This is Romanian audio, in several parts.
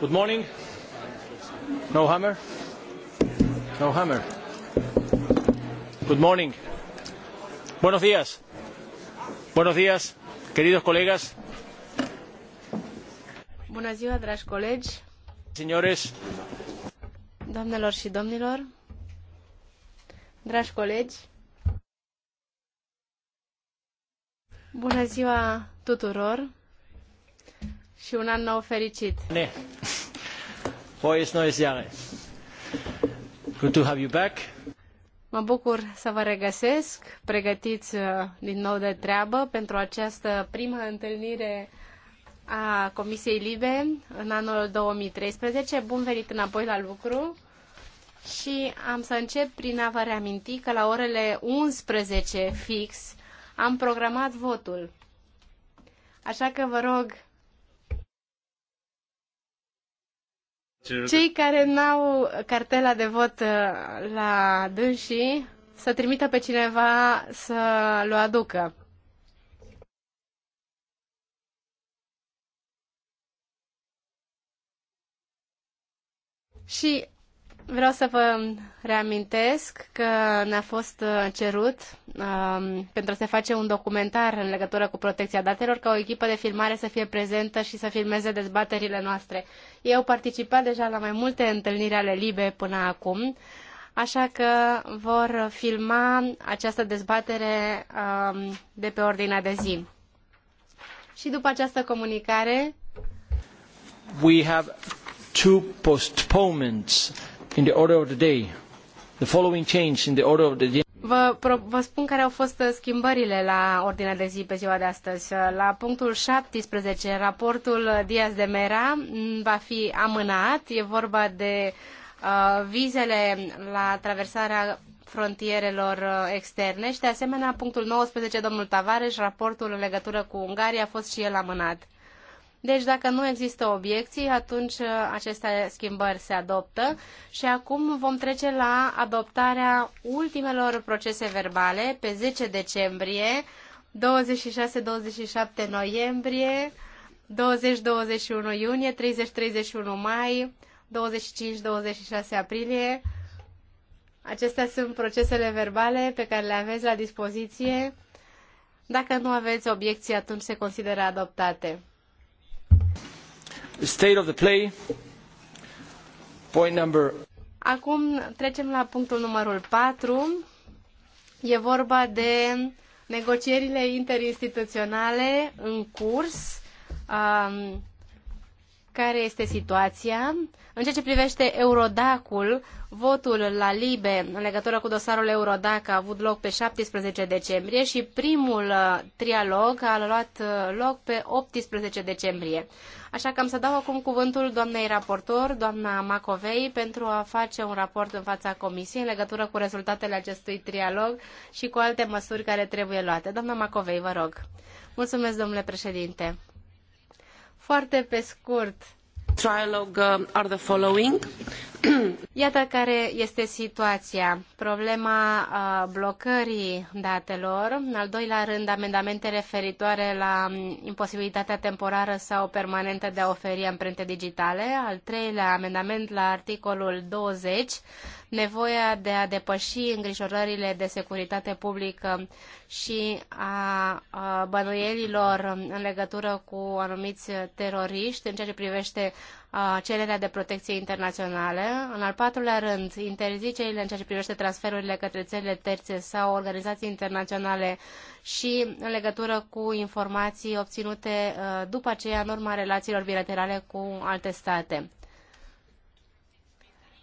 Good morning. No hammer? No hammer. Good morning. Buenos días. Buenos días, queridos colegas. Bună ziua, dragi colegi. Señores. Doamnelor și domnilor. Dragi colegi. Bună ziua tuturor și un an nou fericit. Ne. Frohes neues Jahre. Good to have you back. Mă bucur să vă regăsesc, pregătiți uh, din nou de treabă pentru această primă întâlnire a Comisiei Libe în anul 2013. Bun venit înapoi la lucru și am să încep prin a vă reaminti că la orele 11 fix am programat votul. Așa că vă rog cei care n-au cartela de vot uh, la dânsii să trimită pe cineva să l aducă. Și Vreau să vă reamintesc că ne-a fost uh, cerut um, pentru a se face un documentar în legătură cu protecția datelor ca o echipă de filmare să fie prezentă și să filmeze dezbaterile noastre. Eu au participat deja la mai multe întâlniri ale LIBE până acum, așa că vor filma această dezbatere um, de pe ordinea de zi. Și după această comunicare... We have two postponements in the order of the day. The following change in the order of the day. Vă, vă spun care au fost schimbările la ordinea de zi pe ziua de astăzi. La punctul 17, raportul Diaz de Mera va fi amânat. E vorba de uh, vizele la traversarea frontierelor uh, externe și, de asemenea, punctul 19, domnul Tavares, raportul în legătură cu Ungaria a fost și el amânat. Deci dacă nu există obiecții, atunci uh, aceste schimbări se adoptă și acum vom trece la adoptarea ultimelor procese verbale pe 10 decembrie, 26-27 noiembrie, 20-21 iunie, 30-31 mai, 25-26 aprilie. Acestea sunt procesele verbale pe care le aveți la dispoziție. Dacă nu aveți obiecții, atunci se consideră adoptate state of the play. Point number... Acum trecem la punctul numărul 4. E vorba de negocierile interinstituționale în curs. Um, care este situația. În ceea ce privește Eurodacul, votul la Libe în legătură cu dosarul Eurodac a avut loc pe 17 decembrie și primul uh, trialog a luat uh, loc pe 18 decembrie. Așa că am să dau acum cuvântul doamnei raportor, doamna Macovei, pentru a face un raport în fața Comisiei în legătură cu rezultatele acestui trialog și cu alte măsuri care trebuie luate. Doamna Macovei, vă rog. Mulțumesc, domnule președinte. Foarte pe scurt. Trialog uh, are the following. Iată care este situația. Problema uh, blocării datelor, în al doilea rând amendamente referitoare la um, imposibilitatea temporară sau permanentă de a oferi amprente digitale, al treilea amendament la articolul 20 nevoia de a depăși îngrijorările de securitate publică și a bănuielilor în legătură cu anumiți teroriști în ceea ce privește cererea de protecție internaționale. În al patrulea rând, interzicerile în ceea ce privește transferurile către țările terțe sau organizații internaționale și în legătură cu informații obținute după aceea în urma relațiilor bilaterale cu alte state.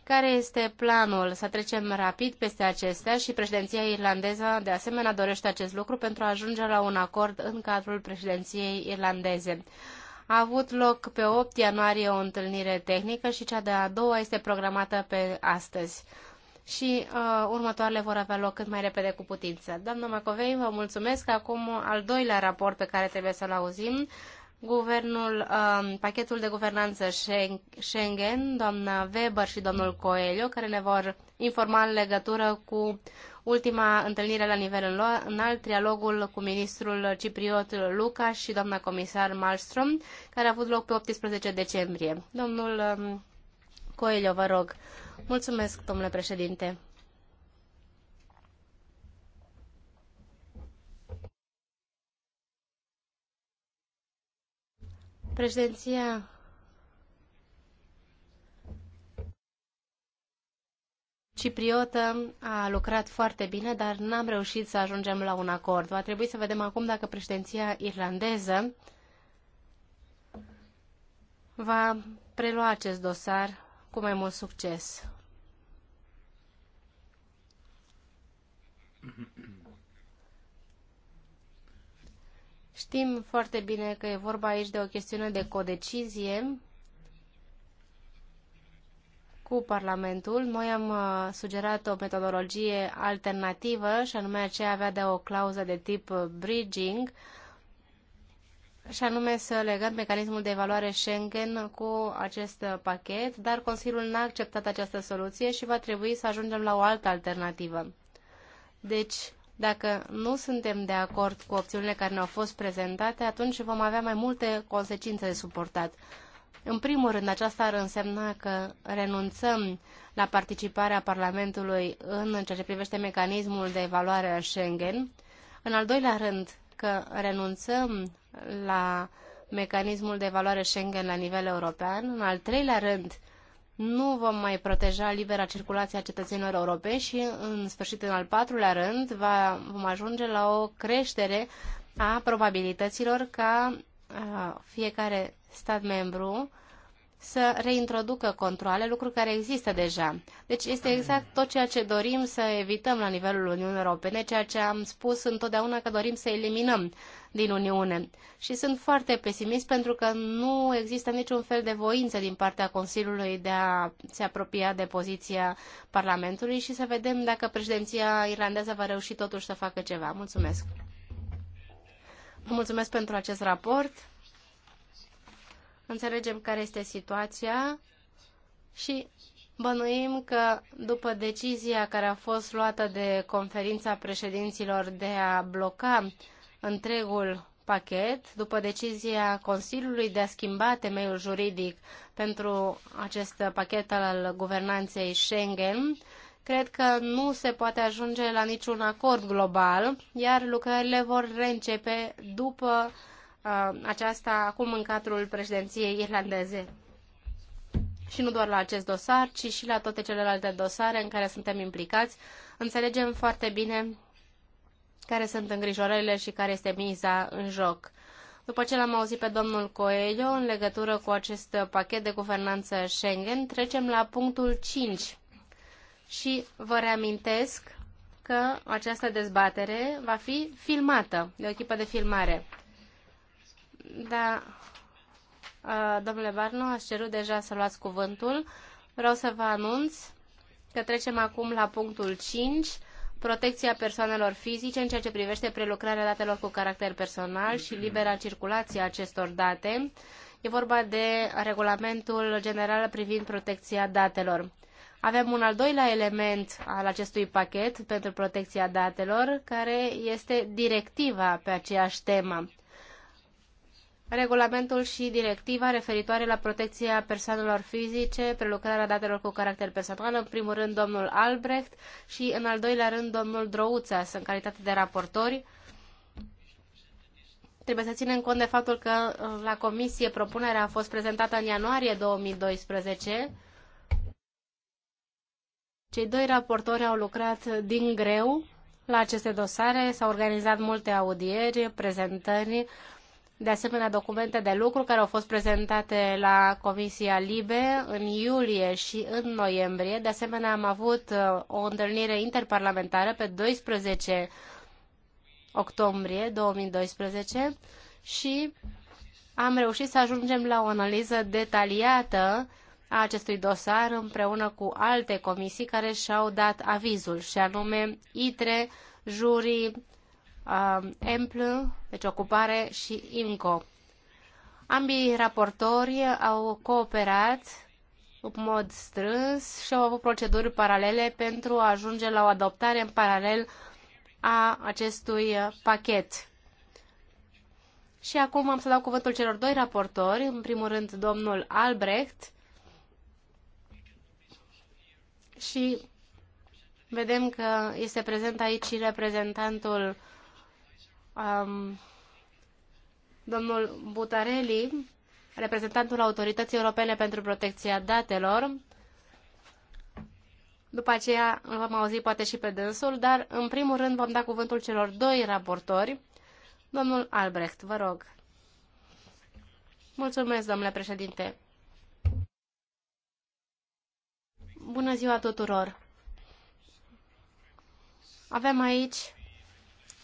Care este planul? Să trecem rapid peste acestea și președinția irlandeză de asemenea dorește acest lucru pentru a ajunge la un acord în cadrul președinției irlandeze. A avut loc pe 8 ianuarie o întâlnire tehnică și cea de-a doua este programată pe astăzi. Și uh, următoarele vor avea loc cât mai repede cu putință. Doamna Macovei, vă mulțumesc. Acum al doilea raport pe care trebuie să-l auzim, guvernul, um, pachetul de guvernanță Schengen, doamna Weber și domnul Coelho, care ne vor informa în legătură cu ultima întâlnire la nivel înalt, trialogul cu ministrul cipriot Luca și doamna comisar Malmström, care a avut loc pe 18 decembrie. Domnul um, Coelho, vă rog. Mulțumesc, domnule președinte. Președinția cipriotă a lucrat foarte bine, dar n-am reușit să ajungem la un acord. Va trebui să vedem acum dacă președinția irlandeză va prelua acest dosar cu mai mult succes. Mm-hmm. Știm foarte bine că e vorba aici de o chestiune de codecizie cu Parlamentul. Noi am uh, sugerat o metodologie alternativă și anume aceea avea de o clauză de tip uh, bridging și anume să legăm mecanismul de evaluare Schengen cu acest uh, pachet, dar Consiliul n-a acceptat această soluție și va trebui să ajungem la o altă alternativă. Deci, dacă nu suntem de acord cu opțiunile care ne-au fost prezentate, atunci vom avea mai multe consecințe de suportat. În primul rând, aceasta ar însemna că renunțăm la participarea Parlamentului în ceea ce privește mecanismul de evaluare a Schengen. În al doilea rând, că renunțăm la mecanismul de evaluare Schengen la nivel european. În al treilea rând, nu vom mai proteja libera circulație a cetățenilor europeni și, în sfârșit, în al patrulea rând, va, vom ajunge la o creștere a probabilităților ca a, fiecare stat membru să reintroducă controle, lucru care există deja. Deci este exact tot ceea ce dorim să evităm la nivelul Uniunii Europene, ceea ce am spus întotdeauna că dorim să eliminăm din Uniune. Și sunt foarte pesimist pentru că nu există niciun fel de voință din partea Consiliului de a se apropia de poziția Parlamentului și să vedem dacă președinția irlandeză va reuși totuși să facă ceva. Mulțumesc! mulțumesc pentru acest raport. Înțelegem care este situația și Bănuim că după decizia care a fost luată de conferința președinților de a bloca întregul pachet după decizia Consiliului de a schimba temeiul juridic pentru acest pachet al guvernanței Schengen, cred că nu se poate ajunge la niciun acord global, iar lucrările vor reîncepe după uh, aceasta, acum în cadrul președinției irlandeze. Și nu doar la acest dosar, ci și la toate celelalte dosare în care suntem implicați. Înțelegem foarte bine care sunt îngrijorările și care este miza în joc. După ce l-am auzit pe domnul Coelho în legătură cu acest pachet de guvernanță Schengen, trecem la punctul 5. Și vă reamintesc că această dezbatere va fi filmată de o echipă de filmare. Da, domnule Barno, ați cerut deja să luați cuvântul. Vreau să vă anunț că trecem acum la punctul 5 protecția persoanelor fizice în ceea ce privește prelucrarea datelor cu caracter personal și libera circulație a acestor date. E vorba de regulamentul general privind protecția datelor. Avem un al doilea element al acestui pachet pentru protecția datelor, care este directiva pe aceeași temă regulamentul și directiva referitoare la protecția persoanelor fizice, prelucrarea datelor cu caracter personal, în primul rând domnul Albrecht și în al doilea rând domnul Drouța, în calitate de raportori. Trebuie să ținem cont de faptul că uh, la comisie propunerea a fost prezentată în ianuarie 2012. Cei doi raportori au lucrat din greu la aceste dosare, s-au organizat multe audieri, prezentări, de asemenea documente de lucru care au fost prezentate la Comisia Libe în iulie și în noiembrie. De asemenea, am avut uh, o întâlnire interparlamentară pe 12 octombrie 2012 și am reușit să ajungem la o analiză detaliată a acestui dosar împreună cu alte comisii care și-au dat avizul, și anume ITRE, jurii, uh, deci Ocupare și INCO. Ambii raportori au cooperat în mod strâns și au avut proceduri paralele pentru a ajunge la o adoptare în paralel a acestui pachet. Și acum am să dau cuvântul celor doi raportori, în primul rând domnul Albrecht și vedem că este prezent aici și reprezentantul um, domnul Butarelli, reprezentantul Autorității Europene pentru Protecția Datelor. După aceea îl vom auzi poate și pe dânsul, dar în primul rând vom da cuvântul celor doi raportori. Domnul Albrecht, vă rog. Mulțumesc, domnule președinte. Bună ziua tuturor! Avem aici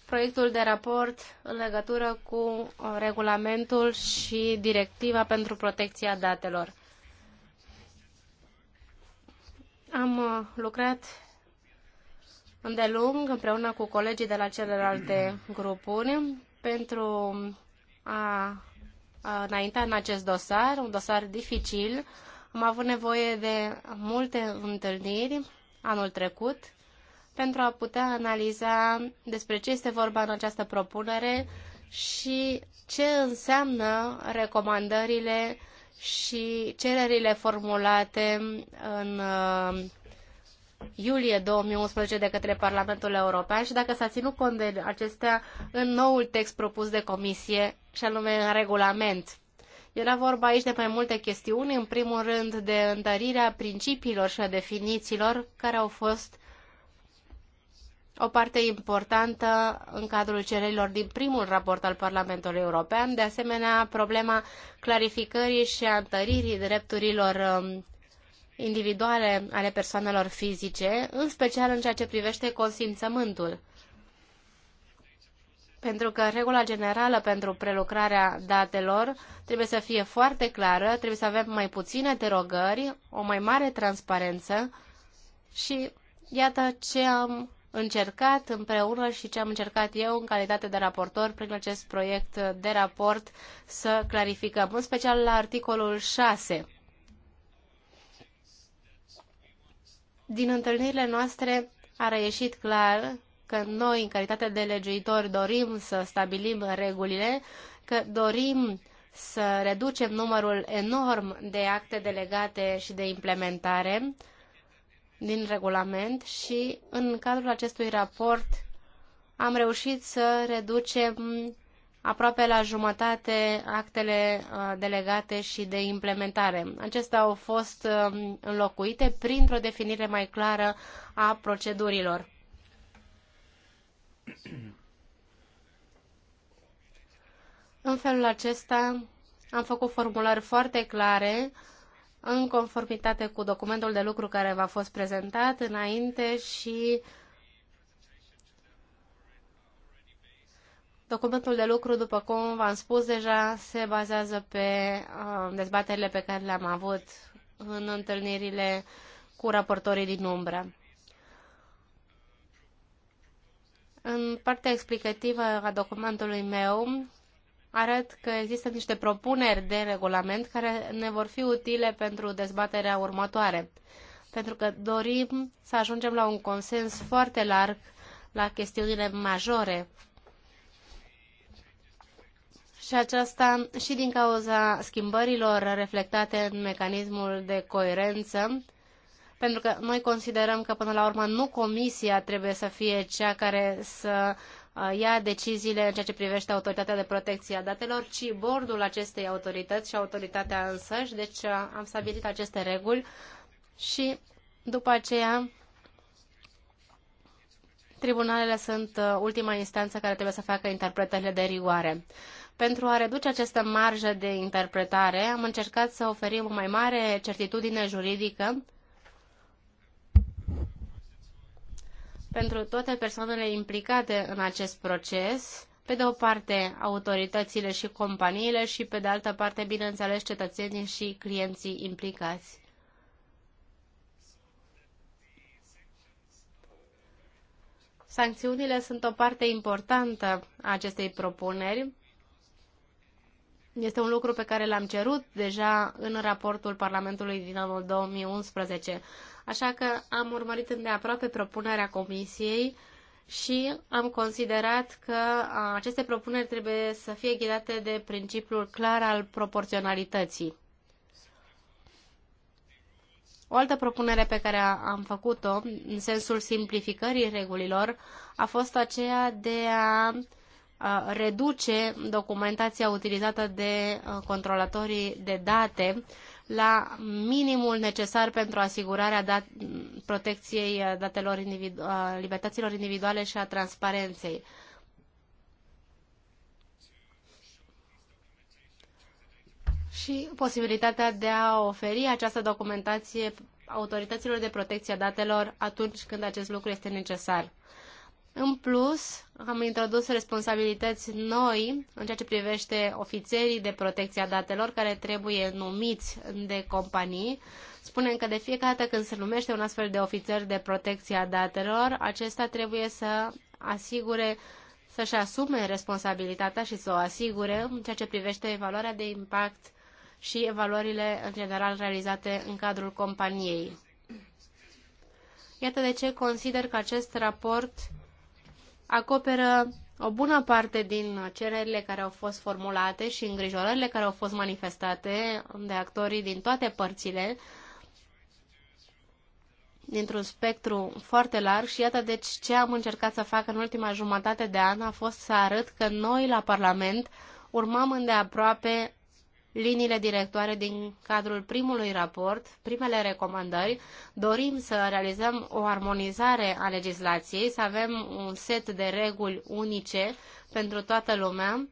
proiectul de raport în legătură cu uh, regulamentul și directiva pentru protecția datelor. Am uh, lucrat îndelung împreună cu colegii de la celelalte grupuri pentru a, a înainta în acest dosar, un dosar dificil. Am avut nevoie de multe întâlniri anul trecut pentru a putea analiza despre ce este vorba în această propunere și ce înseamnă recomandările și cererile formulate în uh, iulie 2011 de către Parlamentul European și dacă s-a ținut cont de acestea în noul text propus de comisie și anume în regulament. Era vorba aici de mai multe chestiuni, în primul rând de întărirea principiilor și a definițiilor care au fost o parte importantă în cadrul cererilor din primul raport al Parlamentului European, de asemenea problema clarificării și a întăririi drepturilor um, individuale ale persoanelor fizice, în special în ceea ce privește consimțământul. Pentru că regula generală pentru prelucrarea datelor trebuie să fie foarte clară, trebuie să avem mai puține derogări, o mai mare transparență și iată ce am încercat împreună și ce am încercat eu în calitate de raportor prin acest proiect de raport să clarificăm, în special la articolul 6. Din întâlnirile noastre a reieșit clar că noi, în calitate de legiuitori, dorim să stabilim regulile, că dorim să reducem numărul enorm de acte delegate și de implementare, din regulament și în cadrul acestui raport am reușit să reducem aproape la jumătate actele uh, delegate și de implementare. Acestea au fost um, înlocuite printr-o definire mai clară a procedurilor. În felul acesta am făcut formulări foarte clare în conformitate cu documentul de lucru care v-a fost prezentat înainte și Documentul de lucru, după cum v-am spus deja, se bazează pe uh, dezbaterile pe care le-am avut în întâlnirile cu raportorii din umbră. În partea explicativă a documentului meu arăt că există niște propuneri de regulament care ne vor fi utile pentru dezbaterea următoare, pentru că dorim să ajungem la un consens foarte larg la chestiunile majore. Și aceasta și din cauza schimbărilor reflectate în mecanismul de coerență, pentru că noi considerăm că până la urmă nu comisia trebuie să fie cea care să uh, Uh, ia deciziile în ceea ce privește autoritatea de protecție a datelor, ci bordul acestei autorități și autoritatea însăși. Deci uh, am stabilit aceste reguli și după aceea tribunalele sunt uh, ultima instanță care trebuie să facă interpretările de rigoare. Pentru a reduce această marjă de interpretare, am încercat să oferim o mai mare certitudine juridică pentru toate persoanele implicate în acest proces, pe de o parte autoritățile și companiile și pe de altă parte, bineînțeles, cetățenii și clienții implicați. Sancțiunile sunt o parte importantă a acestei propuneri. Este un lucru pe care l-am cerut deja în raportul Parlamentului din anul 2011. Așa că am urmărit îndeaproape propunerea comisiei și am considerat că aceste propuneri trebuie să fie ghidate de principiul clar al proporționalității. O altă propunere pe care am făcut-o, în sensul simplificării regulilor, a fost aceea de a reduce documentația utilizată de controlatorii de date la minimul necesar pentru asigurarea dat, protecției uh, datelor individu- uh, libertăților individuale și a transparenței. Și posibilitatea de a oferi această documentație autorităților de protecție a datelor atunci când acest lucru este necesar. În plus, am introdus responsabilități noi în ceea ce privește ofițerii de protecție a datelor care trebuie numiți de companii. Spunem că de fiecare dată când se numește un astfel de ofițer de protecție a datelor, acesta trebuie să asigure să-și asume responsabilitatea și să o asigure în ceea ce privește evaluarea de impact și evaluările în general realizate în cadrul companiei. Iată de ce consider că acest raport acoperă o bună parte din cererile care au fost formulate și îngrijorările care au fost manifestate de actorii din toate părțile, dintr-un spectru foarte larg și iată deci ce am încercat să fac în ultima jumătate de an a fost să arăt că noi la Parlament urmăm îndeaproape liniile directoare din cadrul primului raport, primele recomandări, dorim să realizăm o armonizare a legislației, să avem un set de reguli unice pentru toată lumea,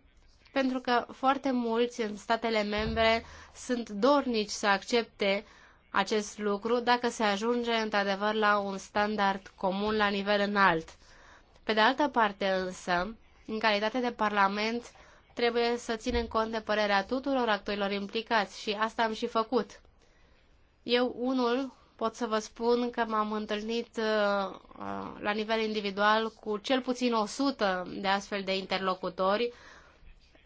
pentru că foarte mulți în statele membre sunt dornici să accepte acest lucru dacă se ajunge într-adevăr la un standard comun la nivel înalt. Pe de altă parte însă, în calitate de Parlament, trebuie să ținem cont de părerea tuturor actorilor implicați și asta am și făcut. Eu, unul, pot să vă spun că m-am întâlnit uh, uh, la nivel individual cu cel puțin 100 de astfel de interlocutori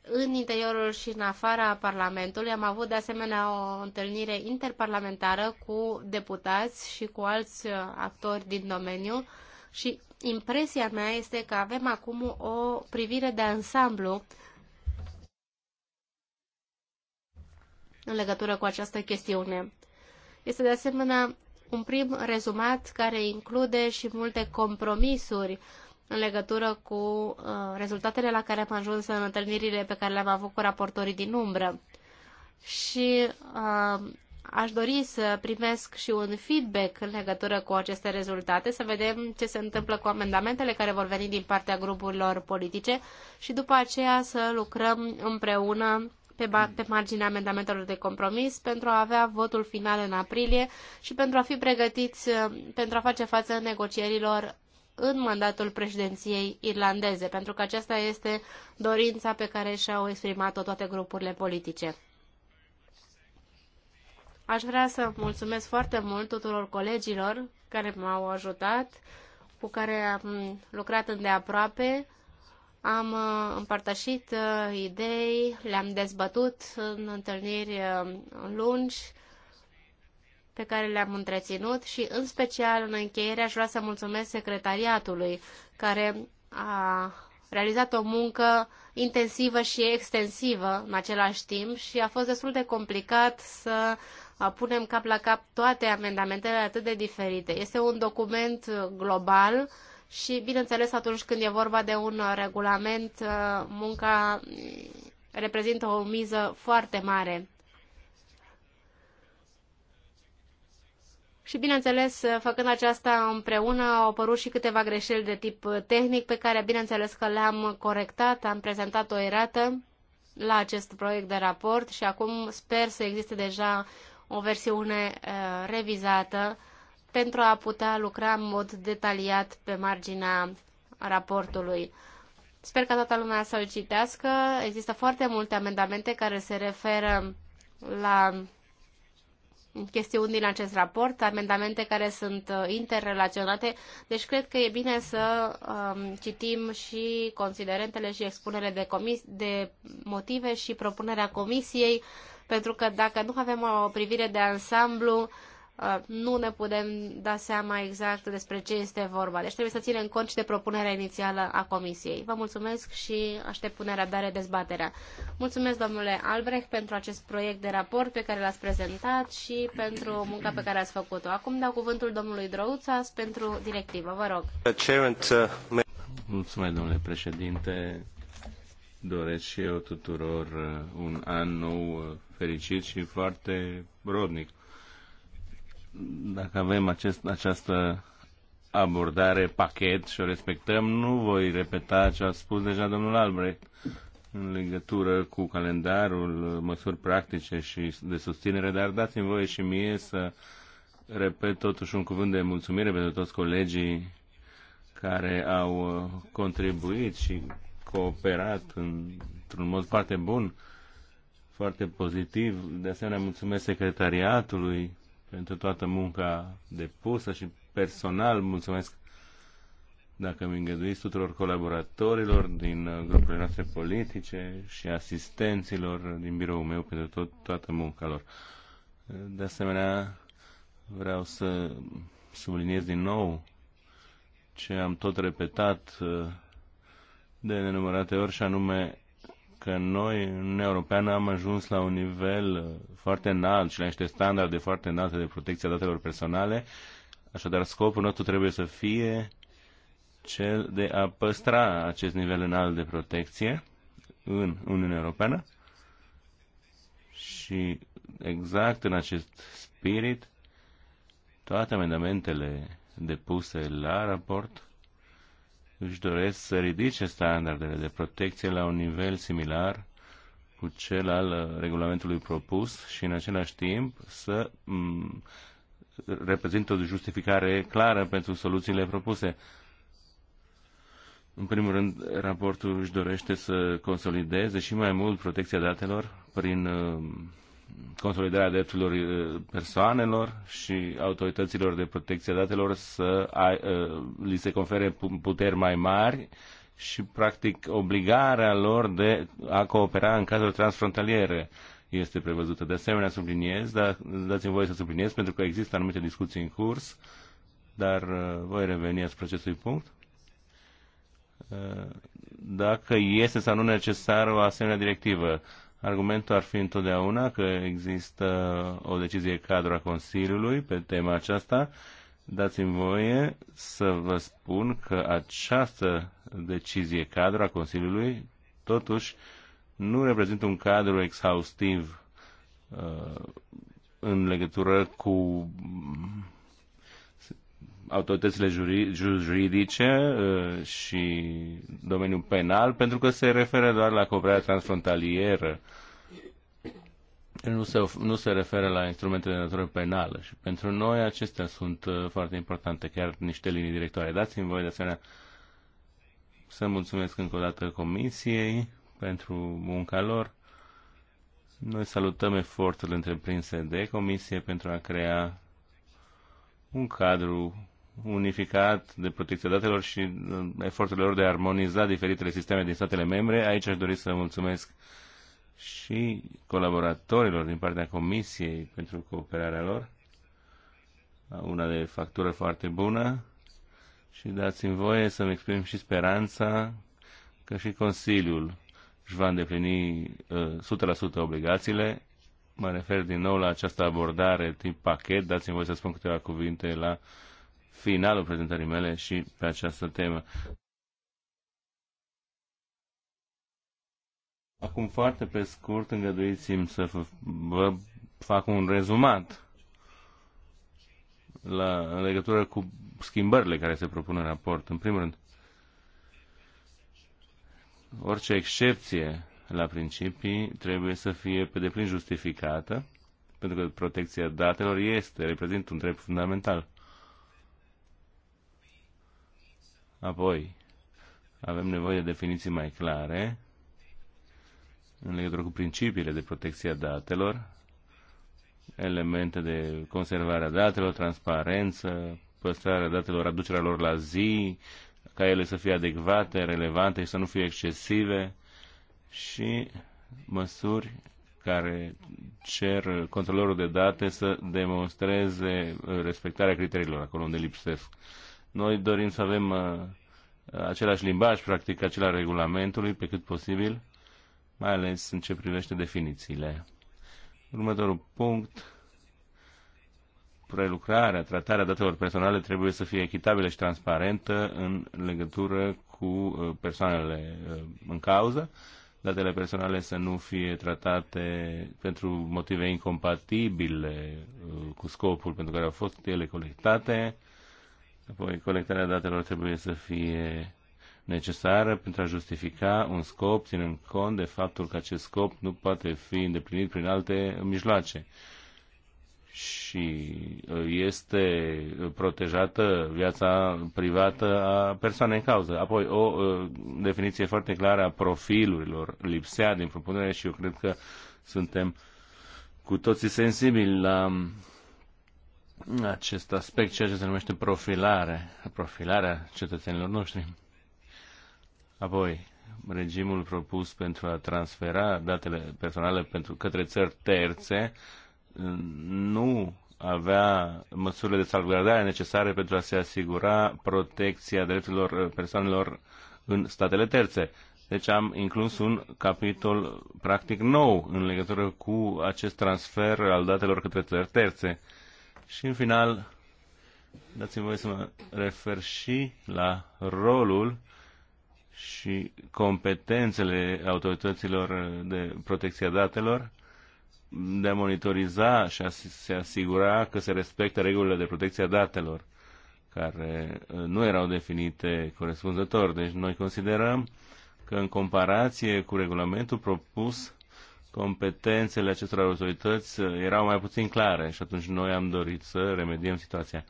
în interiorul și în afara Parlamentului. Am avut de asemenea o întâlnire interparlamentară cu deputați și cu alți uh, actori din domeniu și impresia mea este că avem acum o privire de ansamblu în legătură cu această chestiune. Este de asemenea un prim rezumat care include și multe compromisuri în legătură cu uh, rezultatele la care am ajuns în întâlnirile pe care le-am avut cu raportorii din umbră. Și uh, aș dori să primesc și un feedback în legătură cu aceste rezultate, să vedem ce se întâmplă cu amendamentele care vor veni din partea grupurilor politice și după aceea să lucrăm împreună pe, pe marginea amendamentelor de compromis pentru a avea votul final în aprilie și pentru a fi pregătiți uh, pentru a face față negocierilor în mandatul președinției irlandeze, pentru că aceasta este dorința pe care și-au exprimat-o toate grupurile politice. Aș vrea să mulțumesc foarte mult tuturor colegilor care m-au ajutat, cu care am lucrat îndeaproape, am uh, împărtășit uh, idei, le-am dezbătut în întâlniri uh, lungi pe care le-am întreținut și, în special, în încheiere, aș vrea să mulțumesc secretariatului care a realizat o muncă intensivă și extensivă în același timp și a fost destul de complicat să punem cap la cap toate amendamentele atât de diferite. Este un document global și, bineînțeles, atunci când e vorba de un regulament, uh, munca mm, reprezintă o miză foarte mare. Și, bineînțeles, făcând aceasta împreună, au apărut și câteva greșeli de tip tehnic pe care, bineînțeles, că le-am corectat, am prezentat o erată la acest proiect de raport și acum sper să existe deja o versiune uh, revizată pentru a putea lucra în mod detaliat pe marginea raportului. Sper că toată lumea să-l citească. Există foarte multe amendamente care se referă la chestiuni din acest raport, amendamente care sunt uh, interrelaționate, deci cred că e bine să um, citim și considerentele și expunere de, comis- de motive și propunerea comisiei, pentru că dacă nu avem o privire de ansamblu, Uh, nu ne putem da seama exact despre ce este vorba. Deci trebuie să ținem cont și de propunerea inițială a Comisiei. Vă mulțumesc și aștept cu nerăbdare dezbaterea. Mulțumesc, domnule Albrecht, pentru acest proiect de raport pe care l-ați prezentat și pentru munca pe care ați făcut-o. Acum dau cuvântul domnului Drăuțas pentru directivă. Vă rog. Uh, uh, mulțumesc, domnule președinte. Doresc și eu tuturor un an nou fericit și foarte rodnic dacă avem acest, această abordare pachet și o respectăm, nu voi repeta ce a spus deja domnul Albrecht în legătură cu calendarul, măsuri practice și de susținere, dar dați-mi voie și mie să repet totuși un cuvânt de mulțumire pentru toți colegii care au uh, contribuit și cooperat într-un mod foarte bun, foarte pozitiv. De asemenea, mulțumesc secretariatului pentru toată munca depusă și personal mulțumesc dacă mi îngăduiți tuturor colaboratorilor din uh, grupurile noastre politice și asistenților din biroul meu pentru tot, toată munca lor. De asemenea, vreau să subliniez din nou ce am tot repetat uh, de nenumărate ori și anume că noi, în Uniunea Europeană, am ajuns la un nivel uh, foarte înalt și la niște standarde foarte înalte de protecție a datelor personale, așadar scopul nostru trebuie să fie cel de a păstra acest nivel înalt de protecție în Uniunea Europeană și exact în acest spirit toate amendamentele depuse la raport își doresc să ridice standardele de protecție la un nivel similar cu cel al uh, regulamentului propus și în același timp să mm, reprezintă o justificare clară pentru soluțiile propuse. În primul rând, raportul își dorește să consolideze și mai mult protecția datelor prin uh, consolidarea drepturilor uh, persoanelor și autorităților de protecție a datelor să uh, li se confere puteri mai mari și, practic, obligarea lor de a coopera în cazuri transfrontaliere este prevăzută. De asemenea, subliniez, dar dați-mi voie să subliniez, pentru că există anumite discuții în curs, dar uh, voi reveni asupra acestui punct dacă este sau nu necesară o asemenea directivă. Argumentul ar fi întotdeauna că există o decizie cadru a Consiliului pe tema aceasta. Dați-mi voie să vă spun că această decizie cadru a Consiliului totuși nu reprezintă un cadru exhaustiv uh, în legătură cu autoritățile juridice uh, și domeniul penal, pentru că se referă doar la cooperarea transfrontalieră. Nu se, nu se referă la instrumentele de natură penală și pentru noi acestea sunt uh, foarte importante, chiar niște linii directoare. Dați-mi voi de asemenea să mulțumesc încă o dată Comisiei pentru munca lor. Noi salutăm efortul întreprinse de Comisie pentru a crea un cadru unificat de protecția datelor și uh, eforturile lor de a armoniza diferitele sisteme din statele membre. Aici aș dori să mulțumesc și colaboratorilor din partea Comisiei pentru cooperarea lor. Una de factură foarte bună și dați-mi voie să-mi exprim și speranța că și Consiliul își va îndeplini 100% uh, obligațiile. Mă refer din nou la această abordare tip pachet. Dați-mi voie să spun câteva cuvinte la finalul prezentării mele și pe această temă. Acum, foarte pe scurt, îngăduiți-mi să vă fac un rezumat la, în legătură cu schimbările care se propun în raport. În primul rând, orice excepție la principii trebuie să fie pe deplin justificată, pentru că protecția datelor este, reprezintă un drept fundamental. Apoi, avem nevoie de definiții mai clare în legătură cu principiile de protecție a datelor, elemente de conservare a datelor, transparență, păstrarea datelor, aducerea lor la zi, ca ele să fie adecvate, relevante și să nu fie excesive și măsuri care cer controlorul de date să demonstreze respectarea criteriilor acolo unde lipsesc. Noi dorim să avem uh, același limbaj, practic, același regulamentului pe cât posibil, mai ales în ce privește definițiile. Următorul punct, prelucrarea, tratarea datelor personale trebuie să fie echitabilă și transparentă în legătură cu uh, persoanele uh, în cauză. Datele personale să nu fie tratate pentru motive incompatibile cu scopul pentru care au fost ele colectate Apoi, colectarea datelor trebuie să fie necesară pentru a justifica un scop, ținând cont de faptul că acest scop nu poate fi îndeplinit prin alte mijloace. Și ă, este protejată viața privată a persoanei în cauză. Apoi, o ă, definiție foarte clară a profilurilor lipsea din propunere și eu cred că suntem cu toții sensibili la acest aspect, ceea ce se numește profilare, profilarea cetățenilor noștri. Apoi, regimul propus pentru a transfera datele personale pentru către țări terțe nu avea măsurile de salvgardare necesare pentru a se asigura protecția drepturilor persoanelor în statele terțe. Deci am inclus un capitol practic nou în legătură cu acest transfer al datelor către țări terțe. Și în final, dați-mi voi să mă refer și la rolul și competențele autorităților de protecție a datelor de a monitoriza și a se asigura că se respectă regulile de protecție a datelor care uh, nu erau definite corespunzător. Deci noi considerăm că în comparație cu regulamentul propus competențele acestor autorități uh, erau mai puțin clare și atunci noi am dorit să remediem situația.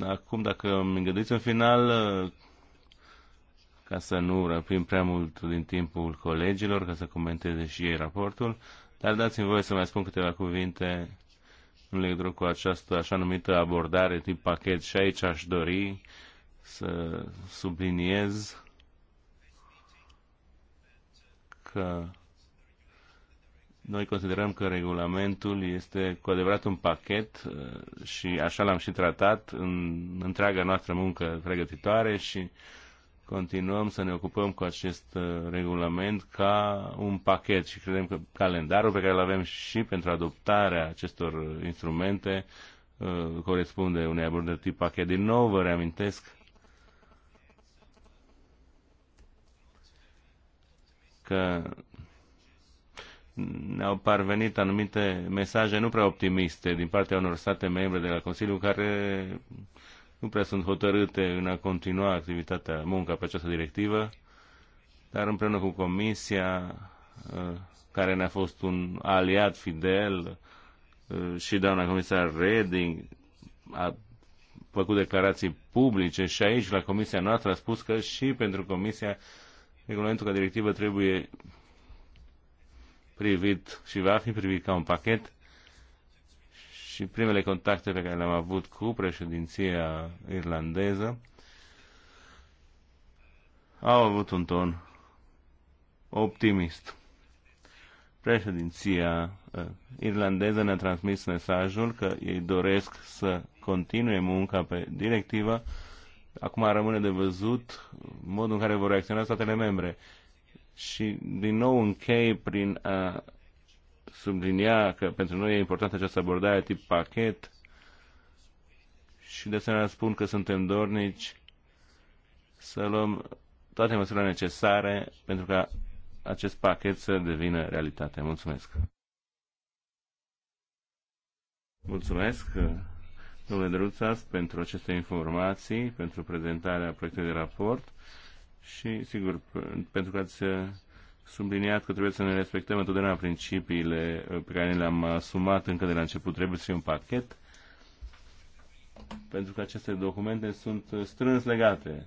Acum, dacă îmi îngăduiți în final, uh, ca să nu răpim prea mult din timpul colegilor, ca să comenteze și ei raportul, dar dați-mi voie să mai spun câteva cuvinte în legătură cu această așa numită abordare tip pachet și aici aș dori să subliniez că noi considerăm că regulamentul este cu adevărat un pachet uh, și așa l-am și tratat în întreaga noastră muncă pregătitoare și continuăm să ne ocupăm cu acest uh, regulament ca un pachet și credem că calendarul pe care îl avem și pentru adoptarea acestor instrumente uh, corespunde unei abordări tip pachet. Din nou vă reamintesc că ne-au parvenit anumite mesaje nu prea optimiste din partea unor state membre de la Consiliu care nu prea sunt hotărâte în a continua activitatea, munca pe această directivă, dar împreună cu Comisia, uh, care ne-a fost un aliat fidel, uh, și doamna comisar Reding a făcut declarații publice și aici, la Comisia noastră, a spus că și pentru Comisia regulamentul ca directivă trebuie privit și va fi privit ca un pachet și primele contacte pe care le-am avut cu președinția irlandeză au avut un ton optimist. Președinția uh, irlandeză ne-a transmis mesajul că ei doresc să continue munca pe directivă. Acum rămâne de văzut modul în care vor reacționa statele membre. Și din nou închei prin a sublinia că pentru noi e importantă această abordare tip pachet și de asemenea spun că suntem dornici să luăm toate măsurile necesare pentru ca acest pachet să devină realitate. Mulțumesc! Mulțumesc, domnule Druțas, pentru aceste informații, pentru prezentarea proiectului de raport. Și, sigur, pentru că ați uh, subliniat că trebuie să ne respectăm întotdeauna principiile uh, pe care le-am asumat încă de la început. Trebuie să fie un pachet, pentru că aceste documente sunt uh, strâns legate.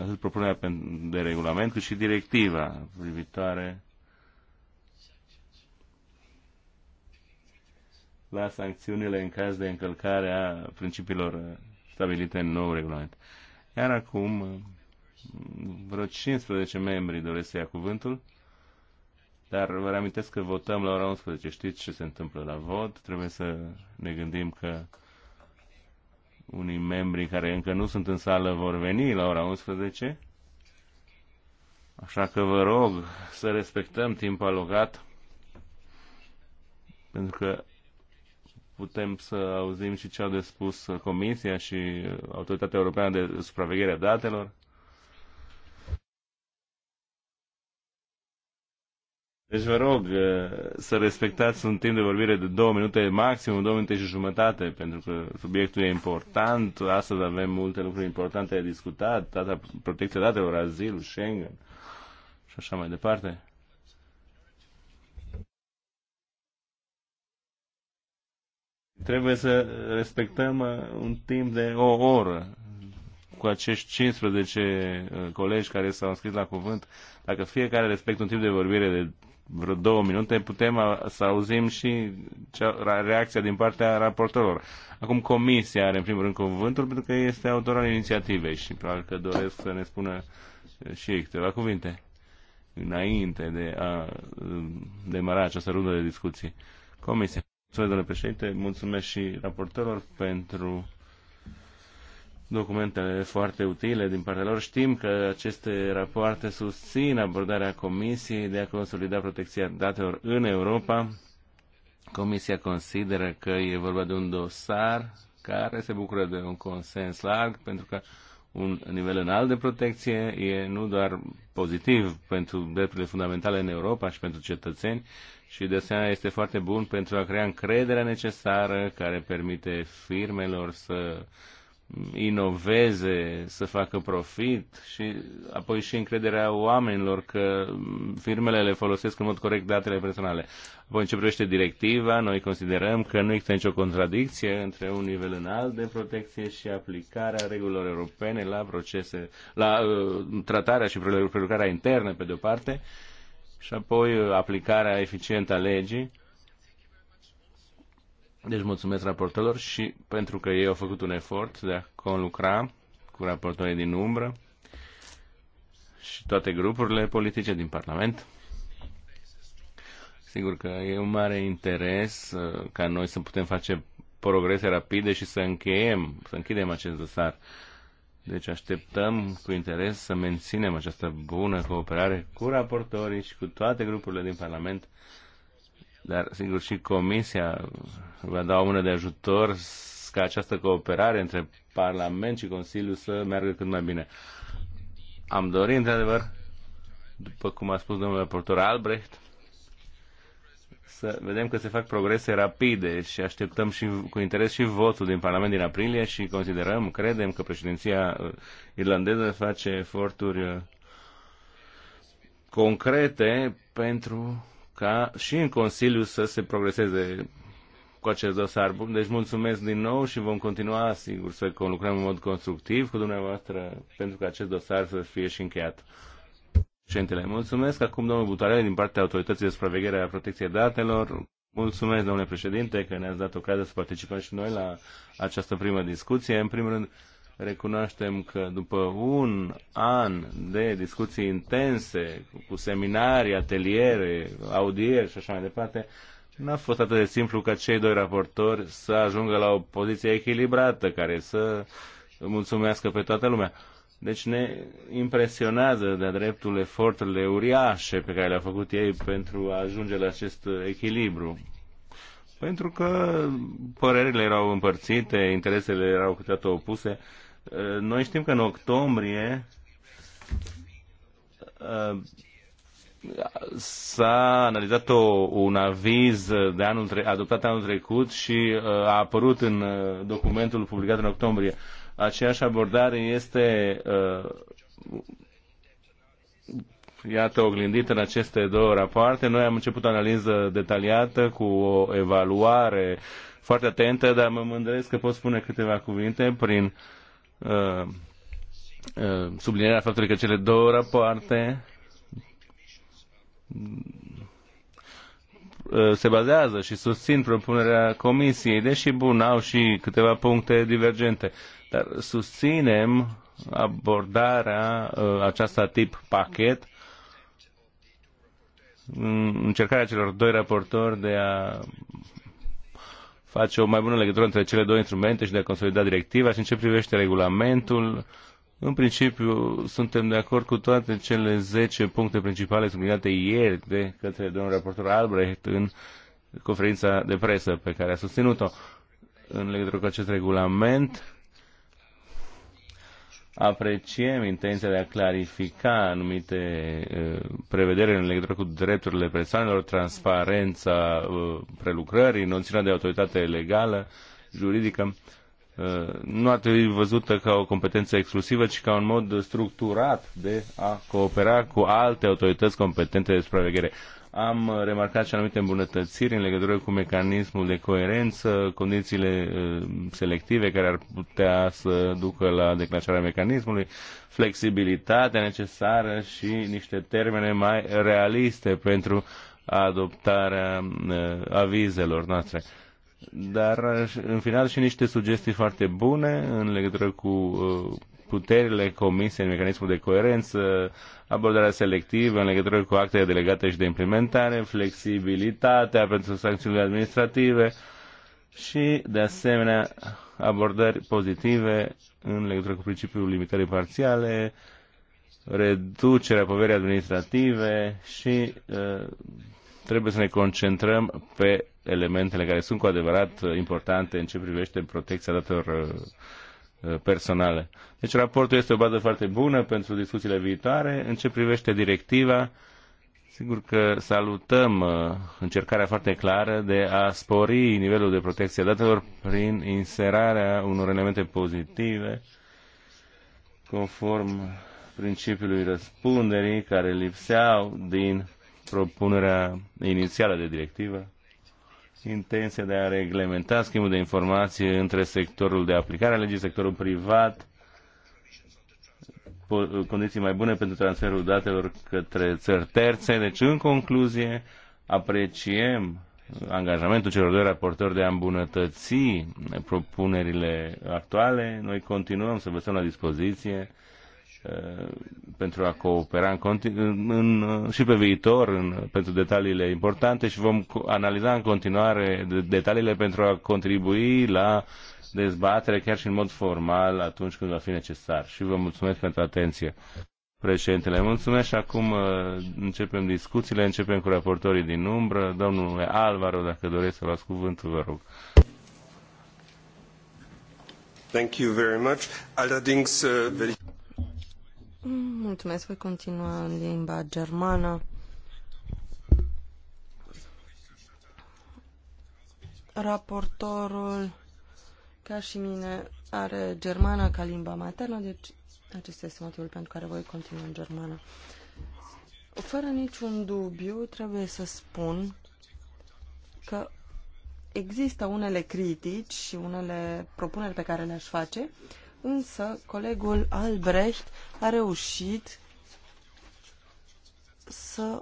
Atât propunerea de regulament, cât și directiva privitoare la sancțiunile în caz de încălcare a principiilor stabilite în nou regulament. Iar acum, vreo 15 membri doresc să ia cuvântul, dar vă reamintesc că votăm la ora 11. Știți ce se întâmplă la vot? Trebuie să ne gândim că unii membri care încă nu sunt în sală vor veni la ora 11. Așa că vă rog să respectăm timpul alocat, pentru că putem să auzim și ce au de spus Comisia și Autoritatea Europeană de Supraveghere a Datelor? Deci vă rog eh, să respectați un timp de vorbire de două minute maxim, două minute și jumătate, pentru că subiectul e important. Astăzi avem multe lucruri importante de discutat, data protecția datelor, azilul, Schengen și așa mai departe. trebuie să respectăm uh, un timp de o oră cu acești 15 uh, colegi care s-au înscris la cuvânt. Dacă fiecare respectă un timp de vorbire de vreo două minute, putem uh, să auzim și reacția din partea raportorilor. Acum comisia are în primul rând cuvântul pentru că este autor al inițiativei și probabil că doresc să ne spună și ei câteva cuvinte înainte de a demara această rundă de discuții. Comisia domnule președinte, mulțumesc și raportorilor pentru documentele foarte utile din partea lor. Știm că aceste rapoarte susțin abordarea Comisiei de a consolida protecția datelor în Europa. Comisia consideră că e vorba de un dosar care se bucură de un consens larg pentru că un nivel înalt de protecție e nu doar pozitiv pentru drepturile fundamentale în Europa și pentru cetățeni, și de asemenea este foarte bun pentru a crea încrederea necesară care permite firmelor să inoveze, să facă profit și apoi și încrederea oamenilor că firmele le folosesc în mod corect datele personale. Apoi în ce privește directiva, noi considerăm că nu există nicio contradicție între un nivel înalt de protecție și aplicarea regulilor europene la procese, la uh, tratarea și prelucrarea internă pe de o parte, uh, și apoi uh, aplicarea eficientă a legii. Deci mulțumesc raportelor și pentru că ei au făcut un efort de a conlucra cu raportorii din umbră și toate grupurile politice din Parlament. Sigur că e un mare interes uh, ca noi să putem face progrese rapide și să încheiem, să închidem acest dosar. Deci așteptăm cu interes să menținem această bună cooperare cu raportorii și cu toate grupurile din Parlament, dar sigur și Comisia va da o mână de ajutor ca această cooperare între Parlament și Consiliu să meargă cât mai bine. Am dorit, într-adevăr, după cum a spus domnul raportor Albrecht, să vedem că se fac progrese rapide și așteptăm și cu interes și votul din Parlament din aprilie și considerăm, credem că președinția uh, irlandeză face eforturi uh, concrete pentru ca și în Consiliu să se progreseze cu acest dosar. Bun, deci mulțumesc din nou și vom continua, sigur, să lucrăm în mod constructiv cu dumneavoastră pentru că acest dosar să fie și încheiat. Centele, mulțumesc. Acum domnul Butarele din partea Autorității de Supraveghere a Protecției Datelor. Mulțumesc, domnule președinte, că ne-ați dat ocazia să participăm și noi la această primă discuție. În primul rând, recunoaștem că după un an de discuții intense, cu seminarii, ateliere, audieri și așa mai departe, n-a fost atât de simplu ca cei doi raportori să ajungă la o poziție echilibrată care să mulțumească pe toată lumea. Deci ne impresionează de-a dreptul eforturile uriașe pe care le-au făcut ei pentru a ajunge la acest echilibru. Pentru că părerile erau împărțite, interesele erau câteodată opuse. Noi știm că în octombrie uh, s-a analizat o, un aviz de anul adoptat anul trecut și uh, a apărut în uh, documentul publicat în octombrie aceeași abordare este uh, iată oglindită în aceste două rapoarte. Noi am început o analiză detaliată cu o evaluare foarte atentă, dar mă mândresc că pot spune câteva cuvinte prin uh, uh, sublinierea faptului că cele două rapoarte uh, se bazează și susțin propunerea Comisiei, deși, bun, au și câteva puncte divergente. Dar susținem abordarea uh, aceasta tip pachet încercarea celor doi raportori de a face o mai bună legătură între cele două instrumente și de a consolida directiva și în ce privește regulamentul. În principiu, suntem de acord cu toate cele 10 puncte principale subliniate ieri de către domnul raportor Albrecht în conferința de presă pe care a susținut-o în legătură cu acest regulament apreciem intenția de a clarifica anumite prevederi în legătură cu drepturile persoanelor, transparența prelucrării, noțiunea de autoritate legală, juridică, nu ar trebui văzută ca o competență exclusivă, ci ca un mod structurat de a coopera cu alte autorități competente de supraveghere. Am remarcat și anumite îmbunătățiri în legătură cu mecanismul de coerență, condițiile uh, selective care ar putea să ducă la declanșarea mecanismului, flexibilitatea necesară și niște termene mai realiste pentru adoptarea uh, avizelor noastre dar uh, în final și niște sugestii foarte bune în legătură cu puterile comise în mecanismul de coerență, abordarea selectivă în legătură cu actele delegate și de implementare, flexibilitatea pentru sancțiunile administrative și, de asemenea, abordări pozitive în legătură cu principiul limitării parțiale, reducerea poverii administrative și uh, trebuie să ne concentrăm pe elementele care sunt cu adevărat importante în ce privește protecția datelor uh, Uh, personale. Deci raportul este o bază foarte bună pentru discuțiile viitoare. În ce privește directiva, sigur că salutăm uh, încercarea foarte clară de a spori nivelul de protecție a datelor prin inserarea unor elemente pozitive conform principiului răspunderii care lipseau din propunerea inițială de directivă intenția de a reglementa schimbul de informații între sectorul de aplicare a legii, sectorul privat, condiții mai bune pentru transferul datelor către țări terțe. Deci, în concluzie, apreciem angajamentul celor doi raportori de a îmbunătăți propunerile actuale. Noi continuăm să vă stăm la dispoziție pentru a coopera în continu- în, în, și pe viitor în, pentru detaliile importante și vom analiza în continuare detaliile pentru a contribui la dezbatere chiar și în mod formal atunci când va fi necesar. Și vă mulțumesc pentru atenție. Președintele, mulțumesc și acum uh, începem discuțiile, începem cu raportorii din umbră. Domnule Alvaro, dacă doriți să luați cuvântul, vă rog. Thank you very much. Allerdings, uh, Mulțumesc, voi continua în limba germană. Raportorul, ca și mine, are germana ca limba maternă, deci acesta este motivul pentru care voi continua în germană. Fără niciun dubiu, trebuie să spun că există unele critici și unele propuneri pe care le-aș face, Însă, colegul Albrecht a reușit să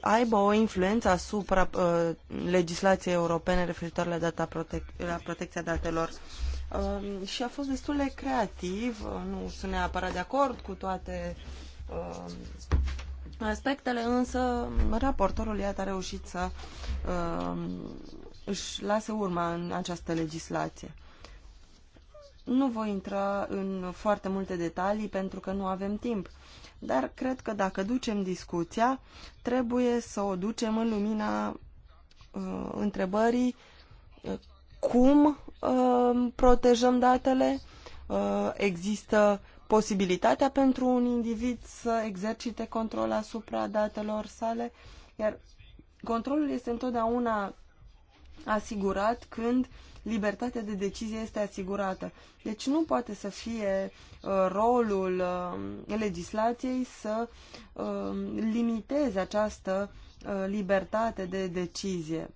aibă o influență asupra uh, legislației europene referitoare la, data protec- la protecția datelor. Uh, și a fost destul de creativ, uh, nu sunt neapărat de acord cu toate uh, aspectele, însă raportorul iată a reușit să uh, își lase urma în această legislație. Nu voi intra în foarte multe detalii pentru că nu avem timp, dar cred că dacă ducem discuția, trebuie să o ducem în lumina uh, întrebării uh, cum uh, protejăm datele, uh, există posibilitatea pentru un individ să exercite control asupra datelor sale, iar controlul este întotdeauna asigurat când uh, libertatea de decizie este asigurată. Deci nu poate să fie uh, rolul uh, legislației să uh, limiteze această uh, libertate de decizie.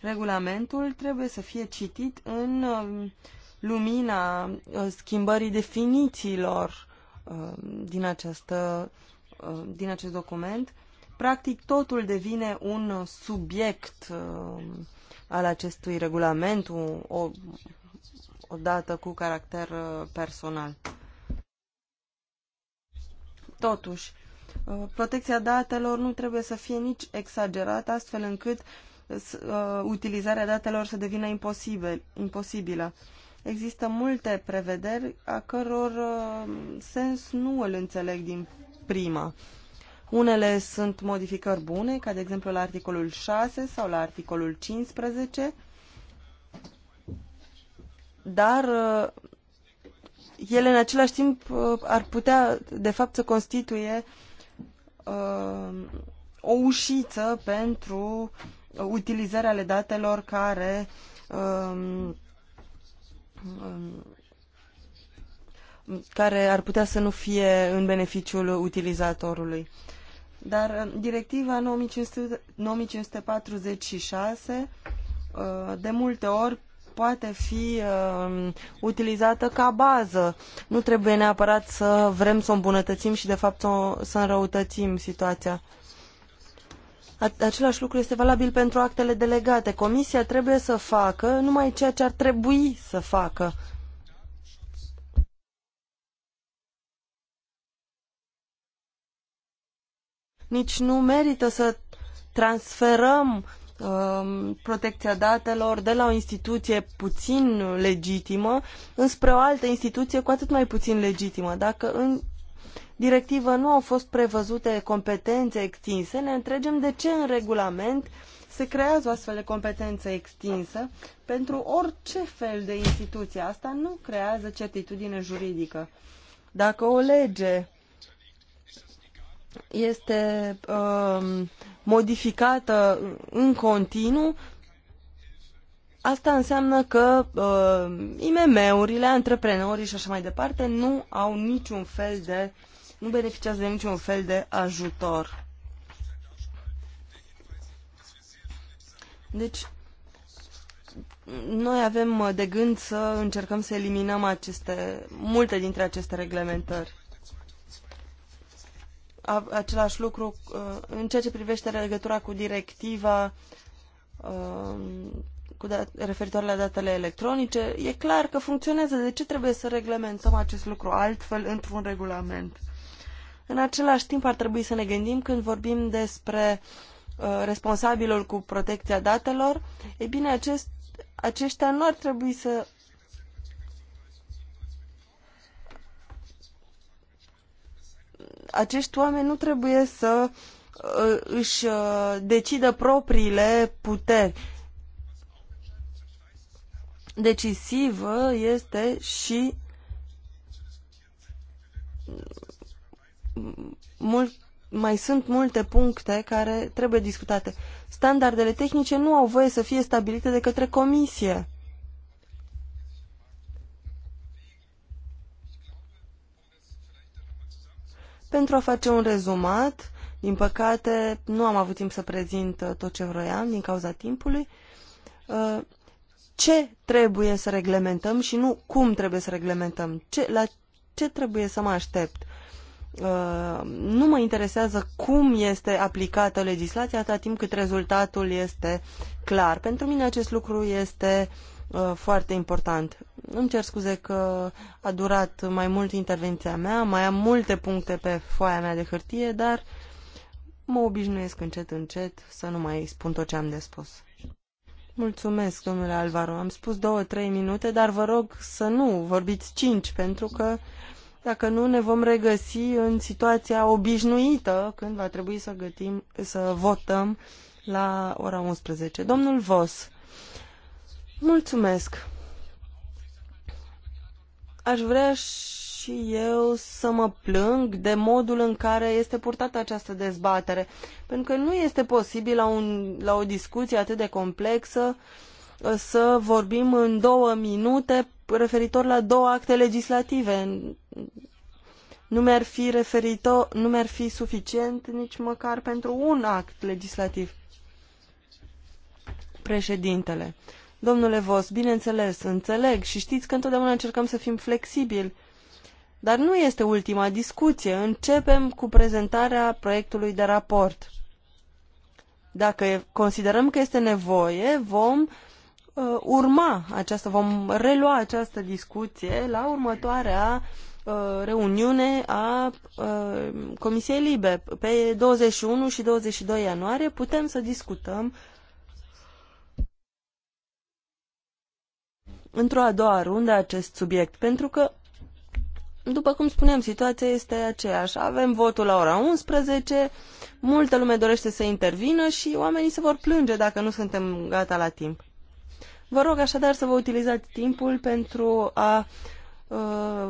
Regulamentul trebuie să fie citit în uh, lumina uh, schimbării definițiilor uh, din, această, uh, din acest document practic totul devine un subiect um, al acestui regulament, o, o dată cu caracter uh, personal. Totuși, uh, protecția datelor nu trebuie să fie nici exagerată, astfel încât uh, utilizarea datelor să devină imposibil, imposibilă. Există multe prevederi a căror sens nu îl înțeleg din prima. Unele sunt modificări bune, ca de exemplu la articolul 6 sau la articolul 15, dar uh, ele în același timp uh, ar putea, de fapt, să constituie uh, o ușiță pentru utilizarea ale datelor care um, um, care ar putea să nu fie în beneficiul utilizatorului. Uh, dar uh, directiva 9500, 9546 uh, de multe ori poate fi uh, utilizată ca bază. Nu trebuie neapărat să vrem să o îmbunătățim și, de fapt, să, o, să înrăutățim situația. A, același lucru este valabil pentru actele delegate. Comisia trebuie să facă numai ceea ce ar trebui să facă nici nu merită să transferăm um, protecția datelor de la o instituție puțin legitimă înspre o altă instituție cu atât mai puțin legitimă. Dacă în directivă nu au fost prevăzute competențe extinse, ne întregem de ce în regulament se creează o astfel de competență extinsă pentru orice fel de instituție. Asta nu creează certitudine juridică. Dacă o lege este uh, modificată în continuu, asta înseamnă că uh, IMM-urile, antreprenorii și așa mai departe nu au niciun fel de nu beneficiază de niciun fel de ajutor. Deci, noi avem de gând să încercăm să eliminăm aceste, multe dintre aceste reglementări același lucru uh, în ceea ce privește legătura cu directiva uh, cu dat, referitor la datele electronice, e clar că funcționează. De ce trebuie să reglementăm acest lucru altfel într-un regulament? În același timp ar trebui să ne gândim când vorbim despre uh, responsabilul cu protecția datelor, e bine, acest, aceștia nu ar trebui să acești oameni nu trebuie să uh, își uh, decidă propriile puteri. Decisivă este și mult, mai sunt multe puncte care trebuie discutate. Standardele tehnice nu au voie să fie stabilite de către comisie. Pentru a face un rezumat, din păcate nu am avut timp să prezint uh, tot ce vroiam din cauza timpului, uh, ce trebuie să reglementăm și nu cum trebuie să reglementăm, ce, la ce trebuie să mă aștept. Uh, nu mă interesează cum este aplicată legislația atâta timp cât rezultatul este clar. Pentru mine acest lucru este foarte important. Îmi cer scuze că a durat mai mult intervenția mea, mai am multe puncte pe foaia mea de hârtie, dar mă obișnuiesc încet, încet să nu mai spun tot ce am de spus. Mulțumesc, domnule Alvaro. Am spus două, trei minute, dar vă rog să nu vorbiți cinci, pentru că dacă nu ne vom regăsi în situația obișnuită când va trebui să, gătim, să votăm la ora 11. Domnul Vos, mulțumesc. Aș vrea și eu să mă plâng de modul în care este purtată această dezbatere, pentru că nu este posibil la, un, la o discuție atât de complexă uh, să vorbim în două minute referitor la două acte legislative. Nu mi-ar fi, referito, nu mi-ar fi suficient nici măcar pentru un act legislativ. Președintele, Domnule Vos, bineînțeles, înțeleg și știți că întotdeauna încercăm să fim flexibili. Dar nu este ultima discuție. Începem cu prezentarea proiectului de raport. Dacă considerăm că este nevoie, vom uh, urma aceasta, vom relua această discuție la următoarea uh, reuniune a uh, Comisiei Libe. Pe 21 și 22 ianuarie putem să discutăm uh, într-o a doua rundă acest subiect, pentru că, după cum spuneam, situația este aceeași. Avem votul la ora 11, multă lume dorește să intervină și oamenii se vor plânge dacă nu suntem gata la timp. Vă rog așadar să vă utilizați timpul pentru a uh,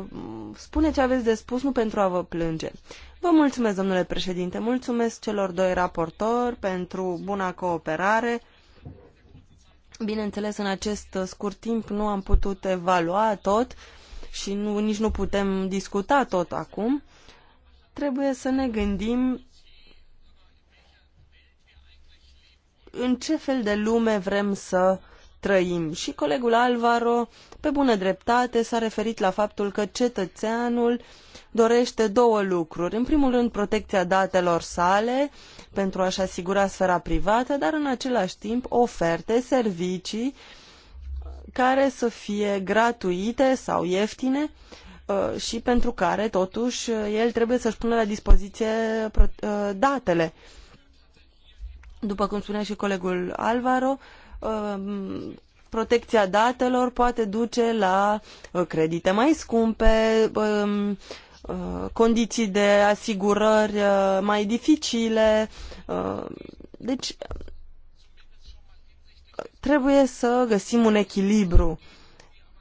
spune ce aveți de spus, nu pentru a vă plânge. Vă mulțumesc, domnule președinte, mulțumesc celor doi raportori pentru buna cooperare Bineînțeles, în acest scurt timp nu am putut evalua tot și nu, nici nu putem discuta tot acum. Trebuie să ne gândim în ce fel de lume vrem să trăim. Și colegul Alvaro pe bună dreptate s-a referit la faptul că cetățeanul dorește două lucruri. În primul rând, protecția datelor sale pentru a-și asigura sfera privată, dar în același timp oferte, servicii care să fie gratuite sau ieftine uh, și pentru care, totuși, el trebuie să-și pună la dispoziție uh, datele. După cum spunea și colegul Alvaro, uh, protecția datelor poate duce la uh, credite mai scumpe, um, uh, condiții de asigurări uh, mai dificile. Deci trebuie să găsim un echilibru.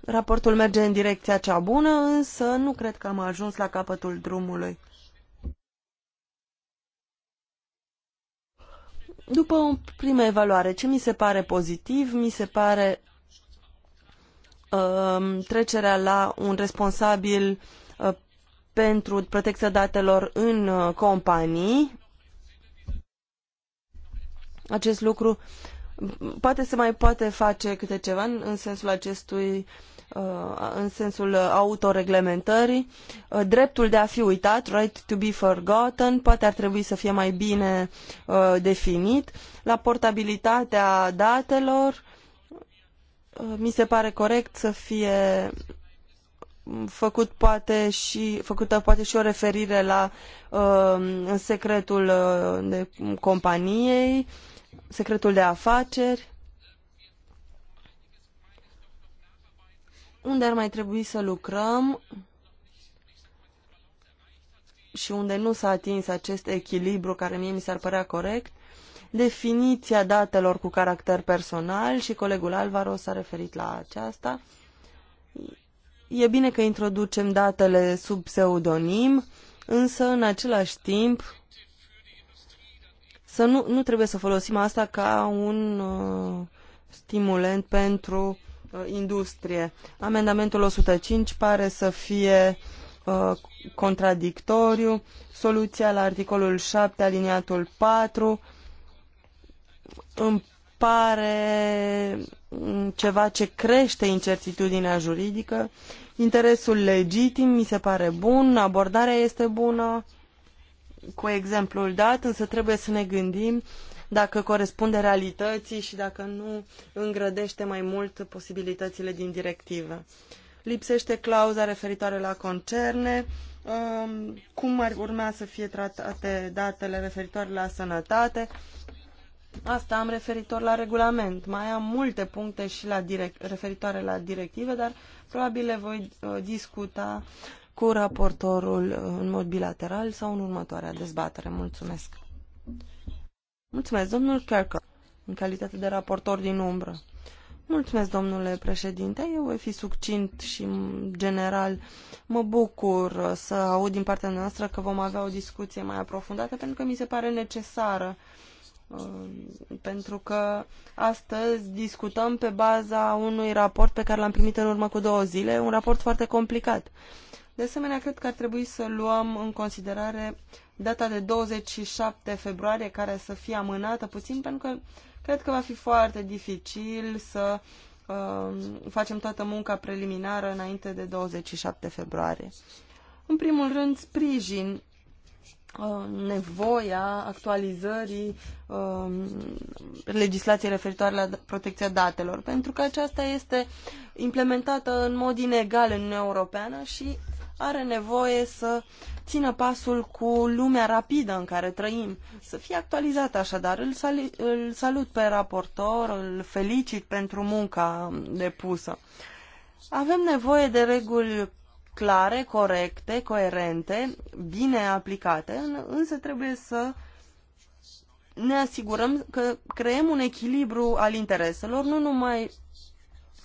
Raportul merge în direcția cea bună, însă nu cred că am ajuns la capătul drumului. După o primă evaluare, ce mi se pare pozitiv? Mi se pare uh, trecerea la un responsabil uh, pentru protecția datelor în uh, companii. Acest lucru poate se mai poate face câte ceva în, în sensul acestui uh, Uh, în sensul autoreglementării. Uh, dreptul de a fi uitat, right to be forgotten, poate ar trebui să fie mai bine uh, definit. La portabilitatea datelor, mi se pare corect să fie făcut poate și, făcută poate și o referire la secretul de companiei, secretul de afaceri unde ar mai trebui să lucrăm și unde nu s-a atins acest echilibru care mie mi s-ar părea corect, definiția datelor cu caracter personal și colegul Alvaro s-a referit la aceasta. E bine că introducem datele sub pseudonim, însă în același timp să nu, nu trebuie să folosim asta ca un uh, stimulent pentru Uh, industrie. Amendamentul 105 pare să fie uh, contradictoriu. Soluția la articolul 7, aliniatul 4, îmi pare mm, ceva ce crește incertitudinea juridică. Interesul legitim mi se pare bun, abordarea este bună cu exemplul dat, însă trebuie să ne gândim dacă corespunde realității și dacă nu îngrădește mai mult posibilitățile din directivă. Lipsește clauza referitoare la concerne, um, cum ar urma să fie tratate datele referitoare la sănătate. Asta am referitor la regulament. Mai am multe puncte și la direct, referitoare la directive, dar probabil le voi uh, discuta cu raportorul uh, în mod bilateral sau în următoarea dezbatere. Mulțumesc! Mulțumesc, domnul Kerker, în calitate de raportor din umbră. Mulțumesc, domnule președinte. Eu voi fi succint și general. Mă bucur să aud din partea noastră că vom avea o discuție mai aprofundată pentru că mi se pare necesară. Uh, pentru că astăzi discutăm pe baza unui raport pe care l-am primit în urmă cu două zile, un raport foarte complicat. De asemenea, cred că ar trebui să luăm în considerare data de 27 februarie care să fie amânată puțin pentru că cred că va fi foarte dificil să uh, facem toată munca preliminară înainte de 27 februarie. În primul rând, sprijin uh, nevoia actualizării um, legislației referitoare la protecția datelor, pentru că aceasta este implementată în mod inegal în Uniunea Europeană și are nevoie să țină pasul cu lumea rapidă în care trăim, să fie actualizat așadar. Îl, sal- îl salut pe raportor, îl felicit pentru munca depusă. Avem nevoie de reguli clare, corecte, coerente, bine aplicate, însă trebuie să ne asigurăm că creăm un echilibru al intereselor, nu numai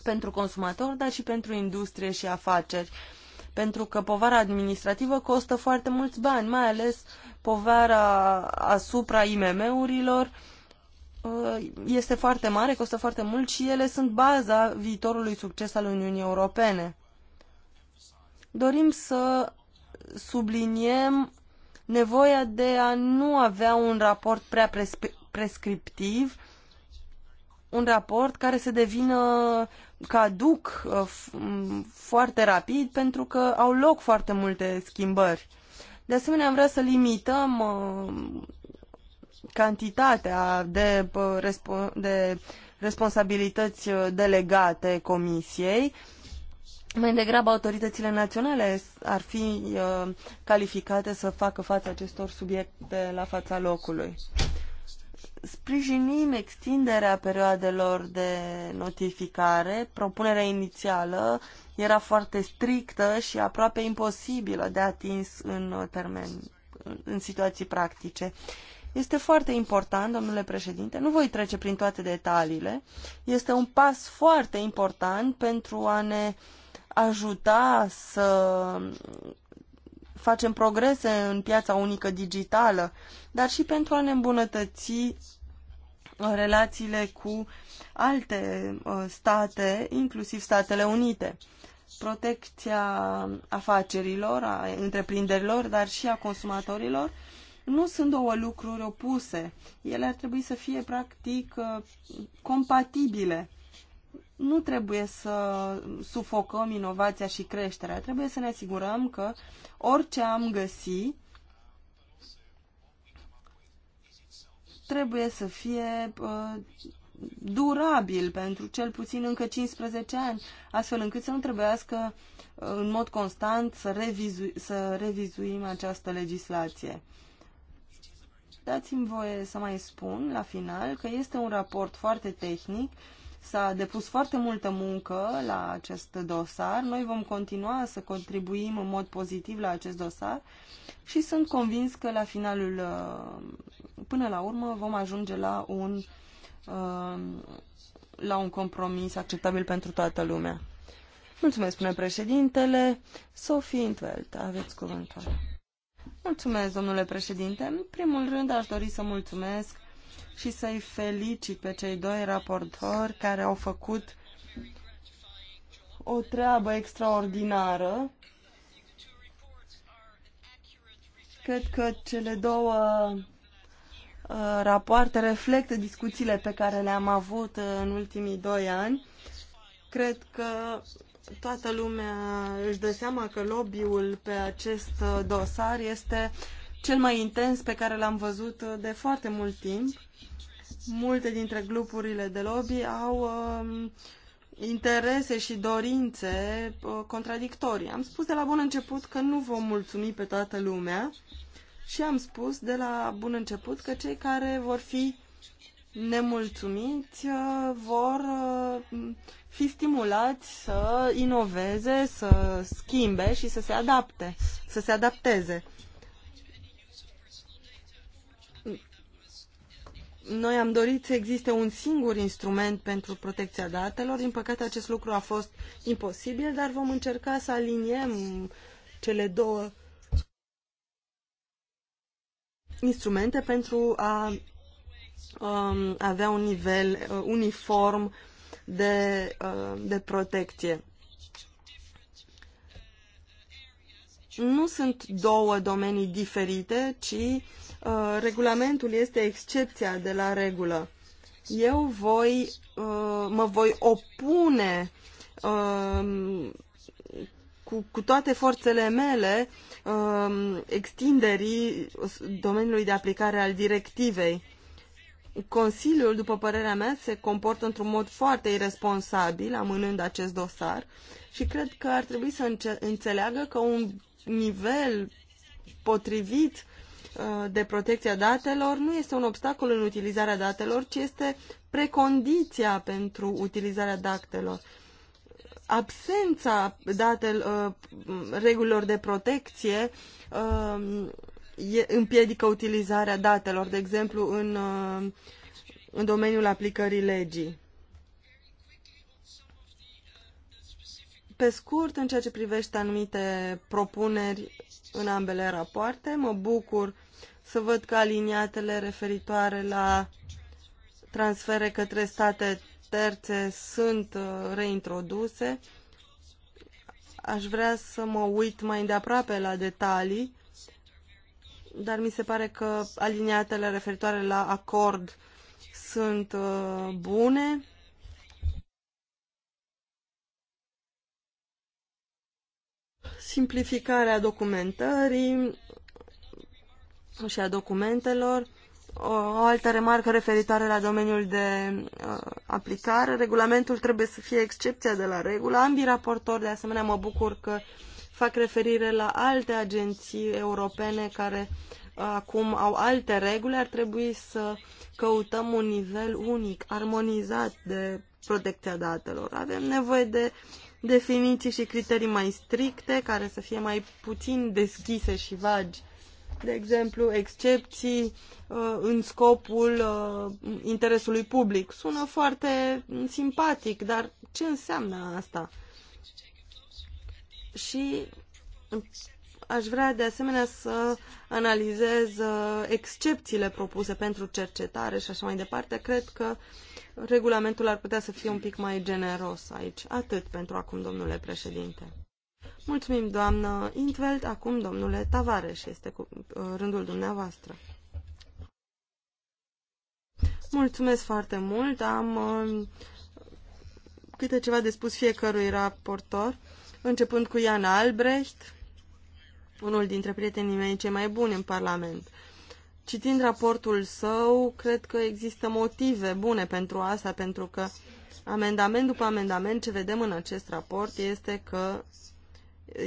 pentru consumator, dar și pentru industrie și afaceri pentru că povara administrativă costă foarte mulți bani, mai ales povara asupra IMM-urilor uh, este foarte mare, costă foarte mult și ele sunt baza viitorului succes al Uniunii Europene. Dorim să subliniem nevoia de a nu avea un raport prea prescriptiv, un raport care să devină caduc uh, foarte rapid pentru că au loc foarte multe schimbări. De asemenea, am vrea să limităm uh, cantitatea de, uh, de responsabilități delegate comisiei. Mai degrabă autoritățile naționale ar fi calificate să facă față acestor subiecte la fața locului. Sprijinim extinderea perioadelor de notificare. Propunerea inițială era foarte strictă și aproape imposibilă de atins în termen, în situații practice. Este foarte important, domnule președinte, nu voi trece prin toate detaliile, este un pas foarte important pentru a ne ajuta să facem progrese în piața unică digitală, dar și pentru a ne îmbunătăți uh, relațiile cu alte uh, state, inclusiv Statele Unite. Protecția afacerilor, a întreprinderilor, dar și a consumatorilor nu sunt două lucruri opuse. Ele ar trebui să fie practic uh, compatibile nu trebuie să sufocăm inovația și creșterea. Trebuie să ne asigurăm că orice am găsi trebuie să fie uh, durabil pentru cel puțin încă 15 ani, astfel încât să nu trebuiască uh, în mod constant să, revizu- să revizuim această legislație. Dați-mi voie să mai spun la final că este un raport foarte tehnic uh, S-a depus foarte multă muncă la acest dosar. Noi vom continua să contribuim în mod pozitiv la acest dosar și sunt convins că la finalul, uh, până la urmă, vom ajunge la un, uh, la un compromis acceptabil pentru toată lumea. Mulțumesc, spune președintele. Sofie Intveld, aveți cuvântul. Mulțumesc, domnule președinte. În primul rând, aș dori să mulțumesc și să-i felicit pe cei doi raportori care au făcut o treabă extraordinară. Cred că cele două uh, rapoarte reflectă discuțiile pe care le-am avut uh, în ultimii doi ani. Cred că toată lumea își dă seama că lobby-ul pe acest uh, dosar este cel mai intens pe care l-am văzut de foarte mult timp Multe dintre grupurile de lobby au uh, interese și dorințe uh, contradictorii. Am spus de la bun început că nu vom mulțumi pe toată lumea și am spus de la bun început că cei care vor fi nemulțumiți uh, vor uh, fi stimulați să inoveze, să schimbe și să se adapte, să se adapteze. Noi am dorit să existe un singur instrument pentru protecția datelor. Din păcate, acest lucru a fost imposibil, dar vom încerca să aliniem cele două instrumente pentru a um, avea un nivel uh, uniform de, uh, de protecție. Nu sunt două domenii diferite, ci Uh, regulamentul este excepția de la regulă. Eu voi, uh, mă voi opune uh, cu, cu toate forțele mele um, extinderii domeniului de aplicare al directivei. Consiliul, după părerea mea, se comportă într-un mod foarte irresponsabil, amânând acest dosar și cred că ar trebui să înțeleagă că un nivel potrivit Uh, de protecție a datelor nu este un obstacol în utilizarea datelor, ci este precondiția pentru utilizarea datelor. Absența datelor, uh, regulilor de protecție uh, împiedică utilizarea datelor, de exemplu, în, în domeniul aplicării legii. Pe scurt, în ceea ce privește anumite propuneri în ambele rapoarte. Mă bucur să văd că aliniatele referitoare la transfere către state terțe sunt uh, reintroduse. Aș vrea să mă uit mai îndeaproape la detalii, dar mi se pare că aliniatele referitoare la acord sunt uh, bune simplificarea documentării și a documentelor, o, altă remarcă referitoare la domeniul de uh, aplicare. Regulamentul trebuie să fie excepția de la regulă. Ambii raportori, de asemenea, mă bucur că fac referire la alte agenții europene care uh, acum au alte reguli. Ar trebui să căutăm un nivel unic, armonizat de protecția datelor. Avem nevoie de definiții și criterii mai stricte, care să fie mai puțin deschise și vagi. De exemplu, excepții uh, în scopul uh, interesului public. Sună foarte simpatic, dar ce înseamnă asta? Și aș vrea de asemenea să analizez uh, excepțiile propuse pentru cercetare și așa mai departe. Cred că uh, regulamentul ar putea să fie un pic mai generos aici. Atât pentru acum, domnule președinte. Mulțumim, doamnă Intveld. Acum, domnule Tavares, este cu uh, rândul dumneavoastră. Mulțumesc foarte mult. Am uh, câte ceva de spus fiecărui raportor, începând cu Ian Albrecht, unul dintre prietenii mei cei mai buni în Parlament. Citind raportul său, cred că există motive bune pentru asta, pentru că amendament după amendament ce vedem în acest raport este că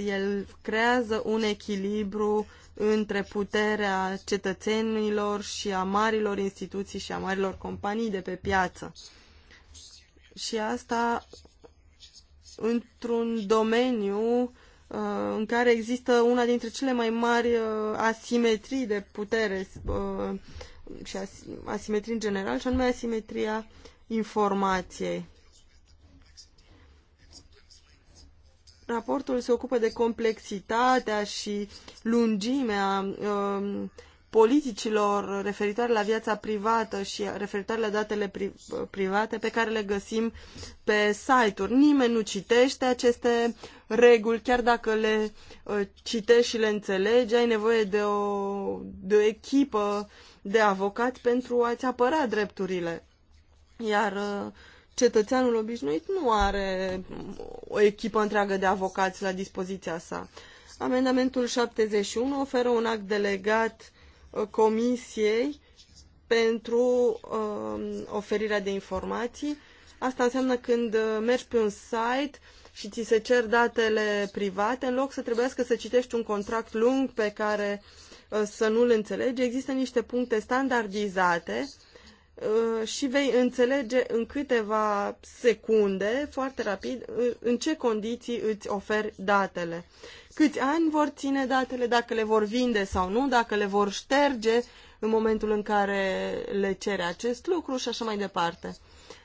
el creează un echilibru între puterea cetățenilor și a marilor instituții și a marilor companii de pe piață. Și asta într-un domeniu Uh, în care există una dintre cele mai mari uh, asimetrii de putere uh, și asimetrii în general, și anume asimetria informației. Raportul se ocupă de complexitatea și lungimea uh, politicilor referitoare la viața privată și referitoare la datele pri private pe care le găsim pe site-uri. Nimeni nu citește aceste reguli, chiar dacă le uh, citești și le înțelegi, ai nevoie de o, de o echipă de avocați pentru a-ți apăra drepturile. Iar uh, cetățeanul obișnuit nu are o echipă întreagă de avocați la dispoziția sa. Amendamentul 71 oferă un act delegat Comisiei pentru uh, oferirea de informații. Asta înseamnă când uh, mergi pe un site și ți se cer datele private, în loc să trebuiască să citești un contract lung pe care uh, să nu-l înțelegi, există niște puncte standardizate Uh, și vei înțelege în câteva secunde, foarte rapid, uh, în ce condiții îți oferi datele. Câți ani vor ține datele, dacă le vor vinde sau nu, dacă le vor șterge în momentul în care le cere acest lucru și așa mai departe.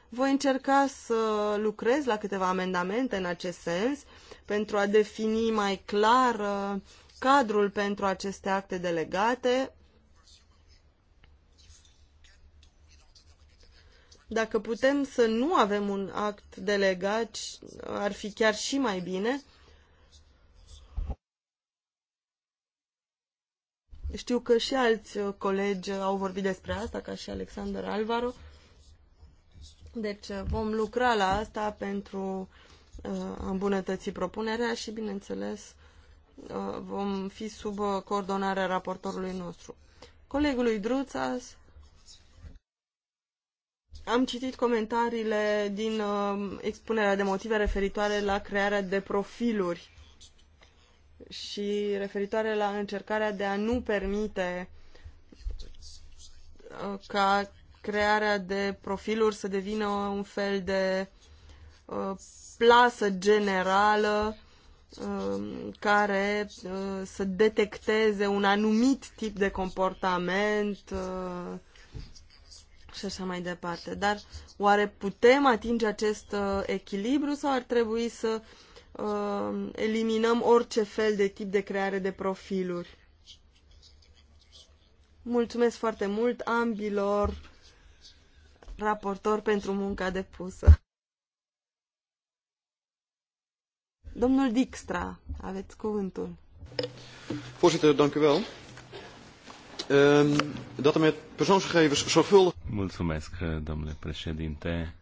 Voi încerca să lucrez la câteva amendamente în acest sens pentru a defini mai clar uh, cadrul pentru aceste acte delegate, Dacă putem să nu avem un act delegat, ar fi chiar și mai bine. Știu că și alți colegi au vorbit despre asta, ca și Alexander Alvaro. Deci uh, vom lucra la asta pentru uh, a îmbunătăți propunerea și, bineînțeles, uh, vom fi sub coordonarea raportorului nostru. Colegului Druțas am citit comentariile din uh, expunerea de motive referitoare la crearea de profiluri și referitoare la încercarea de a nu permite uh, ca crearea de profiluri să devină un fel de uh, plasă generală um, care uh, să detecteze un anumit tip de comportament și așa mai departe. Dar oare putem atinge acest uh, echilibru sau ar trebui să uh, eliminăm orice fel de tip de creare de profiluri? Mulțumesc foarte mult ambilor raportori pentru munca depusă. Domnul Dijkstra, aveți cuvântul. Voorzitter, dank u wel. Uh, dat er met persoonsgegevens zorgvuldig Mulțumesc, domnule președinte.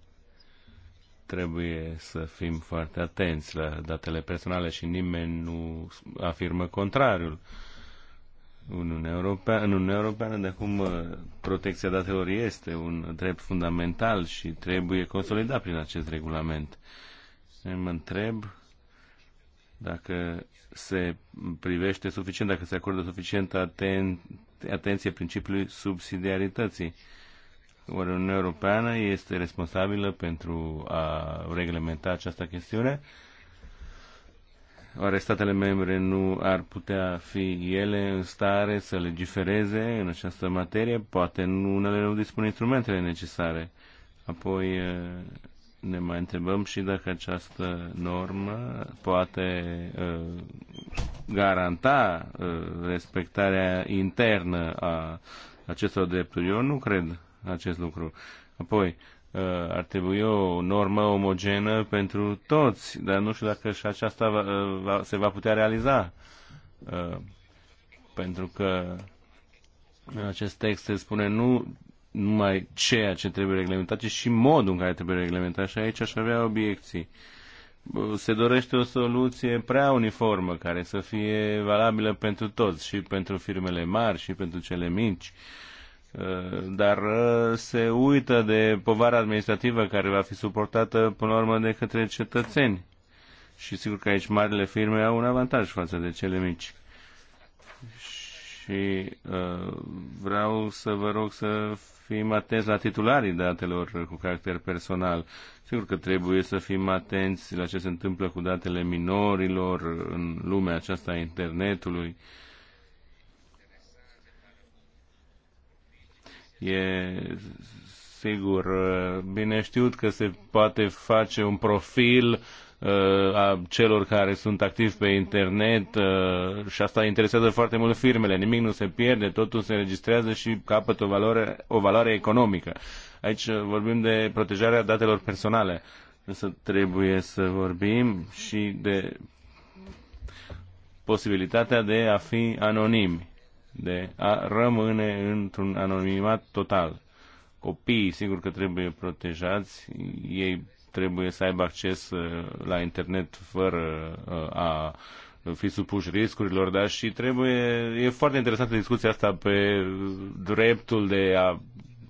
Trebuie să fim foarte atenți la datele personale și nimeni nu afirmă contrariul. Uniunea Europeană, în Uniunea Europeană de acum protecția datelor este un drept fundamental și trebuie consolidat prin acest regulament. Mă întreb dacă se privește suficient, dacă se acordă suficientă aten- atenție principiului subsidiarității. Oare Uniunea Europeană este responsabilă pentru a reglementa această chestiune? Oare statele membre nu ar putea fi ele în stare să legifereze în această materie? Poate nu, unele nu dispun instrumentele necesare. Apoi ne mai întrebăm și dacă această normă poate uh, garanta uh, respectarea internă a acestor drepturi. Eu nu cred acest lucru. Apoi, uh, ar trebui o normă omogenă pentru toți, dar nu știu dacă și aceasta va, uh, va, se va putea realiza. Uh, pentru că în acest text se spune nu numai ceea ce trebuie reglementat, ci și modul în care trebuie reglementat și aici aș avea obiecții. Se dorește o soluție prea uniformă care să fie valabilă pentru toți, și pentru firmele mari, și pentru cele mici. Uh, Eh, dar eh, se uită de povara administrativă care va fi suportată până la urmă de către cetățeni. Și sigur că aici marile firme au un avantaj față de cele mici. Și eh, vreau să vă rog să fim atenți la titularii datelor cu caracter personal. Sigur că trebuie să fim atenți la ce se întâmplă cu datele minorilor în lumea aceasta a internetului. Uh, E sigur bine știut că se poate face un profil uh, a celor care sunt activi pe internet uh, și asta interesează foarte mult firmele. Nimic nu se pierde, totul se registrează și capătă o valoare, o valoare economică. Aici vorbim de protejarea datelor personale. Însă trebuie să vorbim și de posibilitatea de a fi anonimi de a rămâne într-un anonimat total. Copiii, sigur că trebuie protejați, ei trebuie să aibă acces uh, la internet fără uh, a fi supuși riscurilor, dar și trebuie, e foarte interesantă discuția asta pe dreptul de a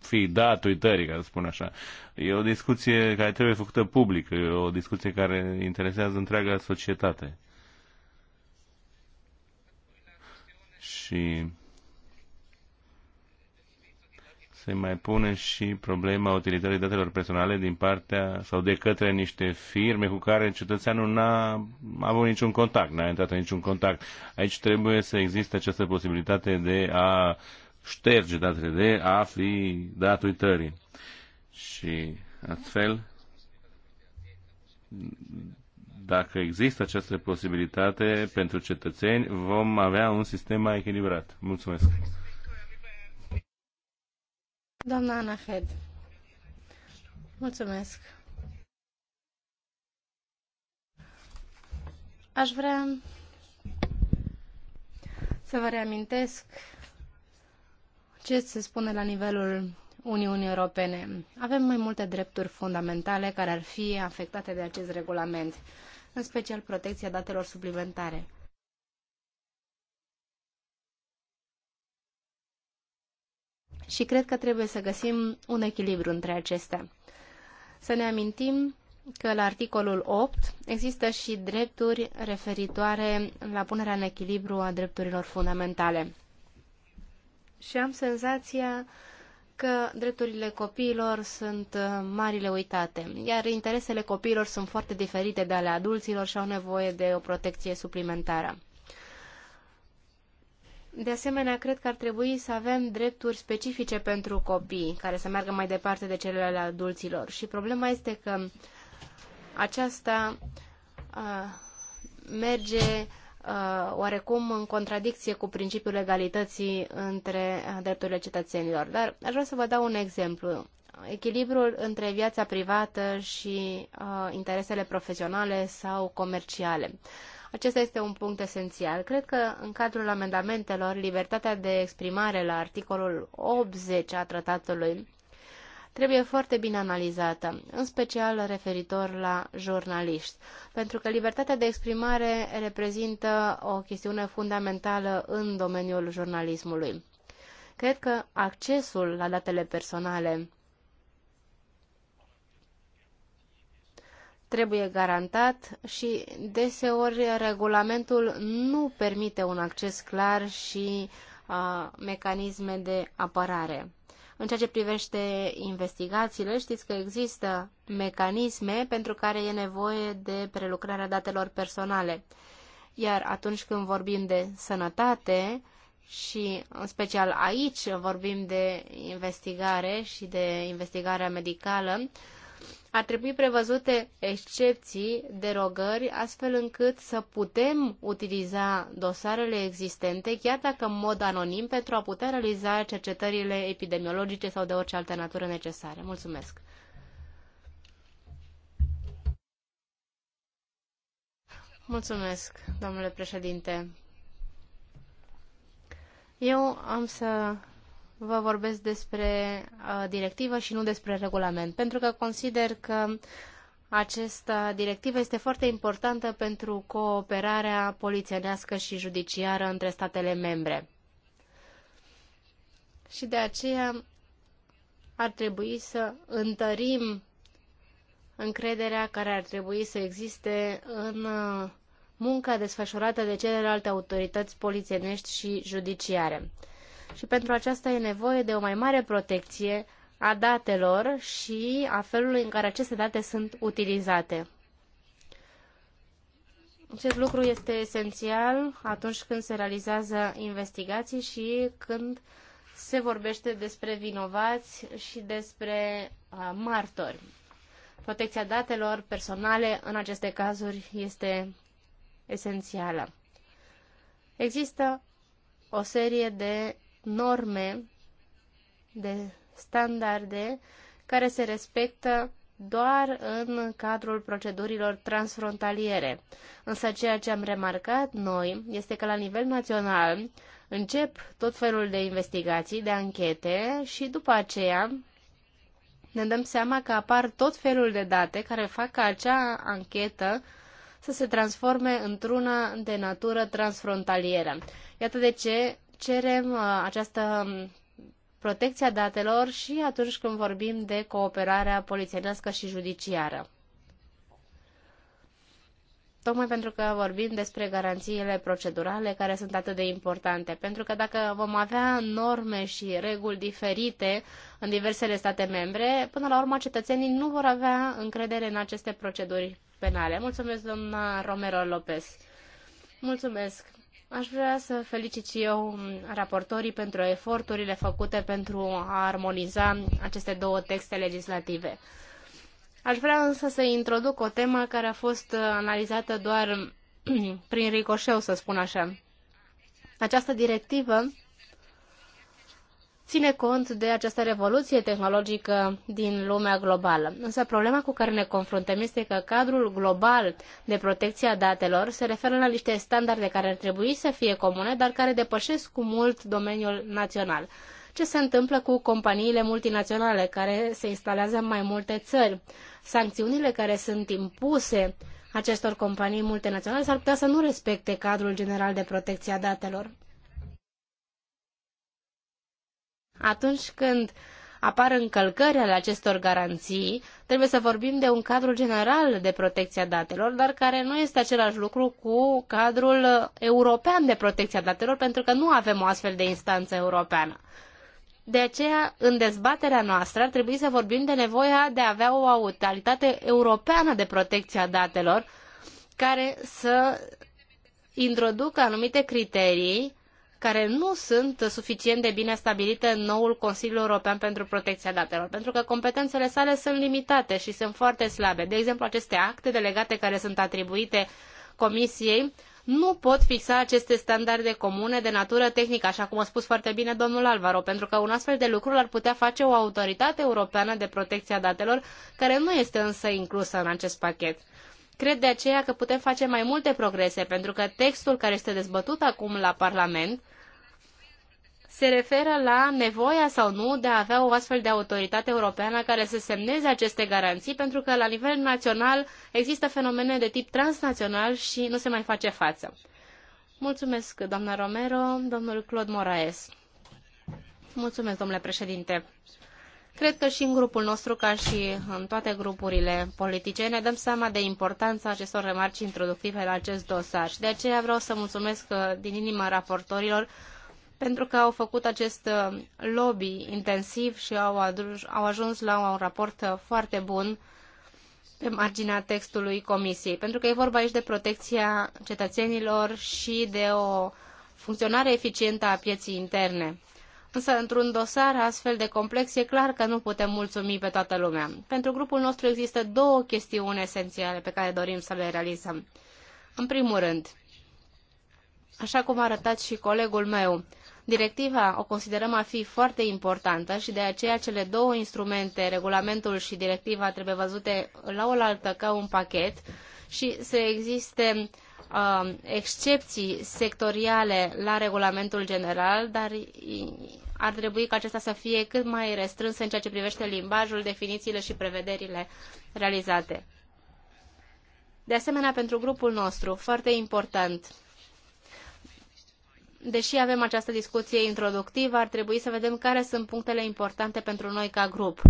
fi dat uitării, ca să spun așa. E o discuție care trebuie făcută publică, e o discuție care interesează întreaga societate. Și se mai pune și problema utilizării datelor personale din partea sau de către niște firme cu care cetățeanul n-a avut niciun contact, n-a intrat în niciun contact. Aici trebuie să existe această posibilitate de a șterge datele, de a fi dat uitării. Și astfel, dacă există această posibilitate pentru cetățeni, vom avea un sistem mai echilibrat. Mulțumesc! Doamna Ana Head. Mulțumesc. Aș vrea să vă reamintesc ce se spune la nivelul Uniunii Europene. Avem mai multe drepturi fundamentale care ar fi afectate de acest regulament, în special protecția datelor suplimentare. și cred că trebuie să găsim un echilibru între acestea. Să ne amintim că la articolul 8 există și drepturi referitoare la punerea în echilibru a drepturilor fundamentale. Și am senzația că drepturile copiilor sunt uh, marile uitate, iar interesele copiilor sunt foarte diferite de ale adulților și au nevoie de o protecție suplimentară. De asemenea, cred că ar trebui să avem drepturi specifice pentru copii, care să meargă mai departe de cele ale adulților. Și problema este că aceasta a, merge a, oarecum în contradicție cu principiul egalității între drepturile cetățenilor. Dar aș vrea să vă dau un exemplu. Echilibrul între viața privată și a, interesele profesionale sau comerciale. Acesta este un punct esențial. Cred că în cadrul amendamentelor, libertatea de exprimare la articolul 80 a tratatului trebuie foarte bine analizată, în special referitor la jurnaliști, pentru că libertatea de exprimare reprezintă o chestiune fundamentală în domeniul jurnalismului. Cred că accesul la datele personale trebuie garantat și deseori regulamentul nu permite un acces clar și uh, mecanisme de apărare. În ceea ce privește investigațiile, știți că există mecanisme pentru care e nevoie de prelucrarea datelor personale. Iar atunci când vorbim de sănătate, și în special aici vorbim de investigare și de investigarea medicală, uh, ar trebui prevăzute excepții, derogări, astfel încât să putem utiliza dosarele existente, chiar dacă în mod anonim, pentru a putea realiza cercetările epidemiologice sau de orice altă natură necesare. Mulțumesc! Mulțumesc, domnule președinte. Eu am să vă vorbesc despre uh, directivă și nu despre regulament, pentru că consider că această directivă este foarte importantă pentru cooperarea polițienească și judiciară între statele membre. Și de aceea ar trebui să întărim încrederea care ar trebui să existe în uh, munca desfășurată de celelalte autorități polițienești și judiciare și pentru aceasta e nevoie de o mai mare protecție a datelor și a felului în care aceste date sunt utilizate. Acest lucru este esențial atunci când se realizează investigații și când se vorbește despre vinovați și despre uh, martori. Protecția datelor personale în aceste cazuri este esențială. Există o serie de norme, de standarde care se respectă doar în cadrul procedurilor transfrontaliere. Însă ceea ce am remarcat noi este că la nivel național încep tot felul de investigații, de anchete și după aceea ne dăm seama că apar tot felul de date care fac ca acea anchetă să se transforme într-una de natură transfrontalieră. Iată de ce cerem uh, această um, protecția datelor și atunci când vorbim de cooperarea polițienească și judiciară. Tocmai pentru că vorbim despre garanțiile procedurale care sunt atât de importante. Pentru că dacă vom avea norme și reguli diferite în diversele state membre, până la urmă cetățenii nu vor avea încredere în aceste proceduri penale. Mulțumesc, doamna Romero Lopez. Mulțumesc. Aș vrea să felicit și eu raportorii pentru eforturile făcute pentru a armoniza aceste două texte legislative. Aș vrea însă să introduc o temă care a fost analizată doar prin ricoșeu, să spun așa. Această directivă ține cont de această revoluție tehnologică din lumea globală. Însă problema cu care ne confruntăm este că cadrul global de protecție a datelor se referă la niște standarde care ar trebui să fie comune, dar care depășesc cu mult domeniul național. Ce se întâmplă cu companiile multinaționale care se instalează în mai multe țări? Sancțiunile care sunt impuse acestor companii multinaționale s-ar putea să nu respecte cadrul general de protecție a datelor. Atunci când apar încălcări ale acestor garanții, trebuie să vorbim de un cadru general de protecție a datelor, dar care nu este același lucru cu cadrul european de protecție a datelor, pentru că nu avem o astfel de instanță europeană. De aceea, în dezbaterea noastră, ar trebui să vorbim de nevoia de a avea o autoritate europeană de protecție a datelor, care să introducă anumite criterii care nu sunt suficient de bine stabilite în noul Consiliu European pentru Protecția Datelor, pentru că competențele sale sunt limitate și sunt foarte slabe. De exemplu, aceste acte delegate care sunt atribuite Comisiei nu pot fixa aceste standarde comune de natură tehnică, așa cum a spus foarte bine domnul Alvaro, pentru că un astfel de lucru l-ar putea face o autoritate europeană de protecție a datelor, care nu este însă inclusă în acest pachet. Cred de aceea că putem face mai multe progrese, pentru că textul care este dezbătut acum la Parlament se referă la nevoia sau nu de a avea o astfel de autoritate europeană care să semneze aceste garanții, pentru că la nivel național există fenomene de tip transnațional și nu se mai face față. Mulțumesc, doamna Romero, domnul Claude Moraes. Mulțumesc, domnule președinte. Cred că și în grupul nostru, ca și în toate grupurile politice, ne dăm seama de importanța acestor remarci introductive la acest dosar de aceea vreau să mulțumesc uh, din inimă raportorilor pentru că au făcut acest uh, lobby intensiv și au, adus, au ajuns la un raport uh, foarte bun pe marginea textului Comisiei, pentru că e vorba aici de protecția cetățenilor și de o funcționare eficientă a pieții interne. Însă, într-un dosar astfel de complex, e clar că nu putem mulțumi pe toată lumea. Pentru grupul nostru există două chestiuni esențiale pe care dorim să le realizăm. În primul rând, așa cum a arătat și colegul meu, Directiva o considerăm a fi foarte importantă și de aceea cele două instrumente, regulamentul și directiva, trebuie văzute la oaltă ca un pachet și să existe Um, excepții sectoriale la regulamentul general, dar ar trebui ca acesta să fie cât mai restrâns în ceea ce privește limbajul, definițiile și prevederile realizate. De asemenea, pentru grupul nostru, foarte important, deși avem această discuție introductivă, ar trebui să vedem care sunt punctele importante pentru noi ca grup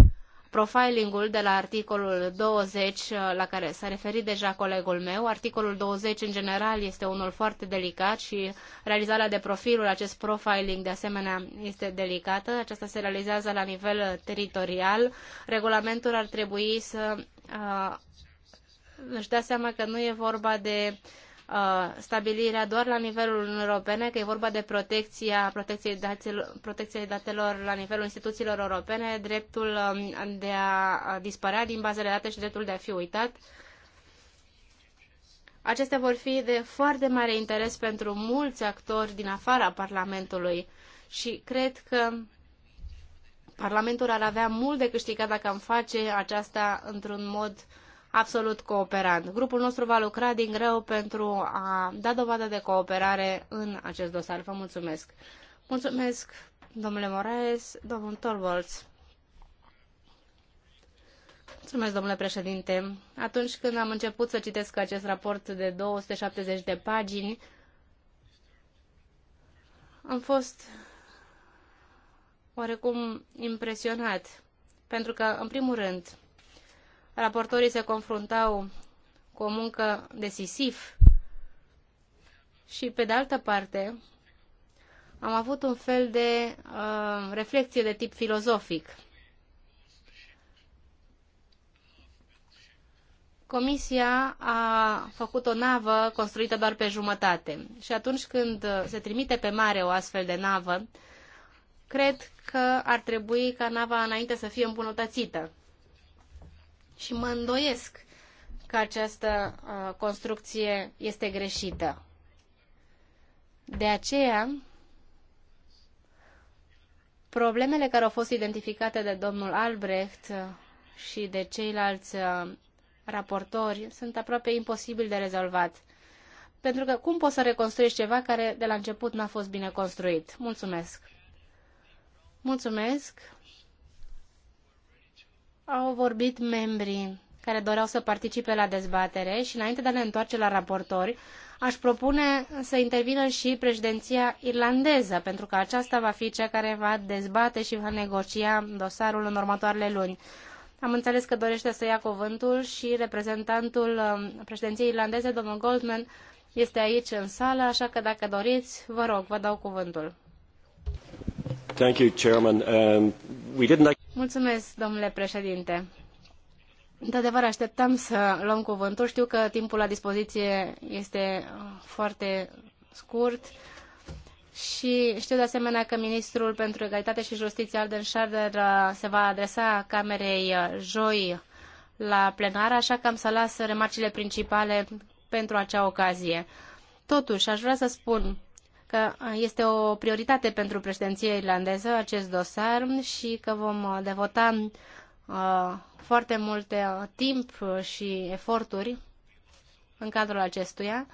profilingul de la articolul 20 uh, la care s-a referit deja colegul meu. Articolul 20 în general este unul foarte delicat și realizarea de profilul, acest profiling de asemenea este delicată. Aceasta se realizează la nivel teritorial. Regulamentul ar trebui să uh, își dea seama că nu e vorba de uh, Uh, stabilirea doar la nivelul Uniunii Europene, că e vorba de protecția, protecției, datelor, protecției datelor la nivelul instituțiilor europene, dreptul um, de a dispărea din bazele de date și dreptul de a fi uitat. Acestea vor fi de foarte mare interes pentru mulți actori din afara Parlamentului și cred că Parlamentul ar avea mult de câștigat dacă am face aceasta într-un mod absolut cooperant. Grupul nostru va lucra din greu pentru a da dovadă de cooperare în acest dosar. Vă mulțumesc. Mulțumesc, domnule Moraes, domnul Torvalds. Mulțumesc, domnule președinte. Atunci când am început să citesc acest raport de 270 de pagini, am fost oarecum impresionat. Pentru că, în primul rând, raportorii se confruntau cu o muncă decisiv și, pe de altă parte, am avut un fel de uh, reflexie de tip filozofic. Comisia a făcut o navă construită doar pe jumătate și atunci când se trimite pe mare o astfel de navă, cred că ar trebui ca nava înainte să fie îmbunătățită și mă îndoiesc că această uh, construcție este greșită. De aceea, problemele care au fost identificate de domnul Albrecht uh, și de ceilalți uh, raportori sunt aproape imposibil de rezolvat. Pentru că cum poți să reconstruiești ceva care de la început n-a fost bine construit? Mulțumesc! Mulțumesc! au vorbit membrii care doreau să participe la dezbatere și înainte de a ne întoarce la raportori, aș propune să intervină și președinția irlandeză, pentru că aceasta va fi cea care va dezbate și va negocia dosarul în următoarele luni. Am înțeles că dorește să ia cuvântul și reprezentantul um, președinției irlandeze, domnul Goldman, este aici în sală, așa că dacă doriți, vă rog, vă dau cuvântul. Um, Mulțumesc, domnule președinte. Într-adevăr, așteptam să luăm cuvântul. Știu că timpul la dispoziție este uh, foarte scurt și știu de asemenea că ministrul pentru egalitate și justiție, Alden Schader, uh, se va adresa Camerei uh, joi la plenară, așa că am să las remarcile principale pentru acea ocazie. Totuși, aș vrea să spun că este o prioritate pentru președinția irlandeză acest dosar și că vom devota uh, foarte mult uh, timp și eforturi în cadrul acestuia.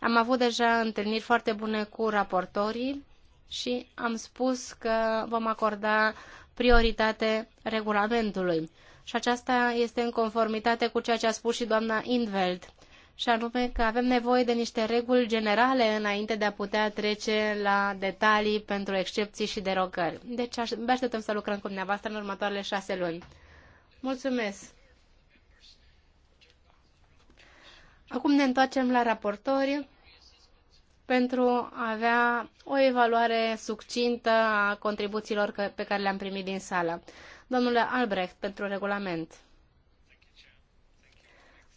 Am avut deja întâlniri foarte bune cu raportorii și am spus că vom acorda prioritate regulamentului. Și aceasta este în conformitate cu ceea ce a spus și doamna Inveld și anume că avem nevoie de niște reguli generale înainte de a putea trece la detalii pentru excepții și derogări. Deci abia așteptăm să lucrăm cu dumneavoastră în următoarele șase luni. Mulțumesc! Acum ne întoarcem la raportori pentru a avea o evaluare succintă a contribuțiilor pe care le-am primit din sală. Domnule Albrecht, pentru regulament.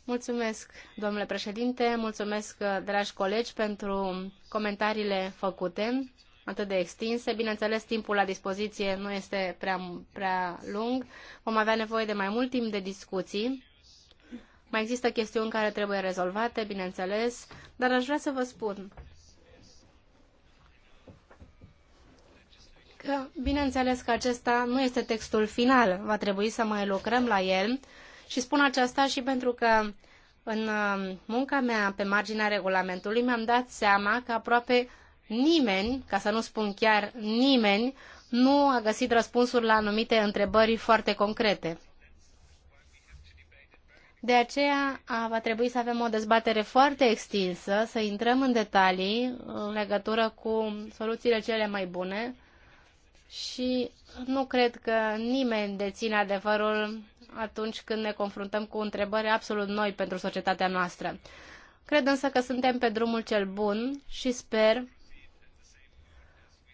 Mulțumesc, domnule președinte, mulțumesc, uh, dragi colegi, pentru comentariile făcute, atât de extinse. Bineînțeles, timpul la dispoziție nu este prea, prea lung. Vom avea nevoie de mai mult timp de discuții. Mai există chestiuni care trebuie rezolvate, bineînțeles, dar aș vrea să vă spun că, bineînțeles că acesta nu este textul final. Va trebui să mai lucrăm la el și spun aceasta și pentru că în um, munca mea pe marginea regulamentului mi-am dat seama că aproape nimeni, ca să nu spun chiar nimeni, nu a găsit răspunsuri la anumite întrebări foarte concrete. De aceea va trebui să avem o dezbatere foarte extinsă, să intrăm în detalii în legătură cu soluțiile cele mai bune și nu cred că nimeni deține adevărul atunci când ne confruntăm cu întrebări absolut noi pentru societatea noastră. Cred însă că suntem pe drumul cel bun și sper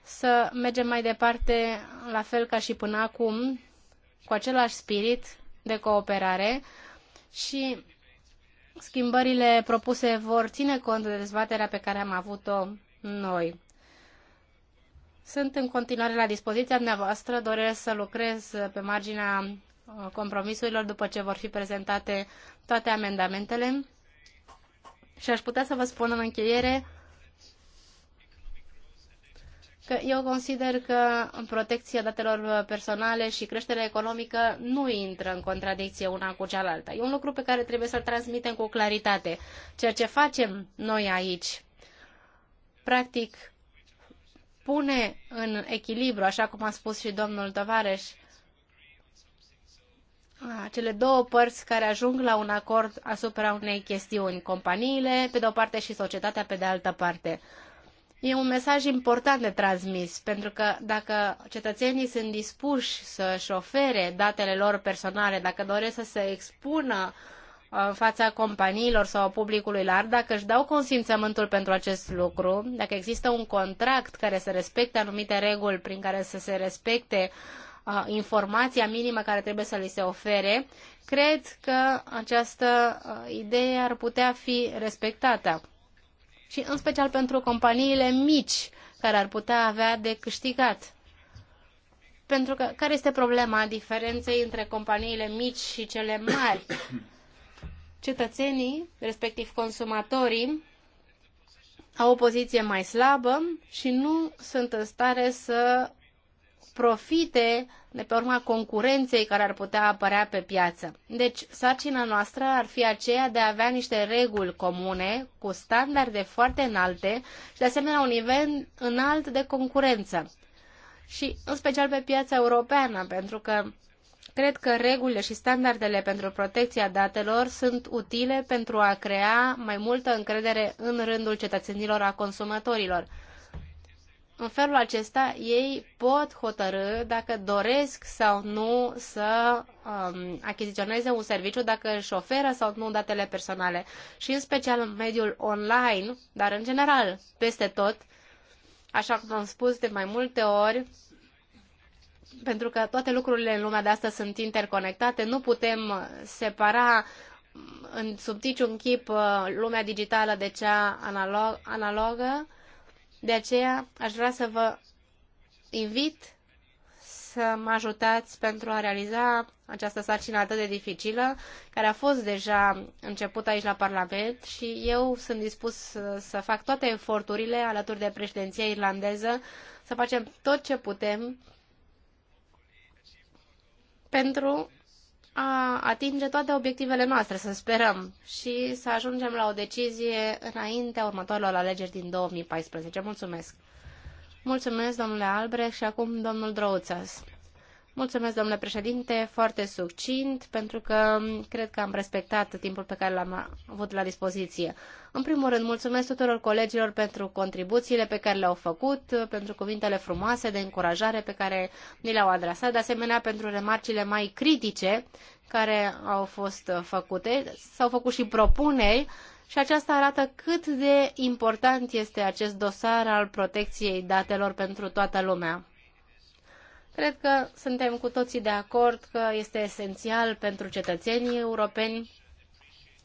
să mergem mai departe la fel ca și până acum, cu același spirit de cooperare și schimbările propuse vor ține cont de dezbaterea pe care am avut-o noi. Sunt în continuare la dispoziția dumneavoastră, doresc să lucrez pe marginea compromisurilor după ce vor fi prezentate toate amendamentele. Și aș putea să vă spun în încheiere că eu consider că protecția datelor personale și creșterea economică nu intră în contradicție una cu cealaltă. E un lucru pe care trebuie să-l transmitem cu claritate. Ceea ce facem noi aici, practic, pune în echilibru, așa cum a spus și domnul Tovareș, cele două părți care ajung la un acord asupra unei chestiuni, companiile pe de o parte și societatea pe de altă parte. E un mesaj important de transmis, pentru că dacă cetățenii sunt dispuși să-și ofere datele lor personale, dacă doresc să se expună uh, în fața companiilor sau a publicului larg, dacă își dau consimțământul pentru acest lucru, dacă există un contract care să respecte anumite reguli prin care să se respecte informația minimă care trebuie să li se ofere, cred că această idee ar putea fi respectată. Și în special pentru companiile mici care ar putea avea de câștigat. Pentru că care este problema diferenței între companiile mici și cele mari? Cetățenii, respectiv consumatorii, au o poziție mai slabă și nu sunt în stare să profite de pe urma concurenței care ar putea apărea pe piață. Deci, sarcina noastră ar fi aceea de a avea niște reguli comune, cu standarde foarte înalte și, de asemenea, un nivel înalt de concurență. Și, în special, pe piața europeană, pentru că Cred că regulile și standardele pentru protecția datelor sunt utile pentru a crea mai multă încredere în rândul cetățenilor a consumatorilor în felul acesta ei pot hotărâ dacă doresc sau nu să um, achiziționeze un serviciu, dacă își oferă sau nu datele personale. Și în special în mediul online, dar în general peste tot, așa cum am spus de mai multe ori, pentru că toate lucrurile în lumea de astăzi sunt interconectate, nu putem separa în subticiu niciun chip uh, lumea digitală de cea analog, analogă de aceea aș vrea să vă invit să mă ajutați pentru a realiza această sarcină atât de dificilă, care a fost deja început aici la Parlament și eu sunt dispus să fac toate eforturile alături de președinția irlandeză, să facem tot ce putem pentru a atinge toate obiectivele noastre, să sperăm, și să ajungem la o decizie înaintea următoarelor alegeri din 2014. Mulțumesc! Mulțumesc, domnule Albrecht, și acum domnul Drouțas. Mulțumesc, domnule președinte, foarte succint, pentru că cred că am respectat timpul pe care l-am avut la dispoziție. În primul rând, mulțumesc tuturor colegilor pentru contribuțiile pe care le-au făcut, pentru cuvintele frumoase de încurajare pe care ni le-au adresat, de asemenea pentru remarcile mai critice care au fost făcute. S-au făcut și propuneri și aceasta arată cât de important este acest dosar al protecției datelor pentru toată lumea. Cred că suntem cu toții de acord că este esențial pentru cetățenii europeni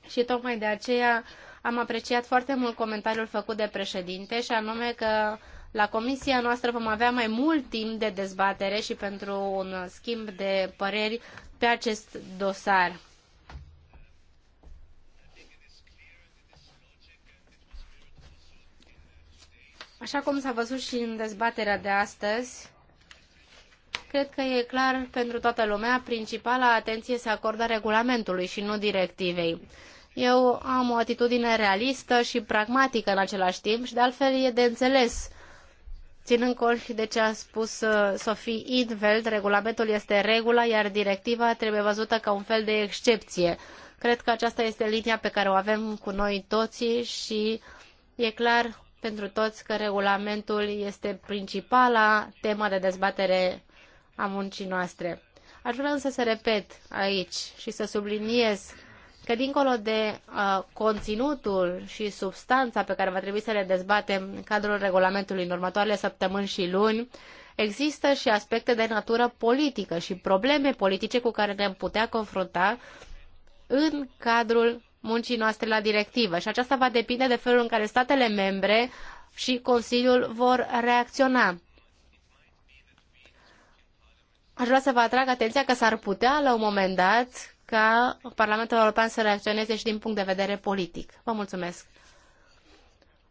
și tocmai de aceea am apreciat foarte mult comentariul făcut de președinte și anume că la comisia noastră vom avea mai mult timp de dezbatere și pentru un schimb de păreri pe acest dosar. Așa cum s-a văzut și în dezbaterea de astăzi, Cred că e clar pentru toată lumea, principala atenție se acordă regulamentului și nu directivei. Eu am o atitudine realistă și pragmatică în același timp și de altfel e de înțeles. Ținând cont și de ce a spus uh, Sophie Idveld, regulamentul este regula, iar directiva trebuie văzută ca un fel de excepție. Cred că aceasta este linia pe care o avem cu noi toții și e clar pentru toți că regulamentul este principala temă de dezbatere a muncii noastre. Aș vrea însă să repet aici și să subliniez că dincolo de uh, conținutul și substanța pe care va trebui să le dezbatem în cadrul regulamentului în următoarele săptămâni și luni, există și aspecte de natură politică și probleme politice cu care ne-am putea confrunta în cadrul muncii noastre la directivă. Și aceasta va depinde de felul în care statele membre și Consiliul vor reacționa. Aș vrea să vă atrag atenția că s-ar putea la un moment dat ca Parlamentul European să reacționeze și din punct de vedere politic. Vă mulțumesc!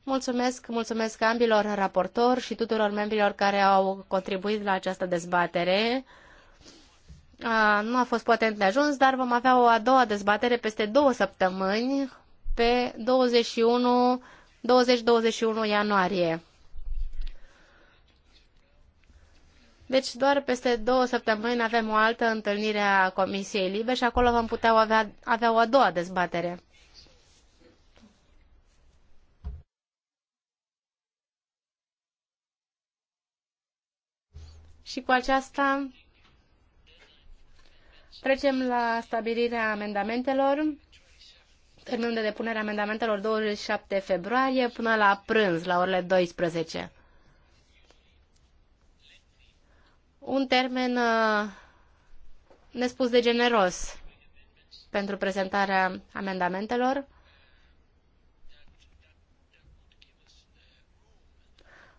Mulțumesc, mulțumesc ambilor raportori și tuturor membrilor care au contribuit la această dezbatere. A, nu a fost poate de ajuns, dar vom avea o a doua dezbatere peste două săptămâni, pe 21, 20-21 ianuarie. Deci doar peste două săptămâni avem o altă întâlnire a Comisiei Libe și acolo vom putea avea, avea o a doua dezbatere. Și cu aceasta trecem la stabilirea amendamentelor. Terminul de depunere a amendamentelor 27 februarie până la prânz, la orele 12. un termen uh, nespus de generos pentru prezentarea amendamentelor.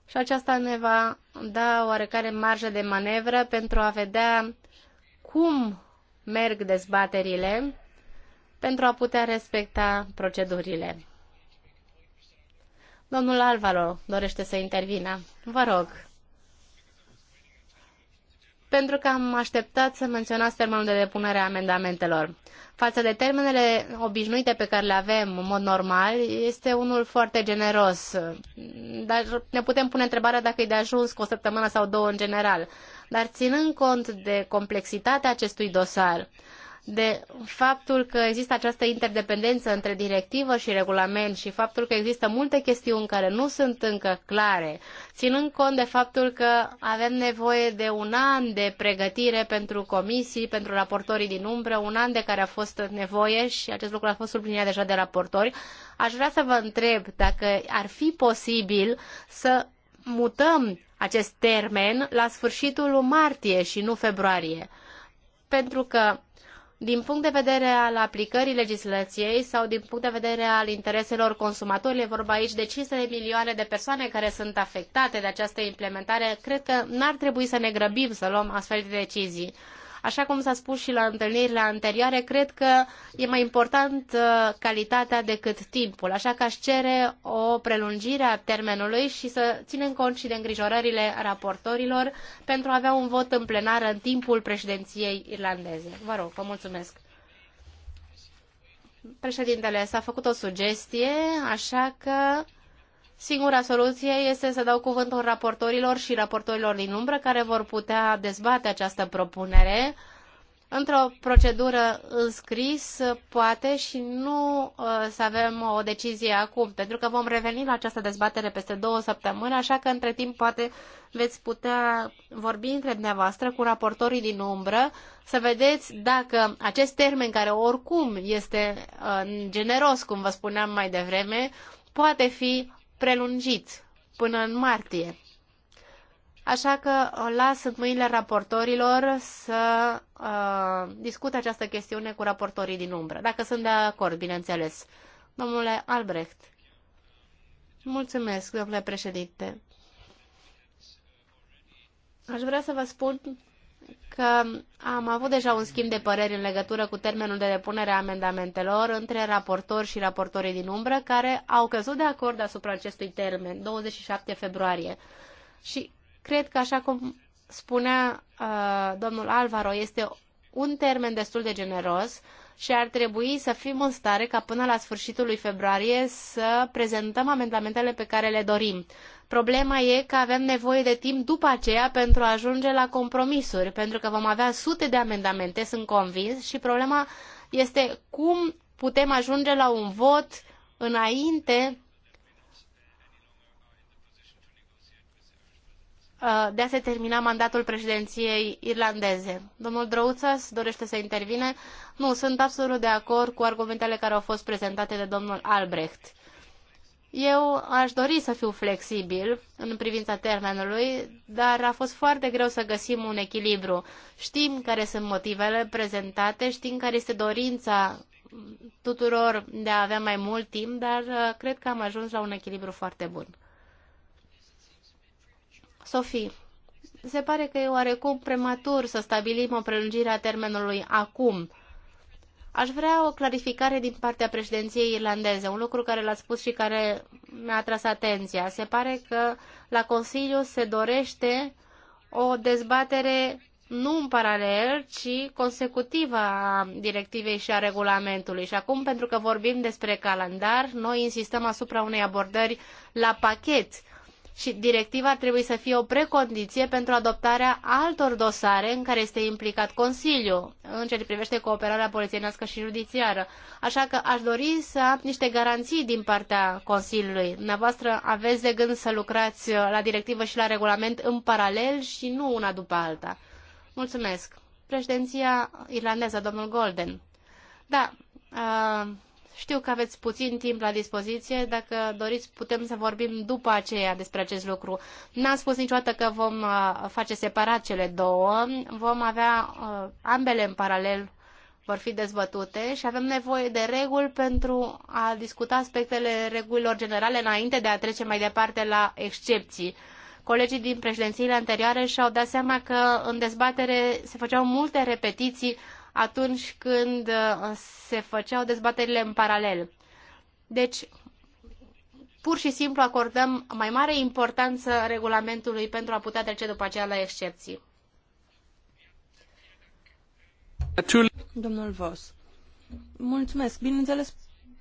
Și aceasta ne va da oarecare marjă de manevră pentru a vedea cum merg dezbaterile pentru a putea respecta procedurile. Domnul Alvaro dorește să intervină. Vă rog pentru că am așteptat să menționați termenul de depunere a amendamentelor. Față de termenele obișnuite pe care le avem în mod normal, este unul foarte generos. Dar ne putem pune întrebarea dacă e de ajuns cu o săptămână sau două în general. Dar ținând cont de complexitatea acestui dosar, de faptul că există această interdependență între directivă și regulament și faptul că există multe chestiuni care nu sunt încă clare, ținând cont de faptul că avem nevoie de un an de pregătire pentru comisii, pentru raportorii din umbră, un an de care a fost nevoie și acest lucru a fost subliniat deja de raportori, aș vrea să vă întreb dacă ar fi posibil să mutăm acest termen la sfârșitul martie și nu februarie. Pentru că din punct de vedere al aplicării legislației sau din punct de vedere al intereselor consumatorilor, e vorba aici de 500 de milioane de persoane care sunt afectate de această implementare, cred că n-ar trebui să ne grăbim să luăm astfel de decizii. Așa cum s-a spus și la întâlnirile anterioare, cred că e mai important uh, calitatea decât timpul, așa că aș cere o prelungire a termenului și să ținem cont și de îngrijorările raportorilor pentru a avea un vot în plenară în timpul președinției irlandeze. Vă rog, vă mulțumesc. Președintele, s-a făcut o sugestie, așa că Singura soluție este să dau cuvântul raportorilor și raportorilor din umbră care vor putea dezbate această propunere într-o procedură înscris, poate, și nu uh, să avem o decizie acum, pentru că vom reveni la această dezbatere peste două săptămâni, așa că între timp poate veți putea vorbi între dumneavoastră cu raportorii din umbră, să vedeți dacă acest termen, care oricum este uh, generos, cum vă spuneam mai devreme, poate fi prelungit până în martie. Așa că o las în mâinile raportorilor să uh, discut această chestiune cu raportorii din umbră, dacă sunt de acord, bineînțeles. Domnule Albrecht. Mulțumesc, domnule președinte. Aș vrea să vă spun că am avut deja un schimb de păreri în legătură cu termenul de depunere a amendamentelor între raportori și raportorii din umbră, care au căzut de acord asupra acestui termen, 27 februarie. Și cred că, așa cum spunea uh, domnul Alvaro, este un termen destul de generos și ar trebui să fim în stare ca până la sfârșitul lui februarie să prezentăm amendamentele pe care le dorim. Problema e că avem nevoie de timp după aceea pentru a ajunge la compromisuri, pentru că vom avea sute de amendamente, sunt convins, și problema este cum putem ajunge la un vot înainte uh, de a se termina mandatul președinției irlandeze. Domnul Drouțas dorește să intervine? Nu, sunt absolut de acord cu argumentele care au fost prezentate de domnul Albrecht. Eu aș dori să fiu flexibil în privința termenului, dar a fost foarte greu să găsim un echilibru. Știm care sunt motivele prezentate, știm care este dorința tuturor de a avea mai mult timp, dar uh, cred că am ajuns la un echilibru foarte bun. Sofie, se pare că e oarecum prematur să stabilim o prelungire a termenului acum. Aș vrea o clarificare din partea președinției irlandeze, un lucru care l a spus și care mi-a atras atenția. Se pare că la Consiliu se dorește o dezbatere nu în paralel, ci consecutivă a directivei și a regulamentului. Și acum, pentru că vorbim despre calendar, noi insistăm asupra unei abordări la pachet și directiva trebuie să fie o precondiție pentru adoptarea altor dosare în care este implicat Consiliul, în ceea ce privește cooperarea polițienească și judiciară. Așa că aș dori să am niște garanții din partea Consiliului. Dumneavoastră aveți de gând să lucrați la directivă și la regulament în paralel și nu una după alta. Mulțumesc. Președinția irlandeză, domnul Golden. Da, uh, știu că aveți puțin timp la dispoziție. Dacă doriți, putem să vorbim după aceea despre acest lucru. N-am spus niciodată că vom uh, face separat cele două. Vom avea uh, ambele în paralel vor fi dezbătute și avem nevoie de reguli pentru a discuta aspectele regulilor generale înainte de a trece mai departe la excepții. Colegii din președințiile anterioare și-au dat seama că în dezbatere se făceau multe repetiții atunci când uh, se făceau dezbaterile în paralel. Deci, pur și simplu acordăm mai mare importanță regulamentului pentru a putea trece după aceea la excepții. Domnul Vos, mulțumesc. Bineînțeles,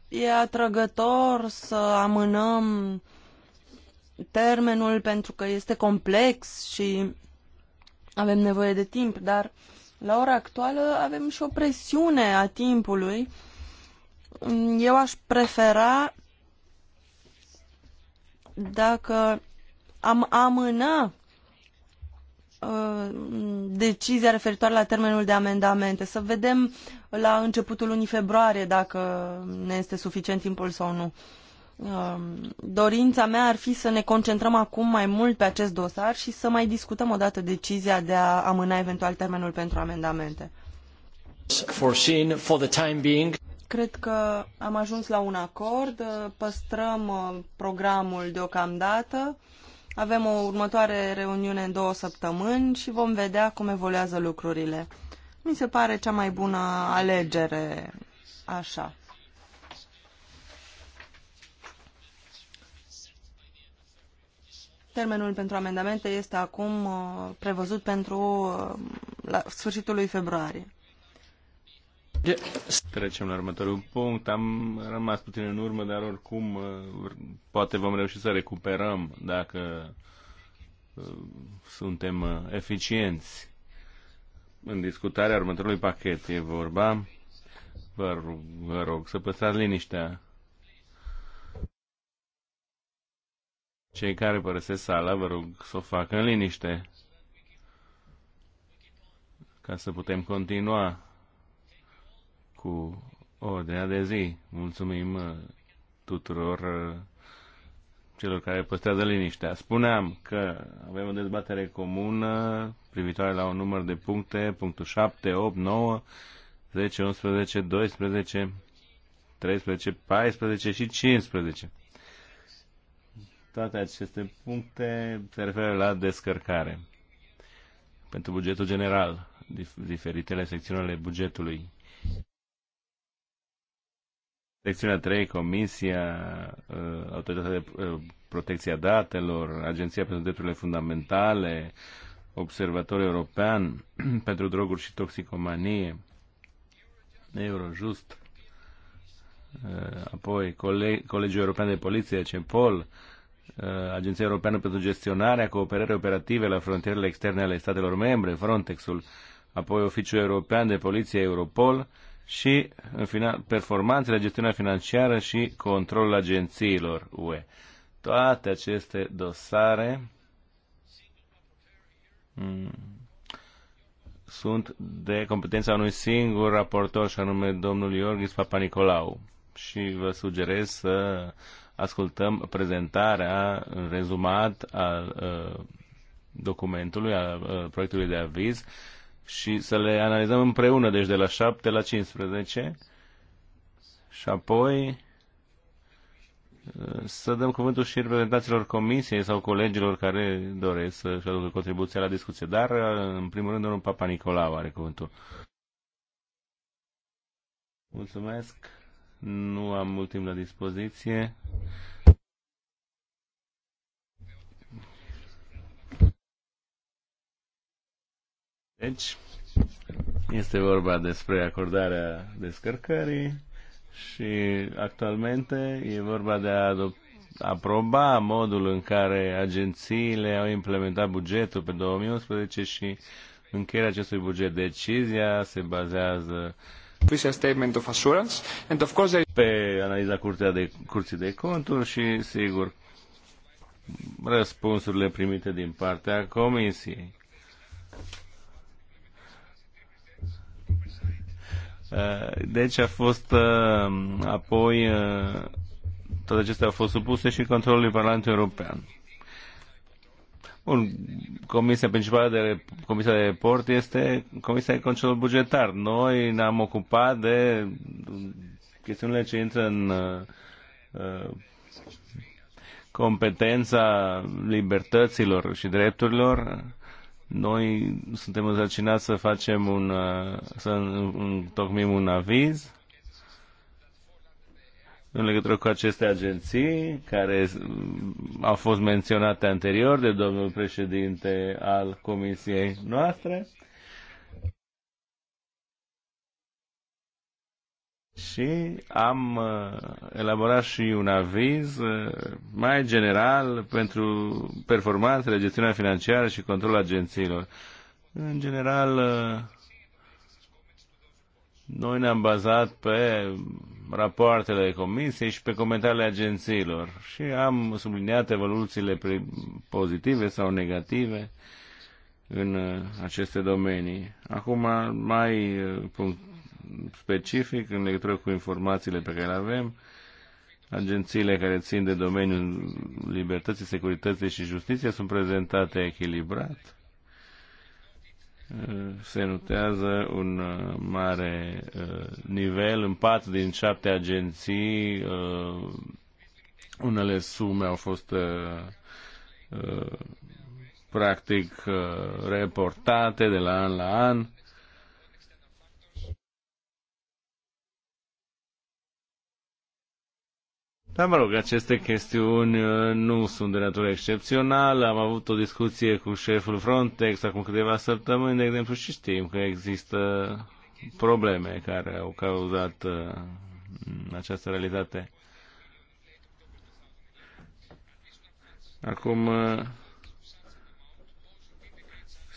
e atrăgător să amânăm termenul pentru că este complex și avem nevoie de timp, dar uh, la ora actuală avem și o presiune a timpului. Eu aș prefera dacă am amâna uh, decizia referitoare la termenul de amendamente. Să vedem la începutul lunii februarie dacă ne este suficient timpul sau nu. Um, dorința mea ar fi să ne concentrăm acum mai mult pe acest dosar și să mai discutăm odată decizia de a amâna eventual termenul pentru amendamente. Cred că am ajuns la un acord, păstrăm uh, programul deocamdată, avem o următoare reuniune în două săptămâni și vom vedea cum evoluează lucrurile. Mi se pare cea mai bună alegere așa. Termenul pentru amendamente este acum uh, prevăzut pentru uh, la sfârșitul lui februarie. Trecem la următorul punct. Am rămas puțin în urmă, dar oricum uh, poate vom reuși să recuperăm dacă suntem eficienți în discutarea următorului pachet. E vorba, vă rog, vă rog să păstrați liniștea Cei care părăsesc sala, vă rog să o facă în liniște, ca să putem continua cu ordinea de zi. Mulțumim uh, tuturor uh, celor care păstrează liniștea. Spuneam că avem o dezbatere comună privitoare la un număr de puncte, punctul 7, 8, 9, 10, 11, 12, 13, 14 și 15. Toate aceste puncte se referă la descărcare. Pentru bugetul general, diferitele secțiuni ale bugetului. Secțiunea 3, Comisia, uh, Autoritatea de uh, Protecție a Datelor, Agenția pentru Drepturile Fundamentale, Observator European pentru Droguri și Toxicomanie, Eurojust, uh, apoi Colegiul European de Poliție, CEPOL, Uh, Agenția Europeană pentru Gestionarea Cooperării Operative la Frontierele Externe ale Statelor Membre, Frontexul, apoi Oficiul European de Poliție Europol și, în final, performanțele, gestiunea financiară și controlul agențiilor UE. Toate aceste dosare mm, sunt de competența unui singur raportor, și anume domnul Iorghis Papanicolau. Și vă sugerez să ascultăm prezentarea în rezumat al uh, documentului, al uh, proiectului de aviz și să le analizăm împreună, deci de la 7 la 15 și apoi uh, să dăm cuvântul și reprezentanților comisiei sau colegilor care doresc să-și aducă contribuția la discuție. Dar, uh, în primul rând, domnul Papa Nicolau are cuvântul. Mulțumesc. Nu am mult timp la dispoziție. Deci, este vorba despre acordarea descărcării și actualmente e vorba de a aproba modul în care agențiile au implementat bugetul pe 2011 și încheierea acestui buget. Decizia se bazează uh, official statement of assurance and of course pe analiza curtea de, curții de conturi și sigur răspunsurile primite din partea comisiei. Uh, deci a fost uh, apoi uh, toate acestea au fost supuse și controlului Parlamentului European. Bun, comisia principală de comisia de report este comisia de control bugetar. Noi ne-am ocupat de chestiunile ce intră în uh, competența libertăților și drepturilor. Noi suntem însăcinați să facem un, uh, să întocmim un aviz în legătură cu aceste agenții care au fost menționate anterior de domnul președinte al comisiei noastre. Și am uh, elaborat și un aviz uh, mai general pentru performanțele, gestiunea financiară și controlul agențiilor. În general, uh, noi ne-am bazat pe rapoartele comisiei și pe comentariile agențiilor și am subliniat evoluțiile pozitive sau negative în uh, aceste domenii. Acum, mai uh, punct specific, în legătură cu informațiile pe care le avem, agențiile care țin de domeniul libertății, securității și justiție sunt prezentate echilibrat Eh, se notează un eh, mare eh, nivel în patru din șapte agenții unele sume au fost practic reportate de la an la an Dar, mă rog, aceste chestiuni uh, nu sunt de natură excepțională. Am avut o discuție cu șeful Frontex acum câteva săptămâni, de exemplu, și știm că există probleme care au cauzat uh, această realitate. Acum, uh,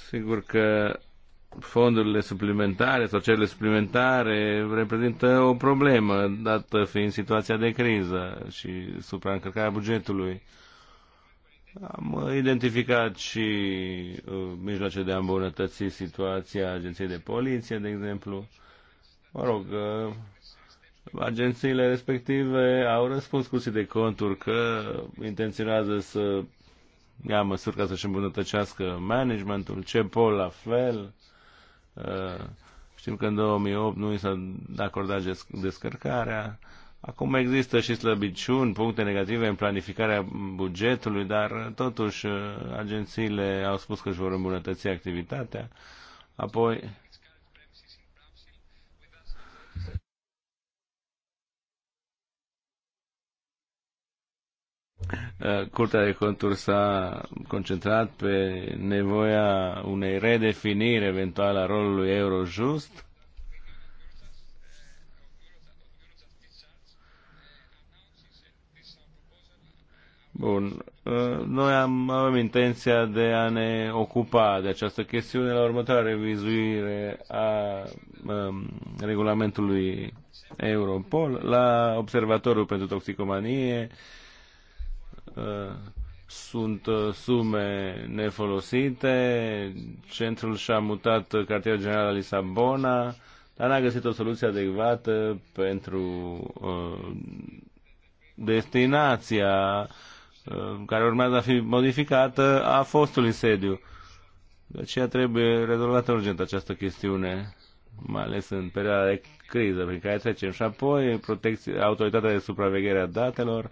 sigur că fondurile suplimentare sau cele suplimentare reprezintă o problemă, dată fiind situația de criză și supraîncărcarea bugetului. Am identificat și uh, mijloace de a îmbunătăți situația agenției de poliție, de exemplu. Mă rog, uh, agențiile respective au răspuns curții de conturi că intenționează să ia măsuri ca să-și îmbunătățească managementul, ce pol la fel, Eh, știm că în 2008 nu i s-a acordat descărcarea. Acum există și slăbiciuni, puncte negative în planificarea bugetului, dar eh, totuși eh, agențiile au spus că își vor îmbunătăți activitatea. Apoi, Eh, Curtea de conturi s-a concentrat pe nevoia unei redefiniri eventuale a rolului Eurojust. Bun. Eh, Noi am, avem intenția de a ne ocupa de această chestiune la următoarea revizuire a um, regulamentului Europol la Observatorul pentru Toxicomanie Uh, sunt uh, sume nefolosite, centrul și-a mutat cartierul general la Lisabona, dar n-a găsit o soluție adecvată pentru uh, destinația care urmează a fi modificată a fostului sediu. De aceea trebuie rezolvată urgent această chestiune, mai ales în perioada de criză prin care trecem. Și apoi protecție, autoritatea de supraveghere a datelor, uh,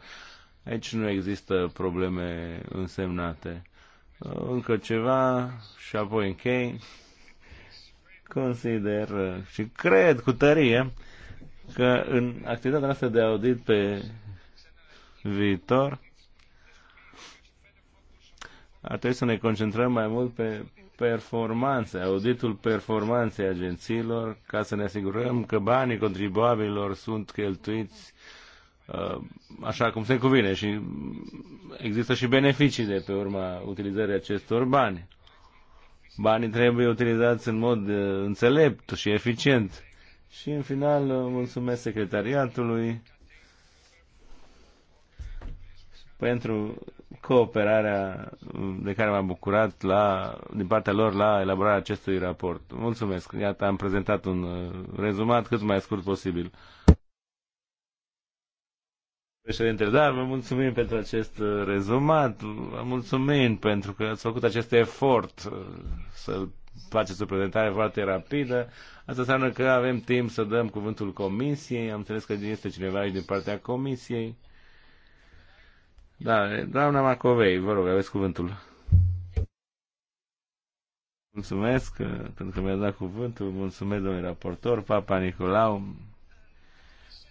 Aici nu există probleme însemnate. Încă ceva și apoi închei. Consider și cred cu tărie că în activitatea noastră de audit pe viitor ar trebui să ne concentrăm mai mult pe performanțe, auditul performanței agențiilor ca să ne asigurăm că banii contribuabililor sunt cheltuiți Uh, așa cum se cuvine și există și beneficii de pe urma utilizării acestor bani. Banii trebuie utilizați în mod uh, înțelept și eficient. Și în final uh, mulțumesc secretariatului pentru cooperarea de care m-am bucurat la, din partea lor la elaborarea acestui raport. Mulțumesc. Iată, am prezentat un rezumat cât mai scurt posibil. Președinte, da, vă mulțumim pentru acest uh, rezumat, vă mulțumim pentru că ați făcut acest efort uh, să faceți o prezentare foarte rapidă. Asta înseamnă că avem timp să dăm cuvântul comisiei. Am înțeles că este cineva aici din partea comisiei. Da, doamna Macovei, vă rog, aveți cuvântul. Mulțumesc uh, pentru că mi-a dat cuvântul, mulțumesc domnului raportor, Papa Nicolau,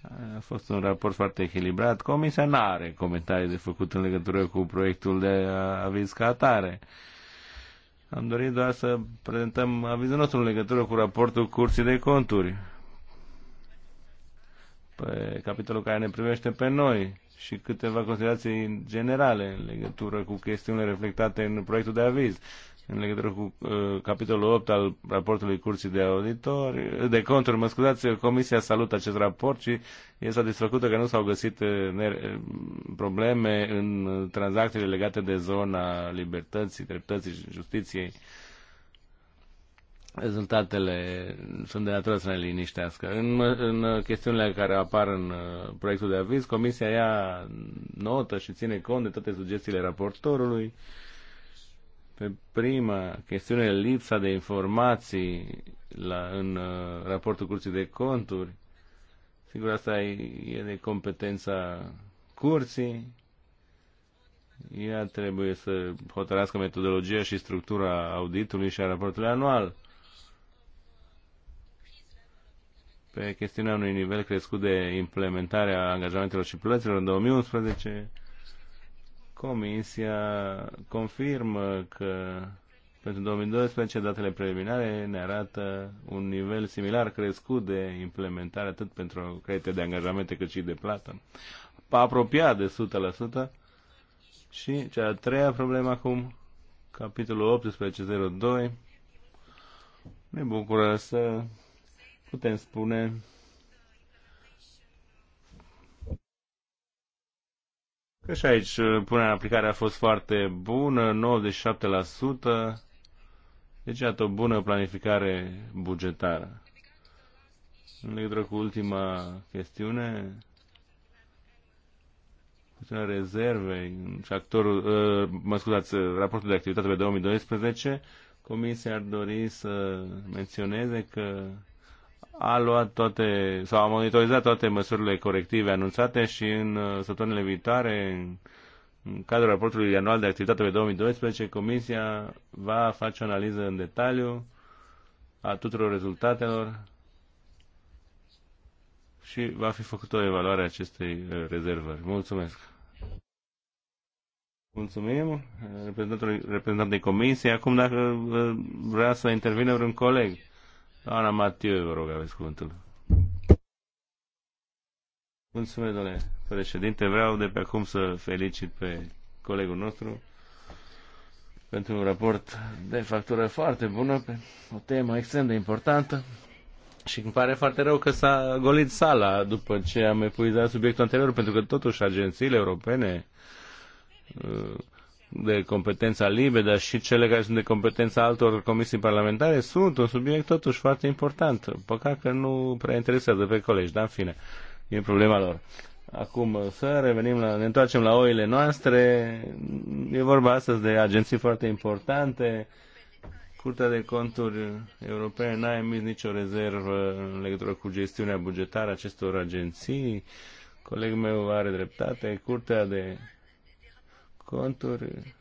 a fost un raport foarte echilibrat. Comisia nu are comentarii de făcut în legătură cu proiectul de aviz ca atare. Am dorit doar să prezentăm avizul nostru în legătură cu raportul Curții de Conturi. Pe capitolul care ne privește pe noi și câteva considerații generale în legătură cu chestiunile reflectate în proiectul de aviz în legătură cu uh, capitolul 8 al raportului Curții de Auditori, de conturi, mă scuzați, Comisia salută acest raport și e satisfăcută că nu s-au găsit uh, uh, probleme în tranzacțiile legate de zona libertății, dreptății și justiției. Rezultatele sunt de natură să ne liniștească. În, în chestiunile care apar în uh, proiectul de aviz, Comisia ia notă și ține cont de toate sugestiile raportorului. Uh, pe prima chestiune, lipsa de informații la, în uh, raportul Curții de Conturi. Sigur, asta e, e de competența Curții. Ea trebuie să hotărască metodologia și structura auditului și a raportului anual. Pe chestiunea unui nivel crescut de implementare a angajamentelor și plăților în 2011, Comisia confirmă că pentru 2012 datele preliminare ne arată un nivel similar crescut de implementare atât pentru credite de angajamente cât și de plată. Apropiat de 100% și cea a treia problemă acum, capitolul 1802, ne bucură să putem spune Că și aici uh, punerea în aplicare a fost foarte bună, 97%. Deci, iată, o bună planificare bugetară. În legătură cu ultima chestiune, chestiunea rezervei și actorul, uh, mă scuzați, uh, raportul de activitate pe 2012, Comisia ar dori să menționeze că a luat toate, sau a monitorizat toate măsurile corective anunțate și în uh, săptămânile viitoare, în, cadrul raportului anual de activitate pe 2012, Comisia va face o analiză în detaliu a tuturor rezultatelor și va fi făcută o evaluare a acestei uh, rezervări. Mulțumesc! Mulțumim uh, reprezentantului, de Comisiei. Acum, dacă vrea să intervine vreun coleg. Ana Matiu, vă rog, aveți cuvântul. Mulțumesc, domnule președinte. Vreau de pe acum să felicit pe colegul nostru pentru un raport de factură foarte bună, pe o temă extrem de importantă și îmi pare foarte rău că s-a golit sala după ce am epuizat subiectul anterior, pentru că totuși agențiile europene uh, de competența LIBE, dar și cele care sunt de competența altor comisii parlamentare, sunt un subiect totuși foarte important. Păcat că nu prea interesează pe colegi, dar în fine, e problema lor. Acum să revenim la, ne întoarcem la oile noastre. E vorba astăzi de agenții foarte importante. Curtea de conturi europene n-a emis nicio rezervă în legătură cu gestiunea bugetară acestor agenții. Colegul meu are dreptate. Curtea de conturi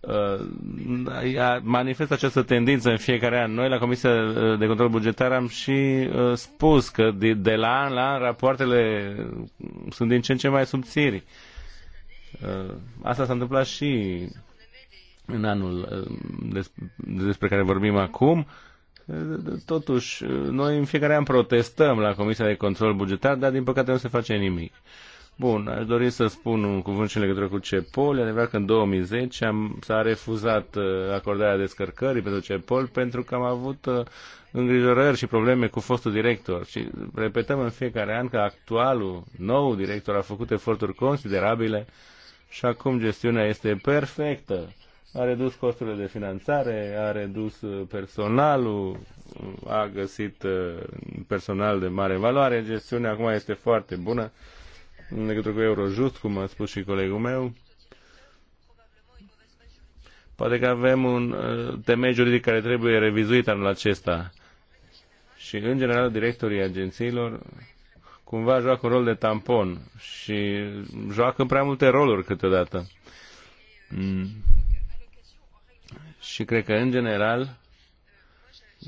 uh, manifestă această tendință în fiecare an. Noi la Comisia de Control Bugetar am și uh, spus că de, de la an la an rapoartele sunt din ce în ce mai subțiri. Uh, asta s-a întâmplat și în anul despre care vorbim acum. Uh, Totuși, noi în fiecare an protestăm la Comisia de Control Bugetar, dar din păcate nu se face nimic. Bun, aș dori să spun un cuvânt și în legătură cu CEPOL. E adevărat că în 2010 am, s-a refuzat uh, acordarea descărcării pentru CEPOL pentru că am avut uh, îngrijorări și probleme cu fostul director. Și repetăm în fiecare an că actualul nou director a făcut eforturi considerabile și acum gestiunea este perfectă a redus costurile de finanțare, a redus uh, personalul, uh, a găsit uh, personal de mare valoare, gestiunea acum este foarte bună, în legătură cu Eurojust, cum a spus și colegul meu. Poate că avem un temei juridic care trebuie revizuit anul acesta. Și, în general, directorii agențiilor cumva joacă un rol de tampon și joacă prea multe roluri câteodată. Mm și cred că, în general,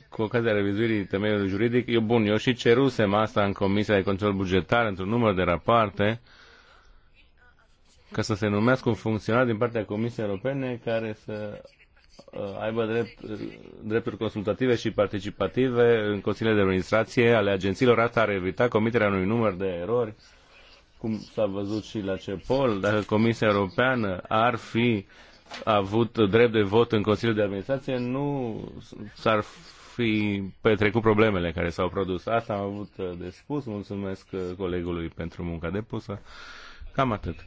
cu ocazia revizuirii temeiului juridic, eu, bun, eu și cerusem asta în Comisia de Control Bugetar, într-un număr de rapoarte, ca să se numească un funcționar din partea Comisiei Europene care să uh, aibă drept, drepturi consultative și participative în consiliile de administrație ale agențiilor. Asta ar evita comiterea unui număr de erori, cum s-a văzut și la CEPOL. Dacă Comisia Europeană ar fi uh, avut drept de vot în Consiliul de Administrație, nu s-ar fi petrecut problemele care s-au produs. Asta am avut de spus. Mulțumesc colegului pentru munca depusă. Cam atât.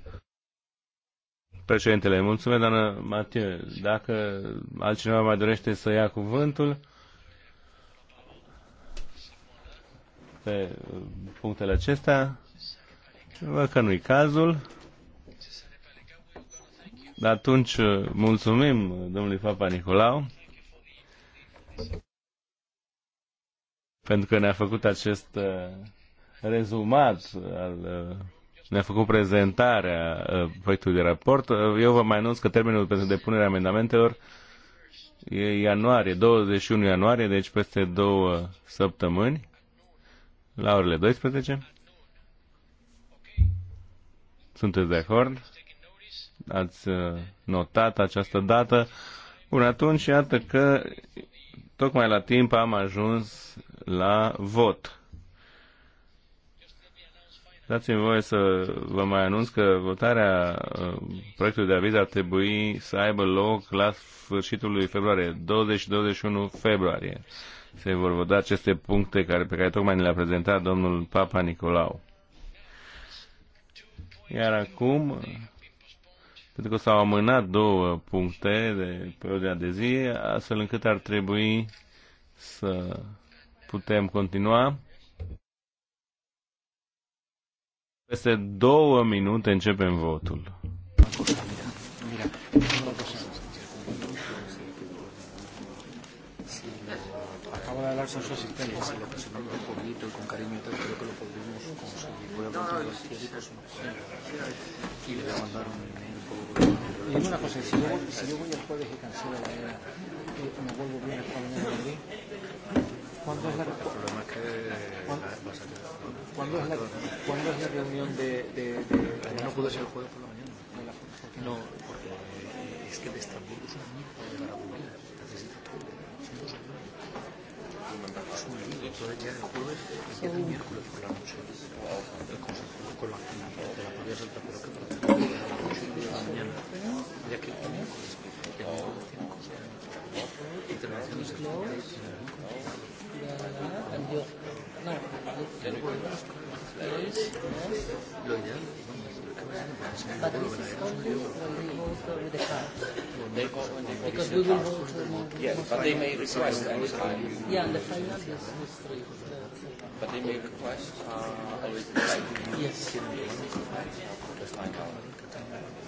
Președintele, mulțumesc, doamnă Mathieu. Dacă altcineva mai dorește să ia cuvântul pe punctele acestea, văd că nu-i cazul. Dar atunci uh, mulțumim uh, domnului Papa Nicolau pentru că ne-a făcut acest uh, rezumat ne-a făcut prezentarea proiectului de raport. Eu vă mai anunț că termenul pentru depunerea amendamentelor e ianuarie, 21 ianuarie, deci peste două săptămâni, la orele 12. Sunteți de acord? ați uh, notat această dată. Până atunci, iată că tocmai la timp am ajuns la vot. Dați-mi voie să vă mai anunț că votarea uh, proiectului de aviz ar trebui să aibă loc la sfârșitul lui februarie, 20-21 februarie. Se vor vota aceste puncte care, pe care tocmai ne le-a prezentat domnul Papa Nicolau. Iar acum pentru că s-au amânat două puncte de pe ordinea de zi, astfel încât ar trebui să putem continua. Peste două minute începem votul. Acaba de hablar con su asistente, se presentó poquito y con cariño, creo que lo conseguir. Voy a preguntar a los y le voy a mandar un Y una cosa, si yo, voy, si yo voy el jueves y cancelo la hora, eh, ¿me vuelvo bien el jueves de Madrid? ¿Cuándo es la, ¿cuándo, es la, ¿cuándo es la reunión de...? de, de, de no pude ser el jueves por la mañana. No, porque eh, es que de Estrasburgo es una mierda llegar a Bulgaria. Necesito todo. Entonces ya el jueves y el miércoles por la noche. Con la cena. Te la podías saltar, pero que... But this is only when they vote with the cards. Because we will vote. Yes, but they may request any time. Yeah, and the final is with three. But they may request. Uh, yes.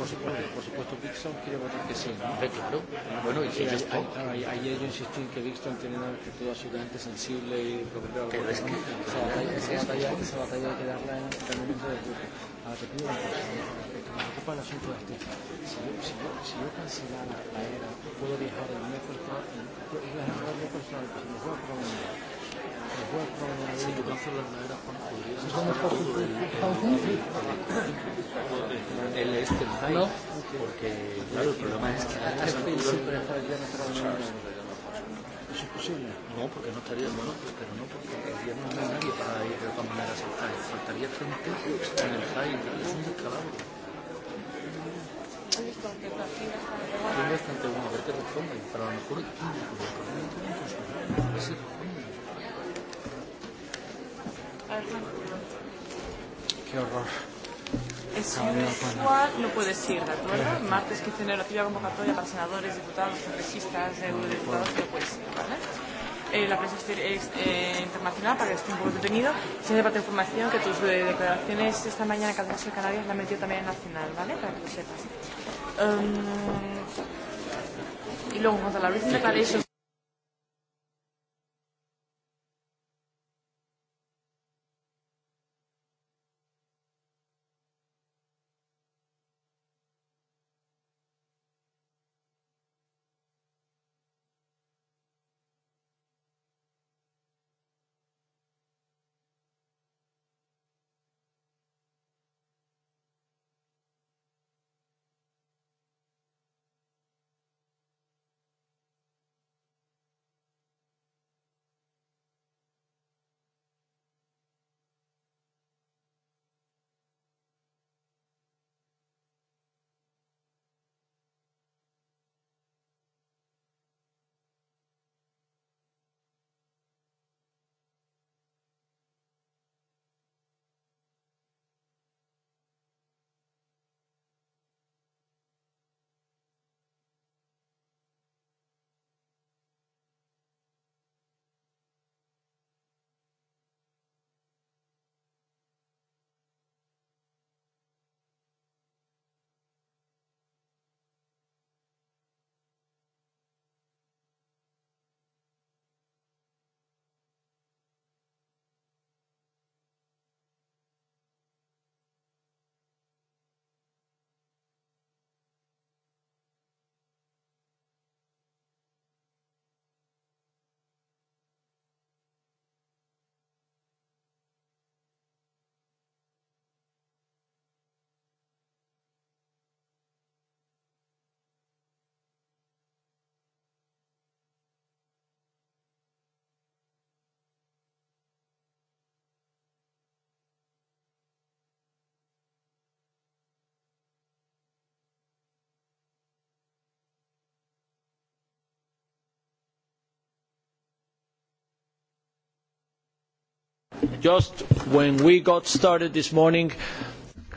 por supuesto, por supuesto Dixon quiere votar que sí, ¿no? claro. Bueno, y eh, si ellos... Ahí, ahí ahí yo insistí en que Dixon tiene una actitud absolutamente sensible y preocupada. Pero es que... Esa batalla, esa batalla, esa batalla hay que darla en el momento de grupo. Ahora te pido una cosa, que me preocupa el asunto de este. Si yo, si yo, si yo cancelara la era, puedo viajar el mes miércoles, puedo viajar el mes miércoles, el jueves por la mañana. El jueves por la mañana. Si tú cancelas la era, sono pochi Él es del país, ¿No? porque claro, el problema es que es ¿Es imposible? No, porque no estaría, bueno, pero no porque el día no hay nadie para ir de otra manera a Faltaría gente en el país, es un descalabro tiene bastante bueno, a ver qué responde, pero a lo mejor es Qué horror. Es un no puedes ir, ¿de acuerdo? Martes 15 de enero, activa convocatoria para senadores, diputados, congresistas, eh, eurodiputados, no puedes ir, ¿vale? eh, la prensa eh, internacional para que esté un poco detenido. Se debate de información que tus eh, declaraciones esta mañana que has de Canarias la metió también en Nacional, ¿vale? Para que lo sepas. Um, y luego, en cuanto a la recent declaration... Just when we got started this morning,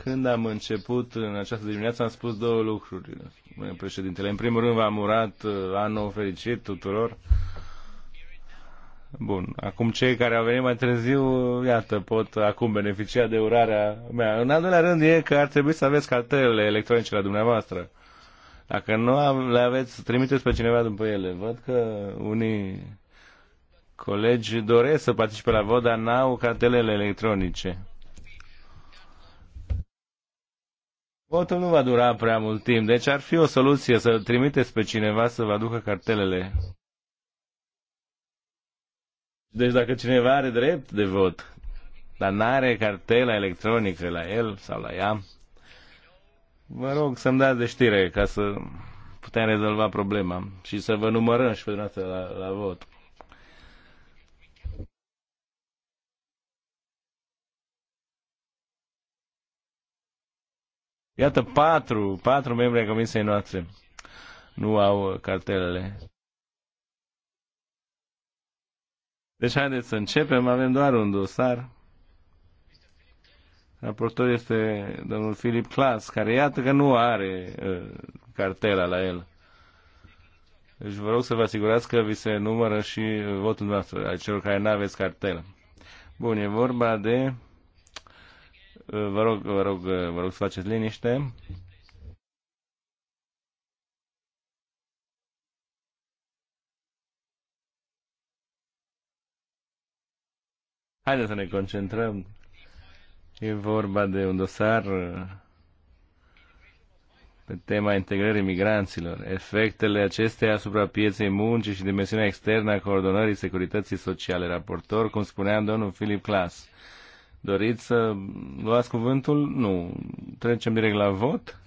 când am început în această dimineață, am spus două lucruri, domnule președintele. În primul rând, v-am urat uh, anul fericit tuturor. Bun, acum cei care au venit mai târziu, iată, pot acum beneficia de urarea mea. În al doilea rând e că ar trebui să aveți cartelele electronice la dumneavoastră. Dacă nu le aveți, trimiteți pe cineva după ele. Văd că unii colegi doresc să participe la vot, dar n-au cartelele electronice. Votul nu va dura prea mult timp, deci ar fi o soluție să trimiteți pe cineva să vă aducă cartelele. Deci dacă cineva are drept de vot, dar n-are cartela electronică la el sau la ea, vă rog să-mi dați de știre ca să putem rezolva problema și să vă numărăm și pe dumneavoastră la, la vot. Iată, patru, patru membri ai comisiei noastre nu au cartelele. Deci haideți să începem, avem doar un dosar. Raportor este domnul Filip Clas, care iată că nu are uh, cartela la el. Deci vă rog să vă asigurați că vi se numără și uh, votul noastră, al celor care nu aveți cartelă. Bun, e vorba de Vă rog, vă rog, vă rog să faceți liniște. Haideți să ne concentrăm. E vorba de un dosar pe tema integrării migranților, efectele acestea asupra pieței muncii și dimensiunea externă a coordonării securității sociale. Raportor, cum spuneam, domnul Filip Clas. Doriți să luați cuvântul? Nu. Trecem direct la vot.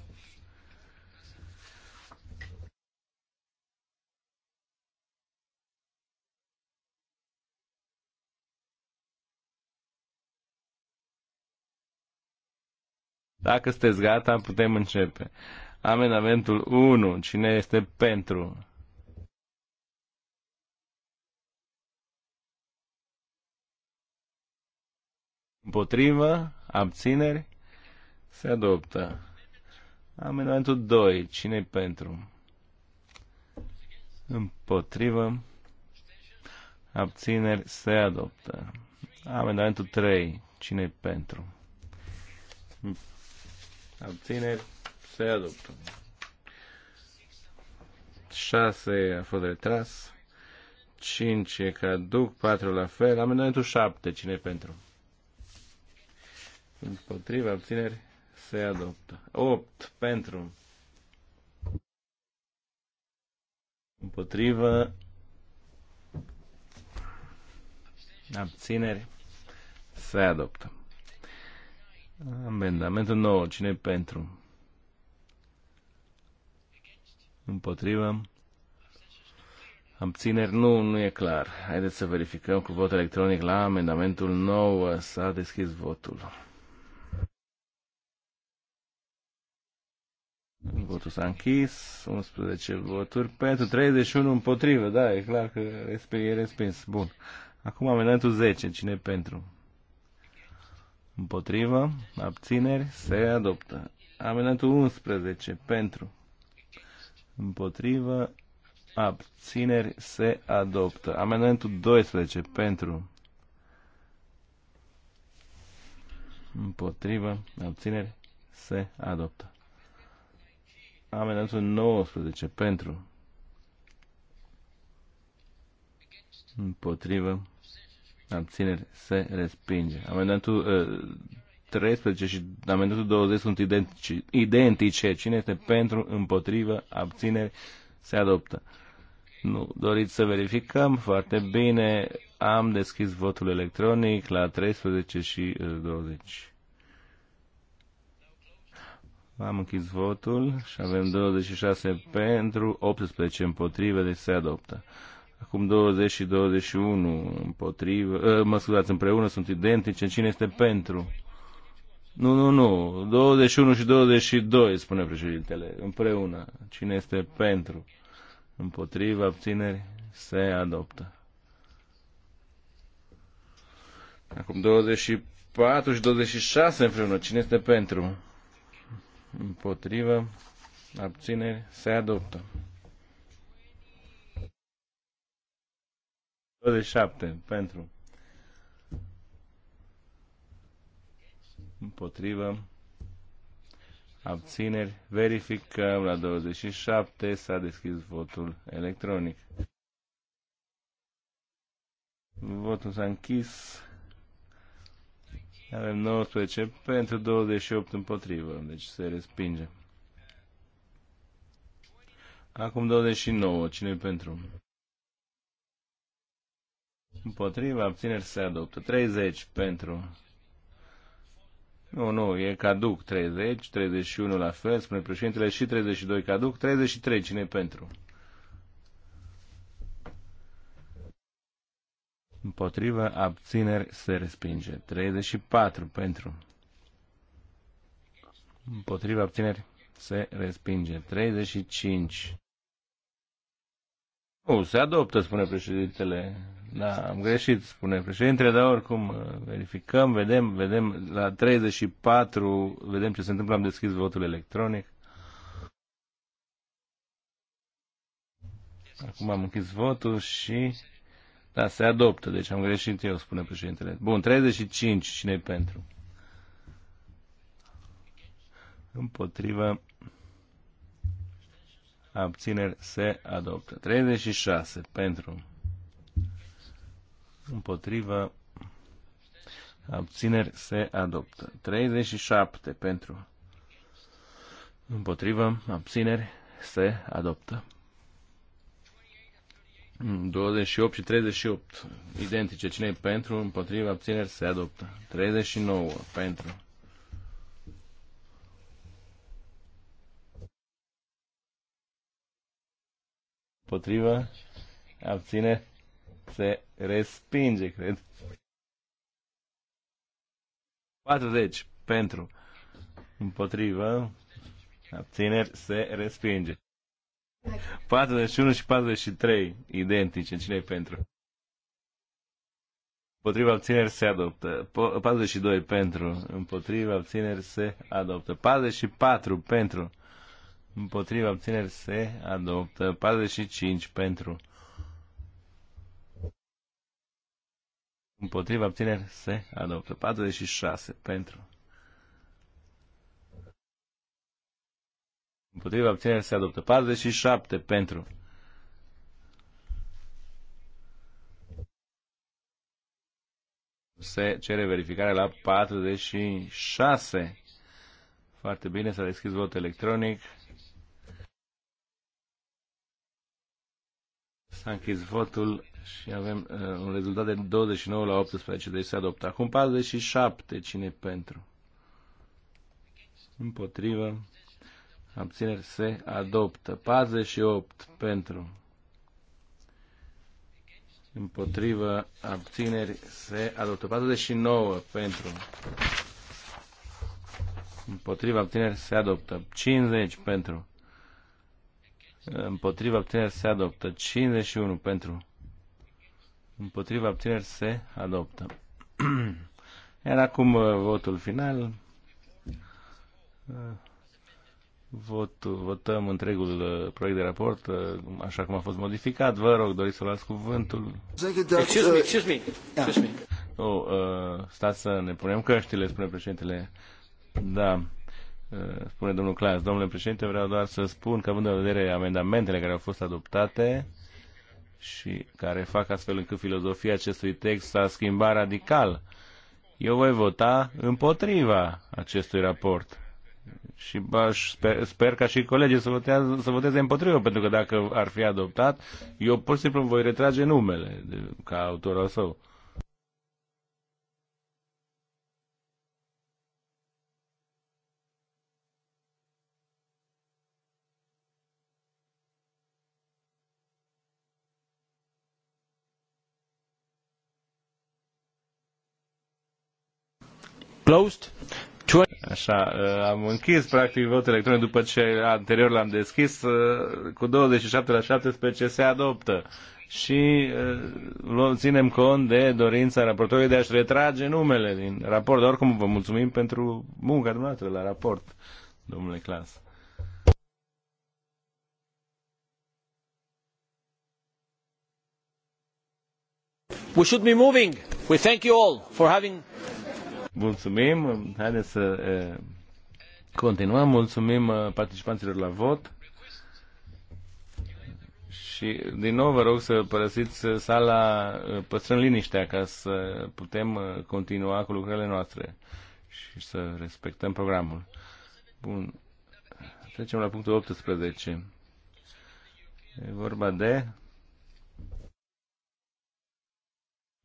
Dacă sunteți gata, putem începe. Amendamentul 1. Cine este pentru? Împotrivă? Abțineri? Se adoptă. Amendamentul 2. Cine-i pentru? Împotrivă? Abțineri? Se adoptă. Amendamentul 3. Cine-i pentru? Abțineri? Se adoptă. 6 a fost retras. 5 e caduc, 4 la fel. Amendamentul 7. Cine-i pentru? Împotriva abțineri se adoptă. 8 pentru. Împotriva abțineri se adoptă. Amendamentul 9. Cine pentru? Împotriva. Abțineri nu, nu e clar. Haideți să verificăm cu vot electronic la amendamentul 9. S-a deschis votul. Votul s-a închis, 11 voturi pentru, 31 împotrivă, da, e clar că e respins. Bun. Acum amendamentul 10, cine pentru? Împotrivă, abțineri, se adoptă. Amendamentul 11, pentru. Împotrivă, abțineri, se adoptă. Amendamentul 12, pentru. Împotrivă, abțineri, se adoptă. Amendamentul 19 pentru. Împotrivă. Abținere. se respinge. Amendamentul uh, 13 și amendamentul 20 sunt identici, identice. Cine este pentru, împotrivă, abținere, se adoptă. Nu, doriți să verificăm? Foarte bine. Am deschis votul electronic la 13 și uh, 20. Am închis votul și avem 26 pentru, 18 împotrivă, deci se adoptă. Acum 20 și 21 împotrivă, ă, mă scuzați, împreună sunt identice. Cine este pentru? Nu, nu, nu. 21 și 22, spune președintele, împreună. Cine este pentru? Împotrivă, abțineri se adoptă. Acum 24 și 26 împreună. Cine este pentru? împotrivă, abțineri, se adoptă. 27 pentru împotrivă abțineri verificăm la 27 s-a deschis votul electronic votul s-a închis avem 19 pentru 28 împotrivă, deci se respinge. Acum 29, cine pentru? Împotriva, abțineri se adoptă. 30 pentru. Nu, nu, e caduc 30, 31 la fel, spune președintele, și 32 caduc, 33 cine pentru? Împotrivă, abțineri, se respinge. 34 pentru. Împotrivă, abțineri, se respinge. 35. Nu, se adoptă, spune președintele. Da, am greșit, spune președintele, dar oricum uh, verificăm, vedem, vedem la 34, vedem ce se întâmplă, am deschis votul electronic. Acum am închis votul și da, se adoptă, deci am greșit eu, spune președintele. Bun, 35, cine pentru? Împotrivă. Abțineri se adoptă. 36 pentru. Împotrivă. Abțineri se adoptă. 37 pentru. Împotrivă. Abțineri se adoptă. 28 și 38 identice. Cine e pentru, împotriva, abțineri, se adoptă. 39 pentru. Împotriva, abține, se respinge, cred. 40 pentru. Împotriva, abțineri, se respinge. 41 și 43 identice. cine e pentru? Împotriva abțineri se adoptă. 42 pentru. Împotriva abțineri se adoptă. 44 pentru. Împotriva abțineri se adoptă. 45 pentru. Împotriva abțineri se adoptă. 46 pentru. Împotriva abținere se adoptă. 47 pentru. Se cere verificare la 46. Foarte bine, s-a deschis vot electronic. S-a închis votul și avem uh, un rezultat de 29 la 18, deci se adoptă. Acum 47, cine pentru? Împotrivă abțineri se adoptă. 48 pentru, împotrivă, abțineri se adoptă. 49 pentru, împotrivă, abțineri se adoptă. 50 pentru, împotrivă, abțineri se adoptă. 51 pentru, împotrivă, abțineri se adoptă. Iar acum uh, votul final. Uh, Vot votăm întregul uh, proiect de raport, uh, așa cum a fost modificat. Vă rog, doriți să luați cuvântul? Excuse me, excuse me. Excuse me. Oh, uh, stați să ne punem căștile, spune președintele. Da, uh, spune domnul Claes. Domnule președinte, vreau doar să spun că, având în vedere amendamentele care au fost adoptate și care fac astfel încât filozofia acestui text s-a schimbat radical, eu voi vota împotriva acestui raport și aș sper, sper ca și colegii să, votează, să voteze împotrivă, pentru că dacă ar fi adoptat, eu pur și simplu voi retrage numele de, ca autor al său. Closed. Așa, uh, am închis practic votul electronic după ce anterior l-am deschis, uh, cu 27 la 17 se adoptă și uh, ținem cont de dorința raportorului de a-și retrage numele din raport. Dar oricum vă mulțumim pentru munca dumneavoastră la raport, domnule Clas. We should be moving. We thank you all for having Mulțumim, haideți să continuăm, mulțumim uh, participanților la vot. Și din nou vă rog să părăsiți uh, sala uh, păstrând liniștea ca să putem continua cu lucrările noastre și să respectăm programul. Bun. Trecem la punctul 18. E vorba de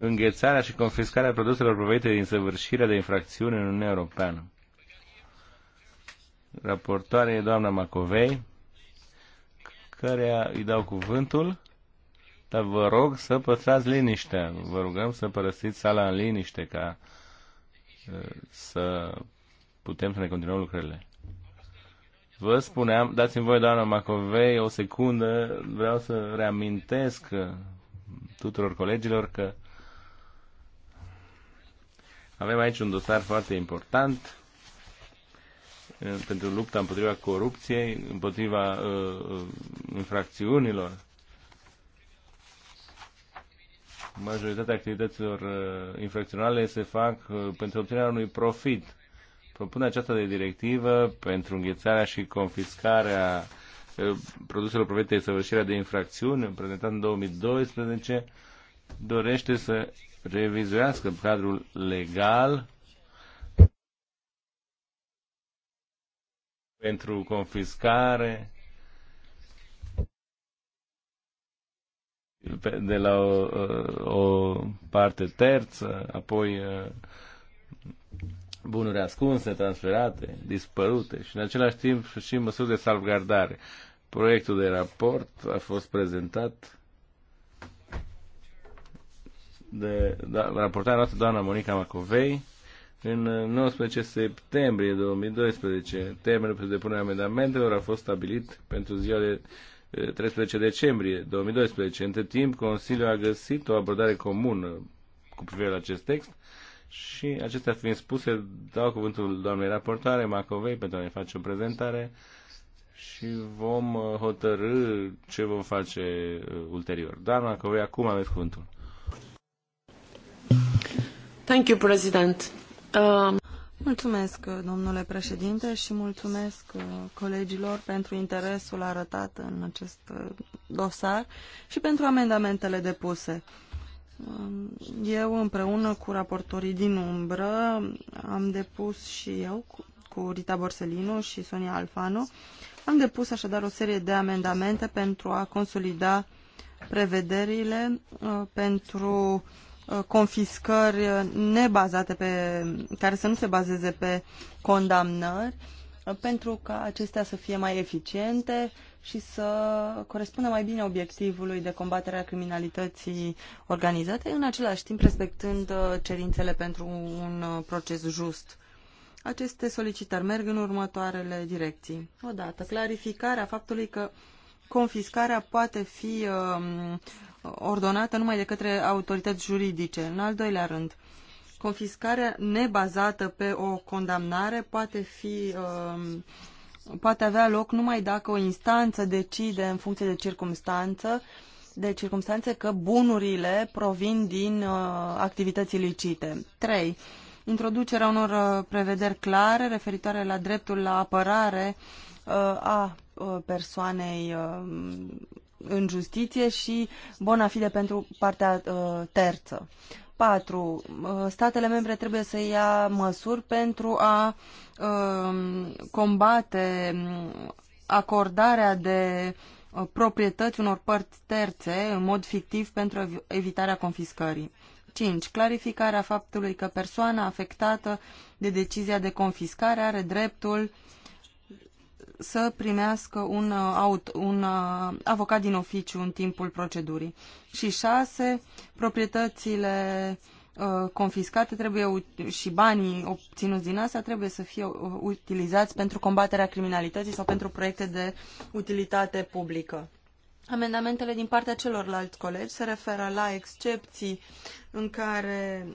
înghețarea și confiscarea produselor provenite din săvârșirea de infracțiune în Uniunea Europeană. Raportoare e doamna Macovei, care îi dau cuvântul, dar vă rog să păstrați liniște. Vă rugăm să părăsiți sala în liniște ca să putem să ne continuăm lucrurile. Vă spuneam, dați-mi voi, doamna Macovei, o secundă, vreau să reamintesc tuturor colegilor că avem aici un dosar foarte important pentru lupta împotriva corupției, împotriva uh, infracțiunilor. Majoritatea activităților uh, infracționale se fac uh, pentru obținerea unui profit. Propune aceasta de directivă pentru înghețarea și confiscarea uh, produselor provenite de săvârșirea de infracțiuni, prezentat în 2012, dorește să revizuiască cadrul legal pentru confiscare de la o, o parte terță, apoi bunuri ascunse, transferate, dispărute și în același timp și măsuri de salvgardare. Proiectul de raport a fost prezentat de de da, raportarea noastră doamna Monica Macovei în 19 septembrie 2012. Termenul pentru depunerea amendamentelor a fost stabilit pentru ziua de 13 decembrie 2012. Între timp, Consiliul a găsit o abordare comună cu privire la acest text și acestea fiind spuse, dau cuvântul doamnei raportoare Macovei pentru a ne face o prezentare și vom uh, hotărâ ce vom face uh, ulterior. Doamna Macovei, acum aveți cuvântul. Um, mulțumesc, domnule președinte, și mulțumesc uh, colegilor pentru interesul arătat în acest uh, dosar și pentru amendamentele depuse. Um, eu, împreună cu raportorii din umbră, am depus și eu, cu Rita Borsellino și Sonia Alfano, am depus așadar o serie de amendamente pentru a consolida prevederile uh, pentru Uh, confiscări uh, nebazate pe, care să nu se bazeze pe condamnări, uh, pentru ca acestea să fie mai eficiente și să corespundă mai bine obiectivului de combatere a criminalității organizate, în același timp respectând cerințele pentru un proces just. Aceste solicitări merg în următoarele direcții. Odată, clarificarea faptului că confiscarea poate fi uh, ordonată numai de către autorități juridice. În al doilea rând, confiscarea nebazată pe o condamnare poate fi um, poate avea loc numai dacă o instanță decide în funcție de circumstanță de circumstanțe că bunurile provin din uh, activități ilicite. 3. Introducerea unor uh, prevederi clare referitoare la dreptul la apărare uh, a uh, persoanei uh, în justiție și bona fide pentru partea uh, terță. 4. Uh, statele membre trebuie să ia măsuri pentru a uh, combate mm, acordarea de uh, proprietăți unor părți terțe în mod fictiv pentru evitarea confiscării. 5. Clarificarea faptului că persoana afectată de decizia de confiscare are dreptul uh, să primească un, uh, aut, un uh, avocat din oficiu în timpul procedurii. Și șase, proprietățile uh, confiscate trebuie și banii obținuți din asta trebuie să fie utilizați pentru combaterea criminalității sau pentru proiecte de utilitate publică. Amendamentele din partea celorlalți colegi se referă la excepții în care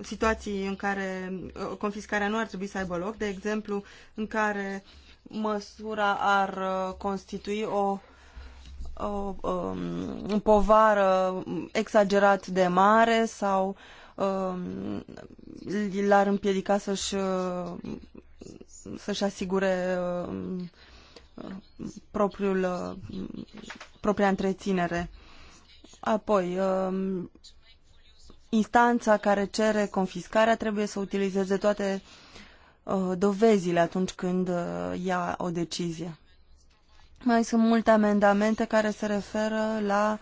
situații în care confiscarea nu ar trebui să aibă loc, de exemplu, în care măsura ar uh, constitui o, o um, povară exagerat de mare sau um, l-ar împiedica să-și uh, să-și asigure um, propriul, propria întreținere. Apoi, um, instanța care cere confiscarea trebuie să utilizeze toate uh, Uh, dovezile atunci când uh, ia o decizie. Mai sunt multe amendamente care se referă la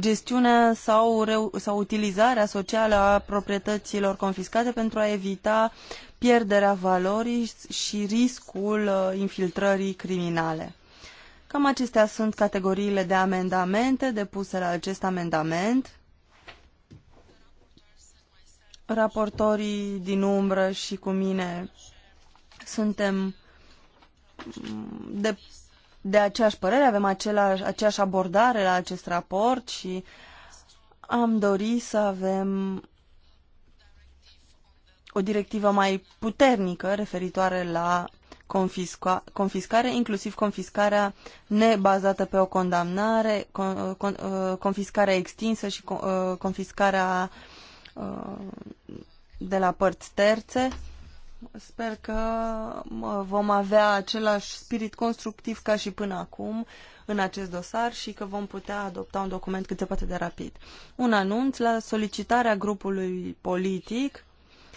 gestiunea sau, sau utilizarea socială a proprietăților confiscate pentru a evita pierderea valorii și riscul uh, infiltrării criminale. Cam acestea sunt categoriile de amendamente depuse la acest amendament. Raportorii din umbră și cu mine suntem de, de aceeași părere, avem același, aceeași abordare la acest raport și am dorit să avem o directivă mai puternică referitoare la confisca, confiscare, inclusiv confiscarea nebazată pe o condamnare, uh, confiscarea extinsă și uh, confiscarea uh, de la părți terțe. Sper că vom avea același spirit constructiv ca și până acum în acest dosar și că vom putea adopta un document cât se poate de rapid. Un anunț la solicitarea grupului politic.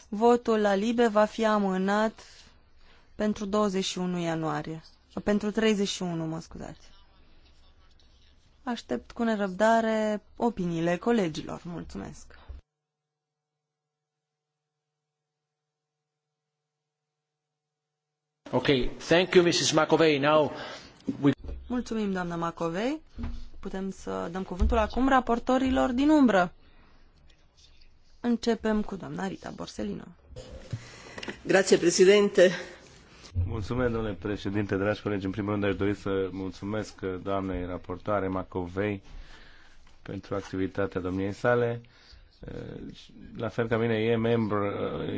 Votul la Libe va fi amânat pentru 21 ianuarie. Pentru 31, mă scuzați. Aștept cu nerăbdare opiniile colegilor. Mulțumesc! Mulțumim, doamna Macovei. Putem să dăm cuvântul acum raportorilor din umbră. Începem cu doamna Rita Borsellino. Grazie, președinte. Mulțumesc, domnule președinte, dragi colegi. În primul rând aș dori să mulțumesc doamnei raportoare Macovei pentru activitatea domniei sale la fel ca mine, e membru,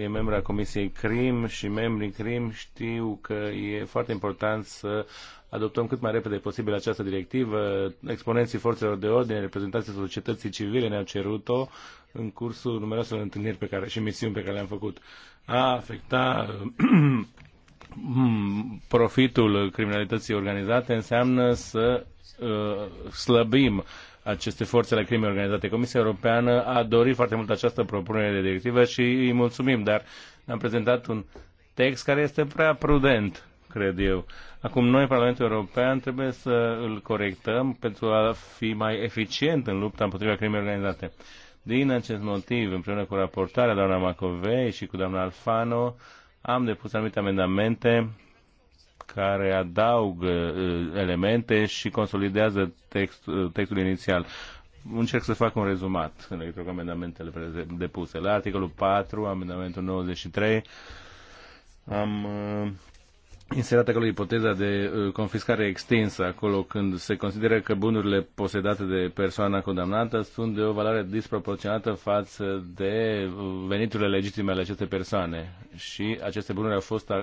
e membru a Comisiei CRIM și membrii CRIM știu că e foarte important să adoptăm cât mai repede posibil această directivă. Exponenții forțelor de ordine, reprezentanții societății civile ne-au cerut-o în cursul numeroaselor întâlniri pe care, și misiuni pe care le-am făcut. A afecta profitul criminalității organizate înseamnă să uh, slăbim aceste forțe la crime organizate. Comisia Europeană a dorit foarte mult această propunere de directivă și îi mulțumim, dar am prezentat un text care este prea prudent, cred eu. Acum noi, Parlamentul European, trebuie să îl corectăm pentru a fi mai eficient în lupta împotriva crimei organizate. Din acest motiv, împreună cu raportarea doamna Macovei și cu doamna Alfano, am depus anumite amendamente care adaugă uh, elemente și consolidează textul, uh, textul inițial. Încerc să fac un rezumat în legătură cu amendamentele depuse. La articolul 4, amendamentul 93, am uh, inserată acolo ipoteza de uh, confiscare extinsă, acolo când se consideră că bunurile posedate de persoana condamnată sunt de o valoare disproporționată față de uh, veniturile legitime ale acestei persoane și aceste bunuri au fost uh,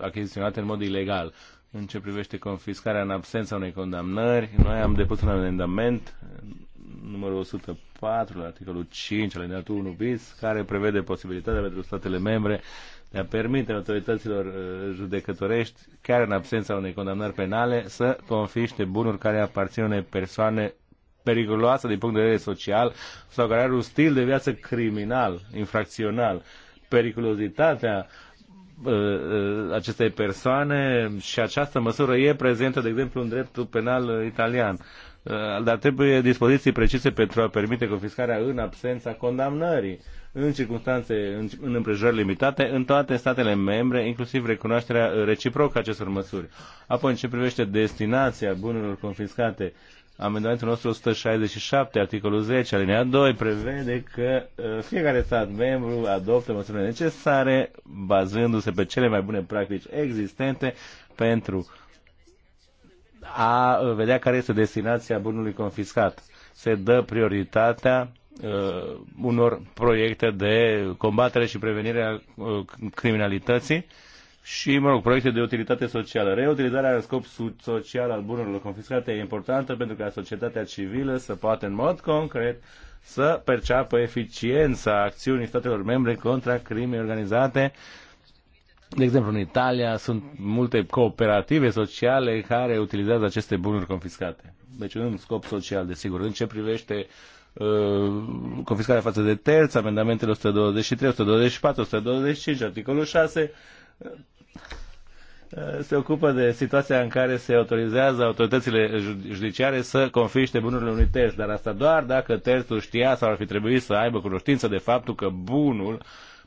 achiziționate în mod ilegal. În ce privește confiscarea în absența unei condamnări, noi am depus un amendament numărul 104 la articolul 5 al 1 bis, care prevede posibilitatea pentru statele membre de a permite autorităților uh, judecătorești, chiar în absența unei condamnări penale, să confiște bunuri care aparțin unei persoane periculoase din punct de vedere social sau care are un stil de viață criminal, infracțional. Periculozitatea uh, uh, acestei persoane și această măsură e prezentă, de exemplu, în dreptul penal italian. Dar trebuie dispoziții precise pentru a permite confiscarea în absența condamnării în circunstanțe, în, în împrejurări limitate, în toate statele membre, inclusiv recunoașterea reciprocă a acestor măsuri. Apoi, în ce privește destinația bunurilor confiscate, amendamentul nostru 167, articolul 10, alinea 2, prevede că uh, fiecare stat membru adoptă măsurile necesare bazându-se pe cele mai bune practici existente pentru a uh, vedea care este destinația bunului confiscat. Se dă prioritatea uh, unor proiecte de combatere și prevenire a uh, criminalității și, mă rog, proiecte de utilitate socială. Reutilizarea în scop social al bunurilor confiscate e importantă pentru ca societatea civilă să poată în mod concret să perceapă eficiența acțiunii statelor membre contra crimei organizate. De exemplu, în Italia sunt multe cooperative sociale care utilizează aceste bunuri confiscate. Deci în scop social, desigur. În ce privește Uh, confiscarea față de terți, amendamentele 123, 124, 125, articolul 6, uh, se ocupă de situația în care se autorizează autoritățile judiciare să confiște bunurile unui terț, dar asta doar dacă terțul știa sau ar fi trebuit să aibă cunoștință de faptul că bunul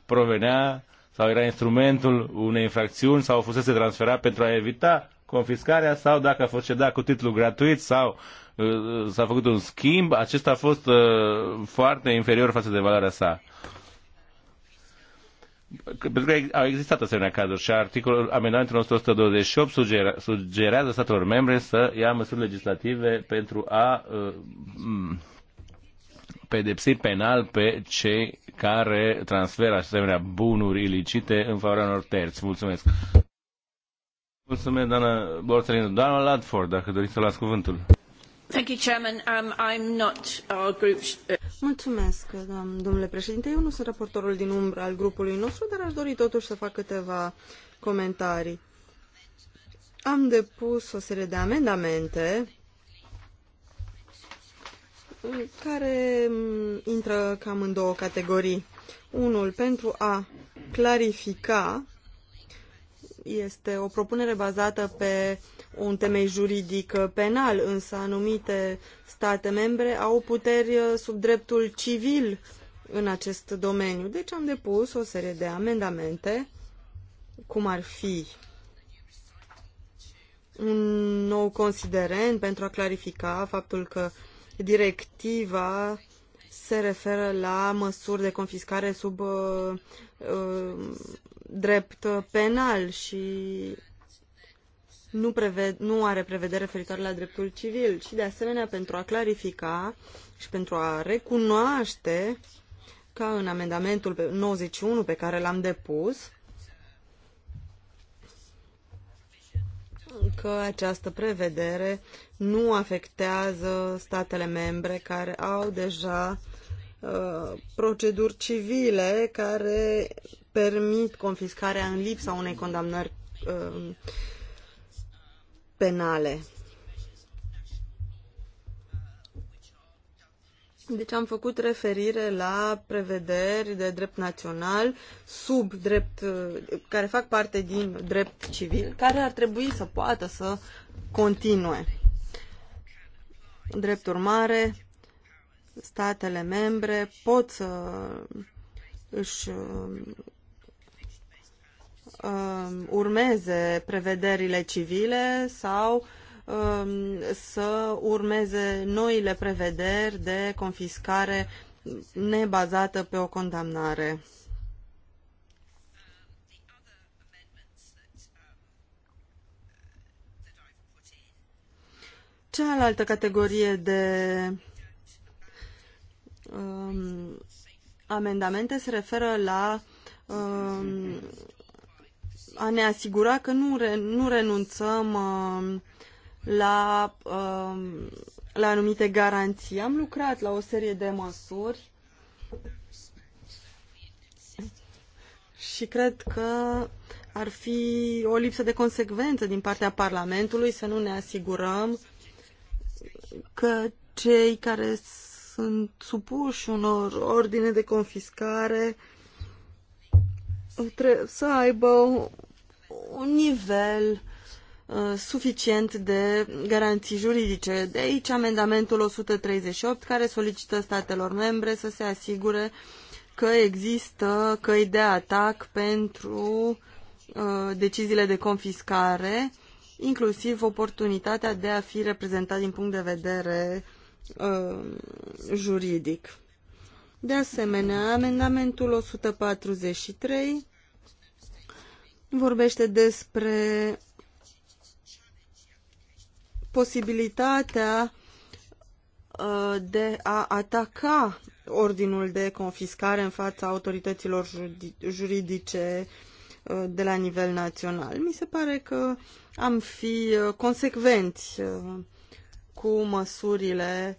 provenea sau era instrumentul unei infracțiuni sau fusese transferat pentru a evita confiscarea sau dacă a fost cedat cu titlu gratuit sau uh, uh, s-a făcut un schimb, acesta a fost uh, foarte inferior față de valoarea sa. Pentru că au existat asemenea cazuri și articolul amendamentul 128 sugera, sugerează statelor membre să ia măsuri legislative pentru a uh, pedepsi penal pe cei care transferă asemenea bunuri ilicite în favoarea unor terți. Mulțumesc! Mulțumesc, doamna Doamna Ladford, dacă doriți să luați cuvântul. Thank you, Chairman. Um, I'm not our group... Uh, Mulțumesc, domnule președinte. Eu nu sunt raportorul din umbră al grupului nostru, dar aș dori totuși să fac câteva comentarii. Am depus o serie de amendamente care mm, intră cam în două categorii. Unul pentru a clarifica este o propunere bazată pe un temei juridic penal, însă anumite state membre au puteri sub dreptul civil în acest domeniu. Deci am depus o serie de amendamente, cum ar fi un nou considerent pentru a clarifica faptul că directiva se referă la măsuri de confiscare sub uh, uh, drept penal și nu, preved, nu are prevedere referitoare la dreptul civil și de asemenea pentru a clarifica și pentru a recunoaște ca în amendamentul 91 pe care l-am depus că această prevedere nu afectează statele membre care au deja uh, proceduri civile care permit confiscarea în lipsa unei condamnări uh, penale. Deci am făcut referire la prevederi de drept național sub drept, uh, care fac parte din drept civil, care ar trebui să poată să continue. Drept urmare, statele membre pot să își uh, um, urmeze prevederile civile sau um, să urmeze noile prevederi de confiscare nebazată pe o condamnare. Cealaltă categorie de um, amendamente se referă la um, a ne asigura că nu, re, nu renunțăm uh, la, uh, la anumite garanții. Am lucrat la o serie de măsuri și cred că ar fi o lipsă de consecvență din partea Parlamentului să nu ne asigurăm că cei care sunt supuși unor ordine de confiscare să aibă un nivel uh, suficient de garanții juridice. De aici amendamentul 138 care solicită statelor membre să se asigure că există căi de atac pentru uh, deciziile de confiscare, inclusiv oportunitatea de a fi reprezentat din punct de vedere uh, juridic. De asemenea, amendamentul 143 vorbește despre posibilitatea uh, de a ataca ordinul de confiscare în fața autorităților juridice uh, de la nivel național. Mi se pare că am fi uh, consecvenți cu măsurile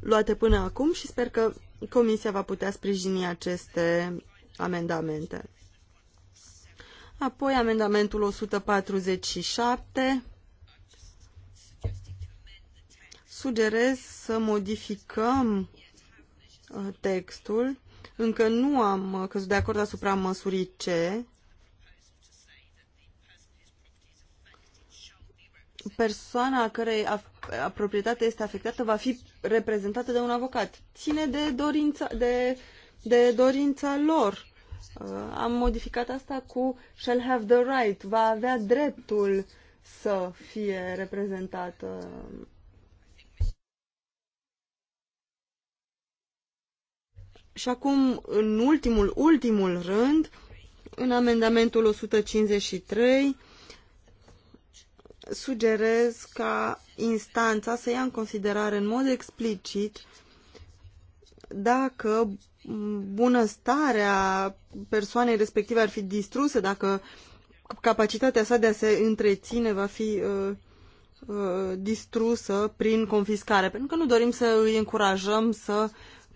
luate până acum și sper că Comisia va putea sprijini aceste amendamente. Apoi amendamentul 147 sugerez să modificăm uh, textul. Încă nu am uh, căzut de acord asupra măsurii C, persoana a cărei proprietate este afectată va fi reprezentată de un avocat. Ține de dorința, de, de dorința lor. Uh, am modificat asta cu shall have the right, va avea dreptul să fie reprezentată. Și acum, în ultimul, ultimul rând, în amendamentul 153, sugerez ca instanța să ia în considerare în mod explicit dacă bunăstarea persoanei respective ar fi distrusă, dacă capacitatea sa de a se întreține va fi uh, uh, distrusă prin confiscare, pentru că nu dorim să îi încurajăm să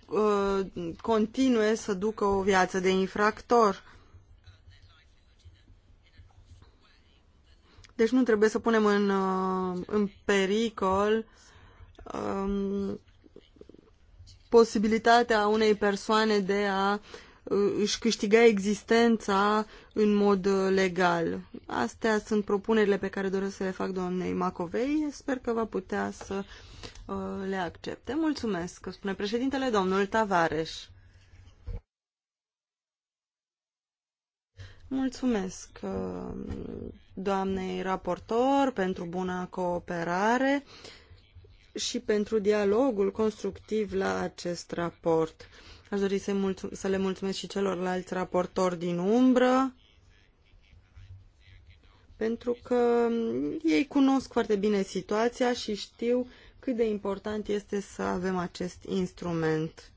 uh, continue să ducă o viață de infractor. Deci nu trebuie să punem în, uh, în pericol um, posibilitatea unei persoane de a uh, își câștiga existența în mod uh, legal. Astea sunt propunerile pe care doresc să le fac doamnei Macovei. Sper că va putea să le accepte. Mulțumesc, spune președintele domnul Tavares. Mulțumesc uh, doamnei raportor pentru buna cooperare și pentru dialogul constructiv la acest raport. Aș dori să, mulțu- să le mulțumesc și celorlalți raportori din umbră, pentru că ei cunosc foarte bine situația și știu cât de important este să avem acest instrument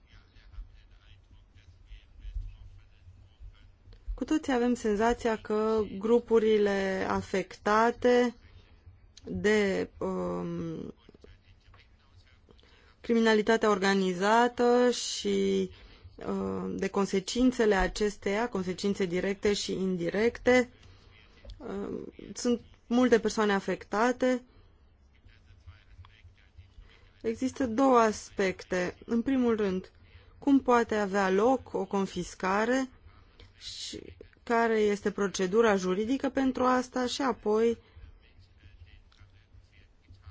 Cu toții avem senzația că grupurile afectate de um, criminalitatea organizată și um, de consecințele acesteia, consecințe directe și indirecte. um, sunt multe persoane afectate. Există două aspecte. În primul rând, cum poate avea loc o confiscare și care este procedura juridică pentru asta și apoi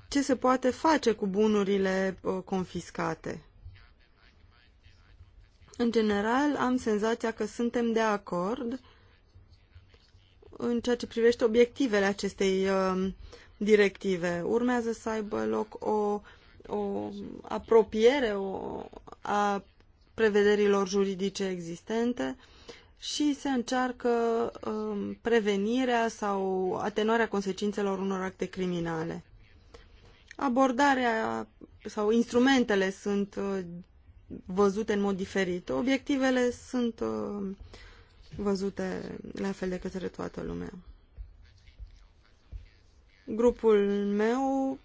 ce se poate face cu bunurile uh, confiscate. În general, am senzația că suntem de acord în ceea ce privește obiectivele acestei uh, directive. Urmează să aibă loc o, o apropiere o, a prevederilor juridice existente uh, și se încearcă um, prevenirea sau atenuarea consecințelor unor acte criminale. Abordarea sau instrumentele sunt uh, văzute în mod diferit. Obiectivele sunt uh, văzute la fel de către toată lumea. Grupul meu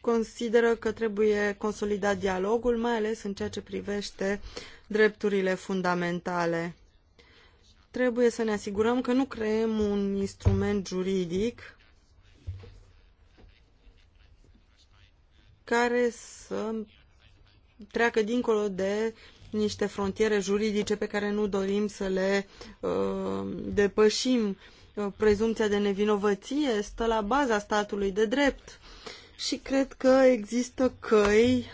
consideră că trebuie consolidat dialogul, mai ales în ceea ce privește uh, drepturile fundamentale. Trebuie să ne asigurăm că nu creăm un instrument juridic care să treacă dincolo de niște frontiere juridice pe care nu dorim să le uh, depășim. Uh, prezumția de nevinovăție stă la baza statului de drept și cred că există căi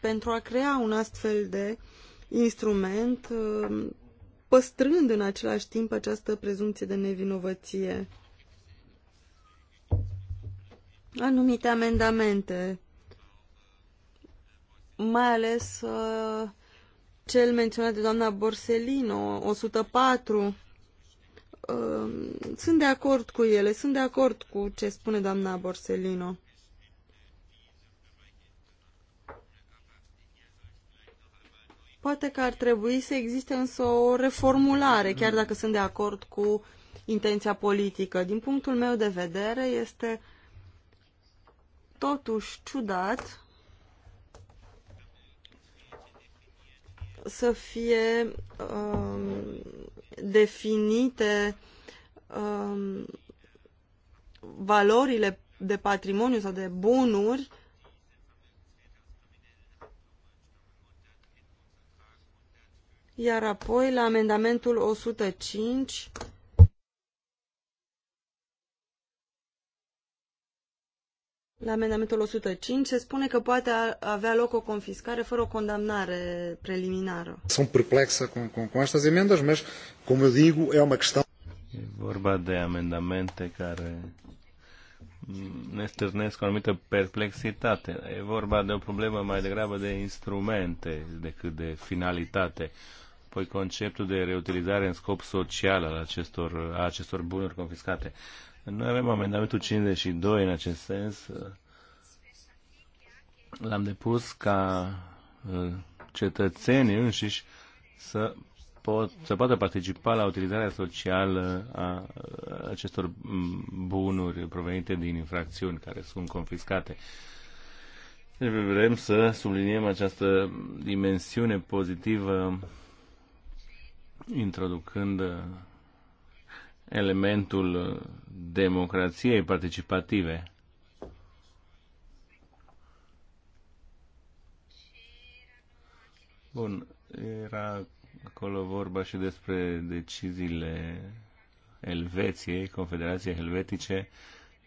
pentru a crea un astfel de instrument, uh, păstrând în același timp această prezumție de nevinovăție. Anumite amendamente, mai ales uh, cel menționat de doamna Borsellino, 104, uh, sunt de acord cu ele, sunt de acord cu ce spune doamna Borsellino. Poate că ar trebui să existe însă o reformulare, chiar dacă sunt de acord cu intenția politică. Din punctul meu de vedere, este totuși ciudat să fie um, definite um, valorile de patrimoniu sau de bunuri Iar apoi la amendamentul 105 La amendamentul 105 se spune că poate avea loc o confiscare fără o condamnare preliminară. Sunt perplexă cu, cu, cu aceste emendas, dar, cum eu digo, e o chestie. E vorba de amendamente care ne stârnesc o anumită perplexitate. E vorba de o problemă mai degrabă de instrumente decât de finalitate. Păi conceptul de reutilizare în scop social al acestor, a acestor bunuri confiscate. Noi avem amendamentul 52 în acest sens. L-am depus ca ă, cetățenii înșiși să, pot, să poată participa la utilizarea socială a acestor bunuri provenite din infracțiuni care sunt confiscate. Deci vrem să subliniem această dimensiune pozitivă introducând uh, elementul uh, democrației participative. Bun, era acolo vorba și despre deciziile Elveției, Confederației Helvetice,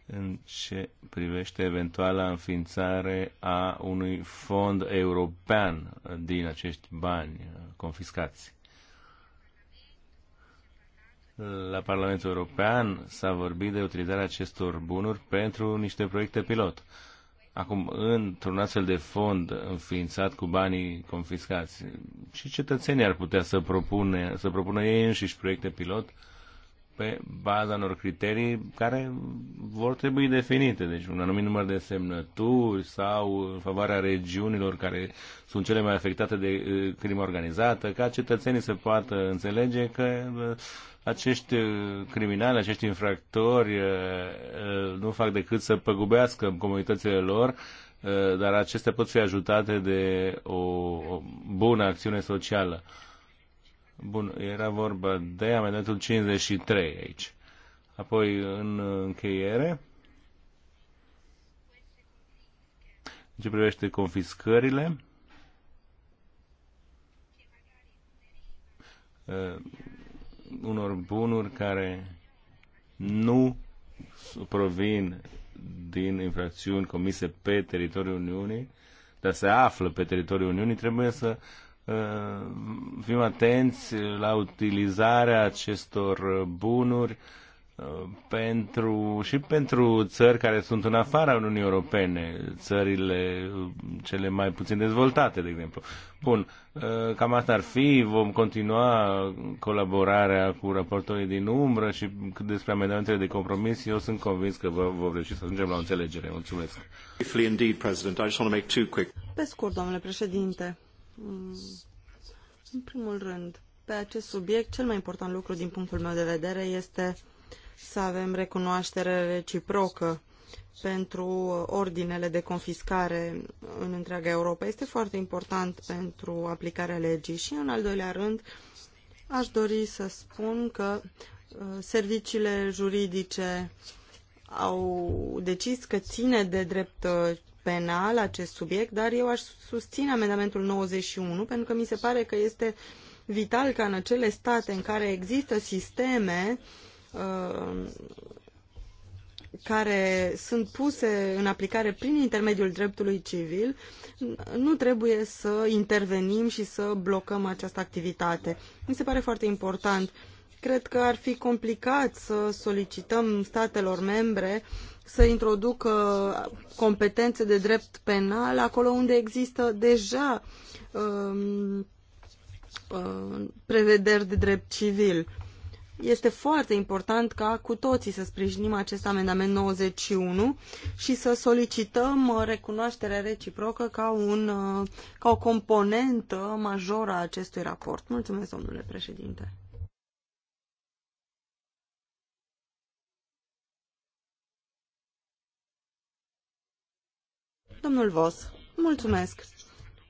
în ce privește eventuala înființare a unui fond european din acești bani uh, confiscați la Parlamentul European s-a vorbit de utilizarea acestor bunuri pentru niște proiecte pilot. Acum, într-un astfel de fond înființat cu banii confiscați, și cetățenii ar putea să, propune, să propună ei înșiși proiecte pilot pe baza unor criterii care vor trebui definite, deci un anumit număr de semnături sau în favoarea regiunilor care sunt cele mai afectate de uh, crimă organizată, ca cetățenii să poată înțelege că uh, acești uh, criminali, acești infractori uh, uh, nu fac decât să păgubească comunitățile lor, dar acestea pot fi ajutate de o, bună acțiune socială. Bun, era vorba de amendamentul 53 aici. Apoi, în încheiere, în ce privește confiscările, unor bunuri care nu provin din infracțiuni comise pe teritoriul Uniunii, dar se află pe teritoriul Uniunii, trebuie să uh, fim atenți la utilizarea acestor bunuri uh, pentru, și pentru țări care sunt în afara Uniunii Europene, țările uh, cele mai puțin dezvoltate, de exemplu. Bun, uh, cam asta ar fi, vom continua colaborarea cu raportorii din umbră și cât despre amendamentele de compromis, eu sunt convins că vom reuși să ajungem la o înțelegere. Mulțumesc. Pe scurt, domnule președinte, mm, în primul rând, pe acest subiect, cel mai important lucru din punctul meu de vedere este să avem recunoaștere reciprocă pentru ordinele de confiscare în întreaga Europa. Este foarte important pentru aplicarea legii și, în al doilea rând, aș dori să spun că uh, serviciile juridice au decis că ține de drept uh, penal acest subiect, dar eu aș susține amendamentul 91 pentru că mi se pare că este vital ca în acele state în care există sisteme uh, Uh, care sunt puse în aplicare prin intermediul dreptului civil, nu trebuie să intervenim și să blocăm această activitate. Mi se pare foarte important. Cred că ar fi complicat să solicităm statelor membre să introducă competențe de drept penal acolo unde există deja um, uh, prevederi de drept civil este foarte important ca cu toții să sprijinim acest amendament 91 și să solicităm uh, recunoașterea reciprocă ca, un, uh, ca o componentă majoră a acestui raport. Mulțumesc, domnule președinte. Domnul Vos, mulțumesc.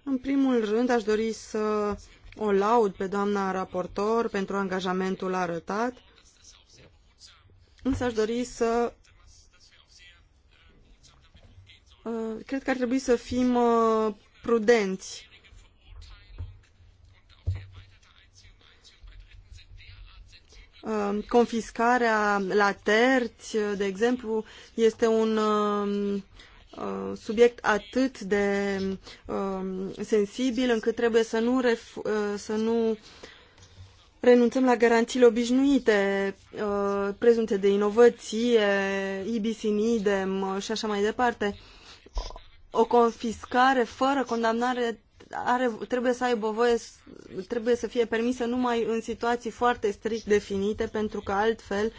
În primul rând, aș dori să o laud pe doamna raportor pentru angajamentul arătat, însă aș dori să... Uh, cred că ar trebui să fim uh, prudenți. Uh, confiscarea la terți, de exemplu, este un Uh, subiect atât de um, sensibil încât trebuie să nu, uh, să nu renunțăm la garanțiile obișnuite, uh, prezumție de inovație, IBC NIDEM și așa mai departe. O confiscare fără condamnare are, trebuie să aibă voie, trebuie să fie permisă numai în situații foarte strict definite, pentru că altfel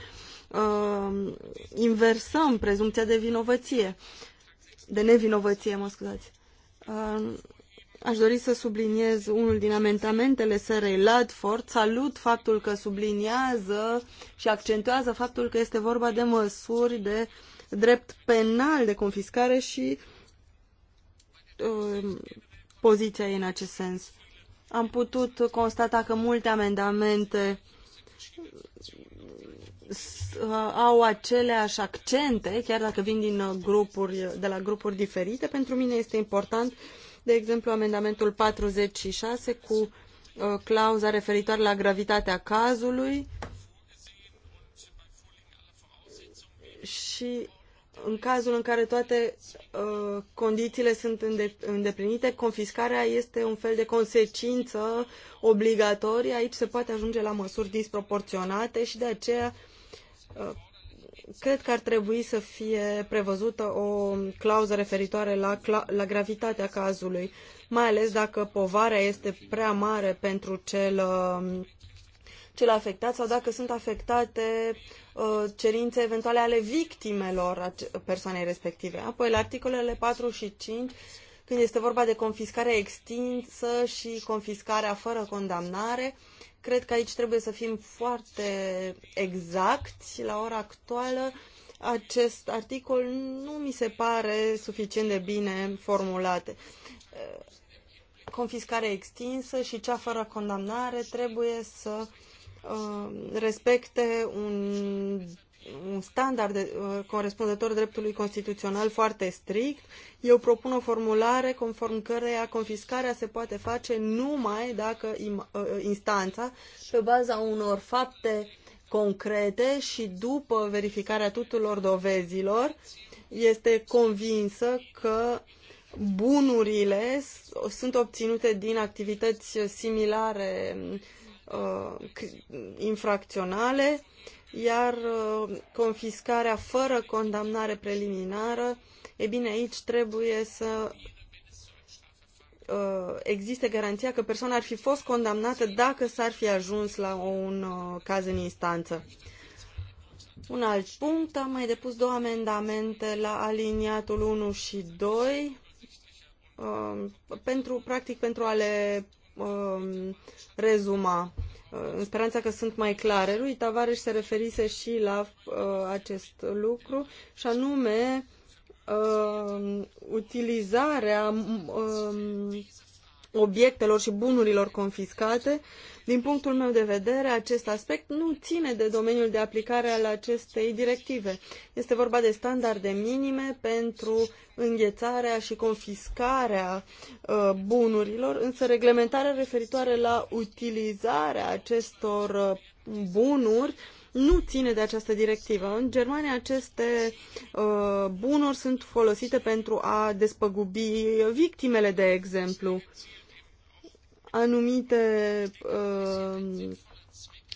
uh, inversăm prezumția de vinovăție de nevinovăție, mă scuzați. Aș dori să subliniez unul din amendamentele Sărei Ladford. Salut faptul că subliniază și accentuează faptul că este vorba de măsuri de drept penal de confiscare și um, poziția ei în acest sens. Am putut constata că multe amendamente uh, au aceleași accente, chiar dacă vin din uh, grupuri, de la grupuri diferite. Pentru mine este important, de exemplu, amendamentul 46 cu uh, clauza referitoare la gravitatea cazului și în cazul în care toate uh, condițiile sunt îndeplinite, confiscarea este un fel de consecință obligatorie. Aici se poate ajunge la măsuri disproporționate și de aceea uh, cred că ar trebui să fie prevăzută o clauză referitoare la, la gravitatea cazului, mai ales dacă povara este prea mare pentru cel uh, cele afectați sau dacă sunt afectate uh, cerințe eventuale ale victimelor persoanei respective. Apoi, la articolele 4 și 5, când este vorba de confiscare extinsă și confiscarea fără condamnare, cred că aici trebuie să fim foarte exacti. La ora actuală, acest articol nu mi se pare suficient de bine formulate. Uh, confiscare extinsă și cea fără condamnare trebuie să Uh, respecte un, un standard de, uh, corespunzător dreptului constituțional foarte strict. Eu propun o formulare conform căreia confiscarea se poate face numai dacă uh, instanța, pe baza unor fapte concrete și după verificarea tuturor dovezilor, este convinsă că bunurile sunt obținute din activități similare uh, Uh, infracționale, iar uh, confiscarea fără condamnare preliminară, e bine, aici trebuie să uh, existe garanția că persoana ar fi fost condamnată dacă s-ar fi ajuns la un caz în instanță. Un alt punct, am mai depus două amendamente la aliniatul 1 și 2 pentru, practic pentru a le Um, rezuma. Uh, în speranța că sunt mai clare, lui Tavares se referise și la uh, acest lucru, și anume um, utilizarea um, obiectelor și bunurilor confiscate din punctul meu de vedere, acest aspect nu ține de domeniul de aplicare al acestei directive. Este vorba de standarde minime pentru înghețarea și confiscarea uh, bunurilor, însă reglementarea referitoare la utilizarea acestor uh, bunuri nu ține de această directivă. În Germania aceste uh, bunuri sunt folosite pentru a despăgubi victimele, de exemplu anumite uh,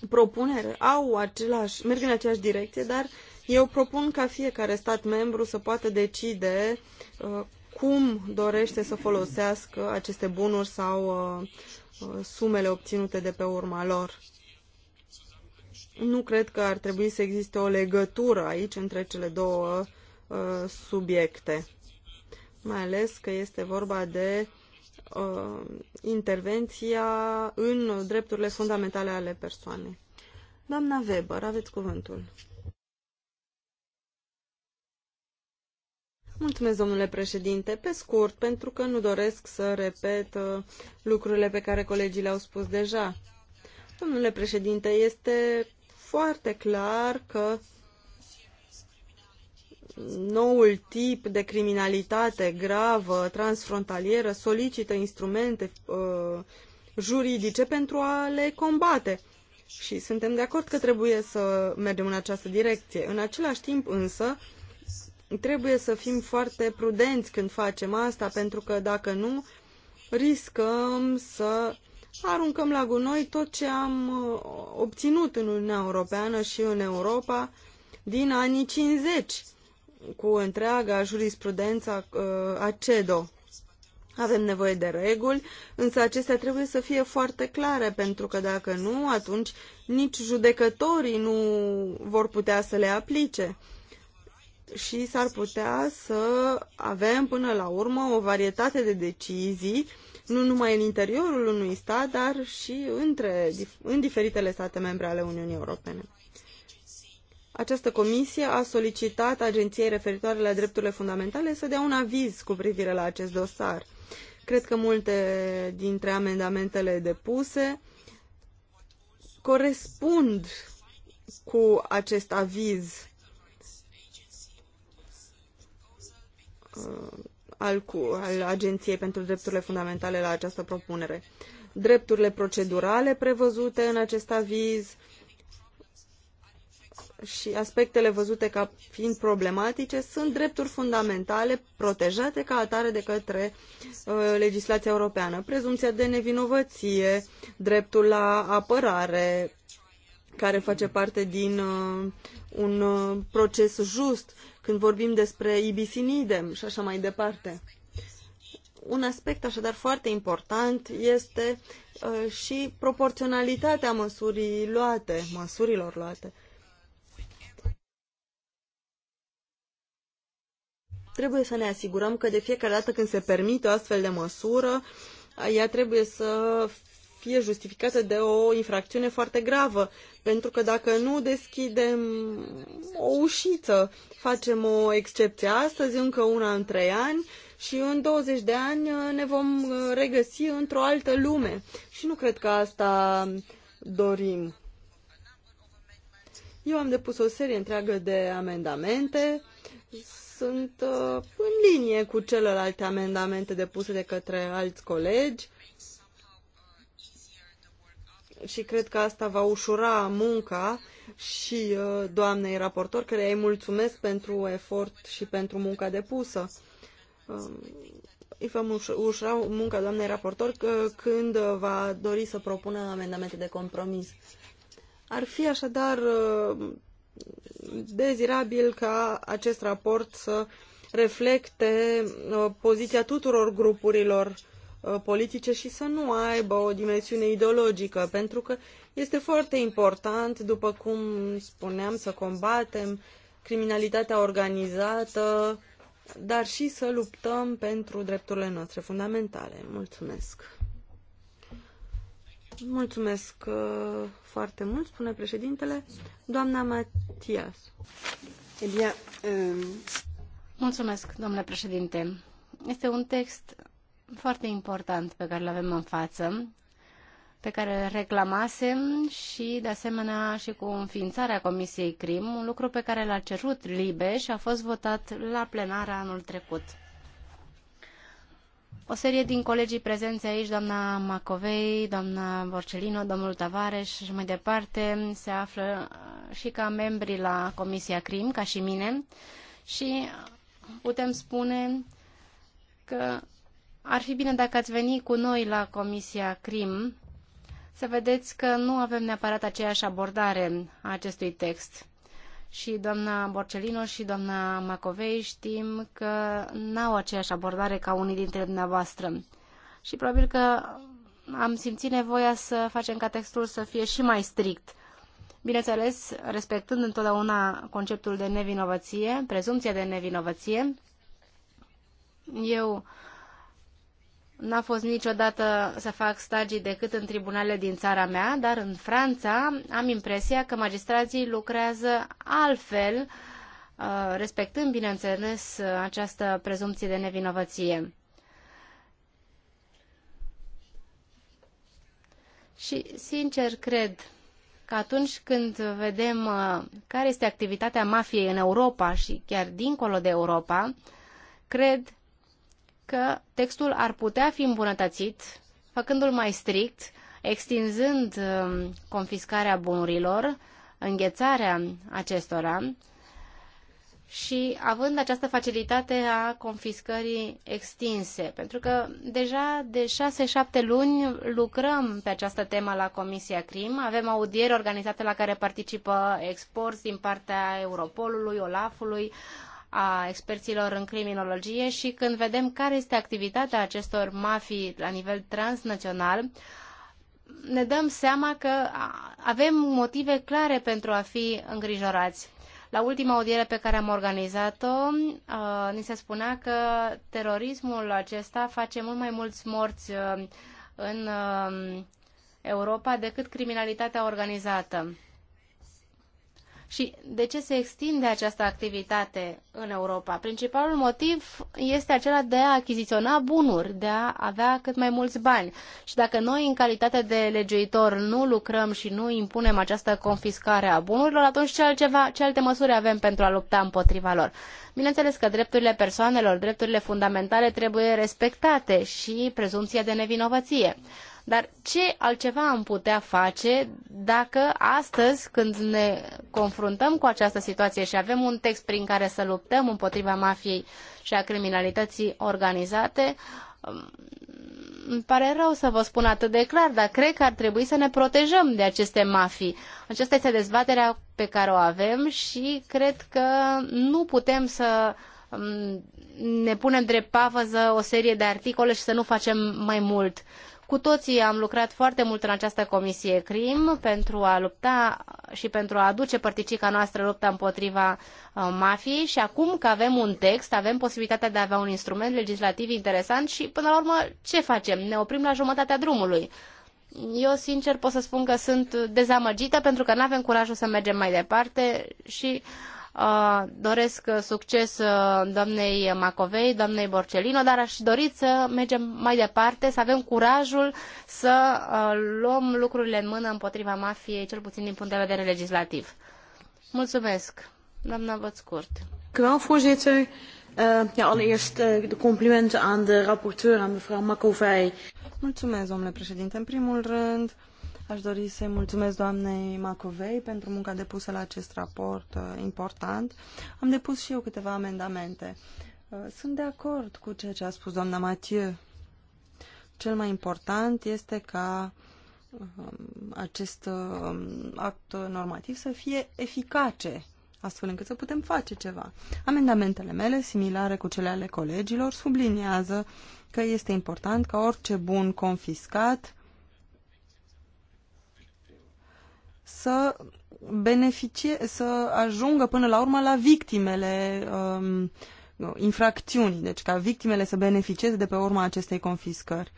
propuneri au același, merg în aceeași direcție, dar eu propun ca fiecare stat membru să poată decide uh, cum dorește să folosească aceste bunuri sau uh, uh sumele obținute de pe urma lor. Nu cred că ar trebui să existe o legătură aici între cele două uh, subiecte, mai ales că este vorba de uh, uh, intervenția în drepturile fundamentale ale persoanei. Doamna Weber, aveți cuvântul. Mulțumesc, domnule președinte. Pe scurt, pentru că nu doresc să repet uh, lucrurile pe care colegii le-au spus deja. Domnule președinte, este foarte clar că noul tip de criminalitate gravă, transfrontalieră, solicită instrumente uh, juridice pentru a le combate. Și suntem de acord că trebuie să mergem în această direcție. În același timp însă, trebuie să fim foarte prudenți când facem asta, pentru că dacă nu, riscăm să aruncăm la gunoi tot ce am uh, obținut în Uniunea Europeană și în Europa din anii 50 cu întreaga jurisprudența uh, ACEDO. Avem nevoie de reguli, însă acestea trebuie să fie foarte clare, pentru că dacă nu, atunci nici judecătorii nu vor putea să le aplice. Și s-ar putea să avem până la urmă o varietate de decizii, nu numai în interiorul unui stat, dar și între, în diferitele state membre ale Uniunii Europene. Această comisie a solicitat agenției referitoare la drepturile fundamentale să dea un aviz cu privire la acest dosar. Cred că multe dintre amendamentele depuse corespund cu acest aviz uh, al, al Agenției pentru Drepturile Fundamentale la această propunere. Drepturile procedurale prevăzute în acest aviz, uh, și aspectele văzute ca fiind problematice sunt drepturi fundamentale protejate ca atare de către uh, legislația europeană. Prezumția de nevinovăție, dreptul la apărare, care face parte din uh, un uh, proces just, când vorbim despre ibis in idem și așa mai departe. Un aspect așadar foarte important este uh, și proporționalitatea măsurii luate, măsurilor luate. Trebuie să ne asigurăm că de fiecare dată când se permite o astfel de măsură, ea trebuie să fie justificată de o infracțiune foarte gravă, pentru că dacă nu deschidem o ușiță, facem o excepție astăzi, încă una în trei ani și în 20 de ani ne vom regăsi într-o altă lume. Și nu cred că asta dorim. Eu am depus o serie întreagă de amendamente, sunt uh, în linie cu celelalte amendamente depuse de către alți colegi și cred că asta va ușura munca și uh, doamnei raportor, care îi mulțumesc pentru efort și pentru munca depusă. Um, îi vom ușura munca doamnei raportor uh, când va dori să propună amendamente de compromis. Ar fi așadar dezirabil ca acest raport să reflecte uh, poziția tuturor grupurilor uh, politice și să nu aibă o dimensiune ideologică, pentru că este foarte important, după cum spuneam, să combatem criminalitatea organizată, dar și să luptăm pentru drepturile noastre fundamentale. Mulțumesc! Mulțumesc uh, foarte mult, spune președintele. Doamna Matias. E eh bine, eh, Mulțumesc, domnule președinte. Este un text foarte important pe care îl avem în față, pe care reclamasem și, de asemenea, și cu înființarea Comisiei CRIM, un lucru pe care l-a cerut Libe și a fost votat la plenara anul trecut. O serie din colegii prezenți aici, doamna Macovei, doamna Borcelino, domnul Tavares și mai departe, se află uh, și ca membri la Comisia CRIM, ca și mine, și putem spune că ar fi bine dacă ați veni cu noi la Comisia CRIM, să vedeți că nu avem neapărat aceeași abordare a acestui text și doamna Borcelino și doamna Macovei știm că n-au aceeași abordare ca unii dintre dumneavoastră. Și probabil că am simțit nevoia să facem ca textul să fie și mai strict. Bineînțeles, respectând întotdeauna conceptul de nevinovăție, prezumția de nevinovăție, eu N-a fost niciodată să fac stagii decât în tribunale din țara mea, dar în Franța am impresia că magistrații lucrează altfel, uh, respectând, bineînțeles, această prezumție de nevinovăție. Și, sincer, cred că atunci când vedem uh, care este activitatea mafiei în Europa și chiar dincolo de Europa, cred că textul ar putea fi îmbunătățit, făcându-l mai strict, extinzând um, confiscarea bunurilor, înghețarea acestora și având această facilitate a confiscării extinse. Pentru că deja de 6-7 luni lucrăm pe această temă la Comisia CRIM. Avem audieri organizate la care participă exporți din partea Europolului, Olafului, a experților în criminologie și când vedem care este activitatea acestor mafii la nivel transnațional, ne dăm seama că avem motive clare pentru a fi îngrijorați. La ultima audiere pe care am organizat-o, ni se spunea că terorismul acesta face mult mai mulți morți în Europa decât criminalitatea organizată. Și de ce se extinde această activitate în Europa? Principalul motiv este acela de a achiziționa bunuri, de a avea cât mai mulți bani. Și dacă noi, în calitate de legiuitor, nu lucrăm și nu impunem această confiscare a bunurilor, atunci ce, altceva, ce alte măsuri avem pentru a lupta împotriva lor? Bineînțeles că drepturile persoanelor, drepturile fundamentale trebuie respectate și prezumția de nevinovăție. Dar ce altceva am putea face dacă astăzi, când ne confruntăm cu această situație și avem un text prin care să luptăm împotriva mafiei și a criminalității organizate, um, îmi pare rău să vă spun atât de clar, dar cred că ar trebui să ne protejăm de aceste mafii. Aceasta este dezbaterea pe care o avem și cred că nu putem să um, ne punem drept pavăză o serie de articole și să nu facem mai mult. Cu toții am lucrat foarte mult în această comisie CRIM pentru a lupta și pentru a aduce părticica noastră lupta împotriva uh, mafiei și acum că avem un text, avem posibilitatea de a avea un instrument legislativ interesant și până la urmă ce facem? Ne oprim la jumătatea drumului. Eu, sincer, pot să spun că sunt dezamăgită pentru că nu avem curajul să mergem mai departe și uh, Doresc uh, succes uh, doamnei Macovei, doamnei Borcelino, dar aș dori să mergem mai departe, să avem curajul să uh, luăm lucrurile în mână împotriva mafiei, cel puțin din punct de vedere legislativ. Mulțumesc. Doamna Vățcurt. voorzitter. Uh, ja, allereerst uh, de complimenten aan de rapporteur, aan mevrouw Mulțumesc, domnule președinte. În primul rând, Aș dori să-i mulțumesc doamnei Macovei pentru munca depusă la acest raport uh, important. Am depus și eu câteva amendamente. Uh, sunt de acord cu ceea ce a spus doamna Mathieu. Cel mai important este ca um, acest um, act normativ să fie eficace, astfel încât să putem face ceva. Amendamentele mele, similare cu cele ale colegilor, subliniază că este important ca orice bun confiscat să beneficie, să ajungă până la urmă la victimele um, infracțiunii, deci ca victimele să beneficieze de pe urma acestei confiscări.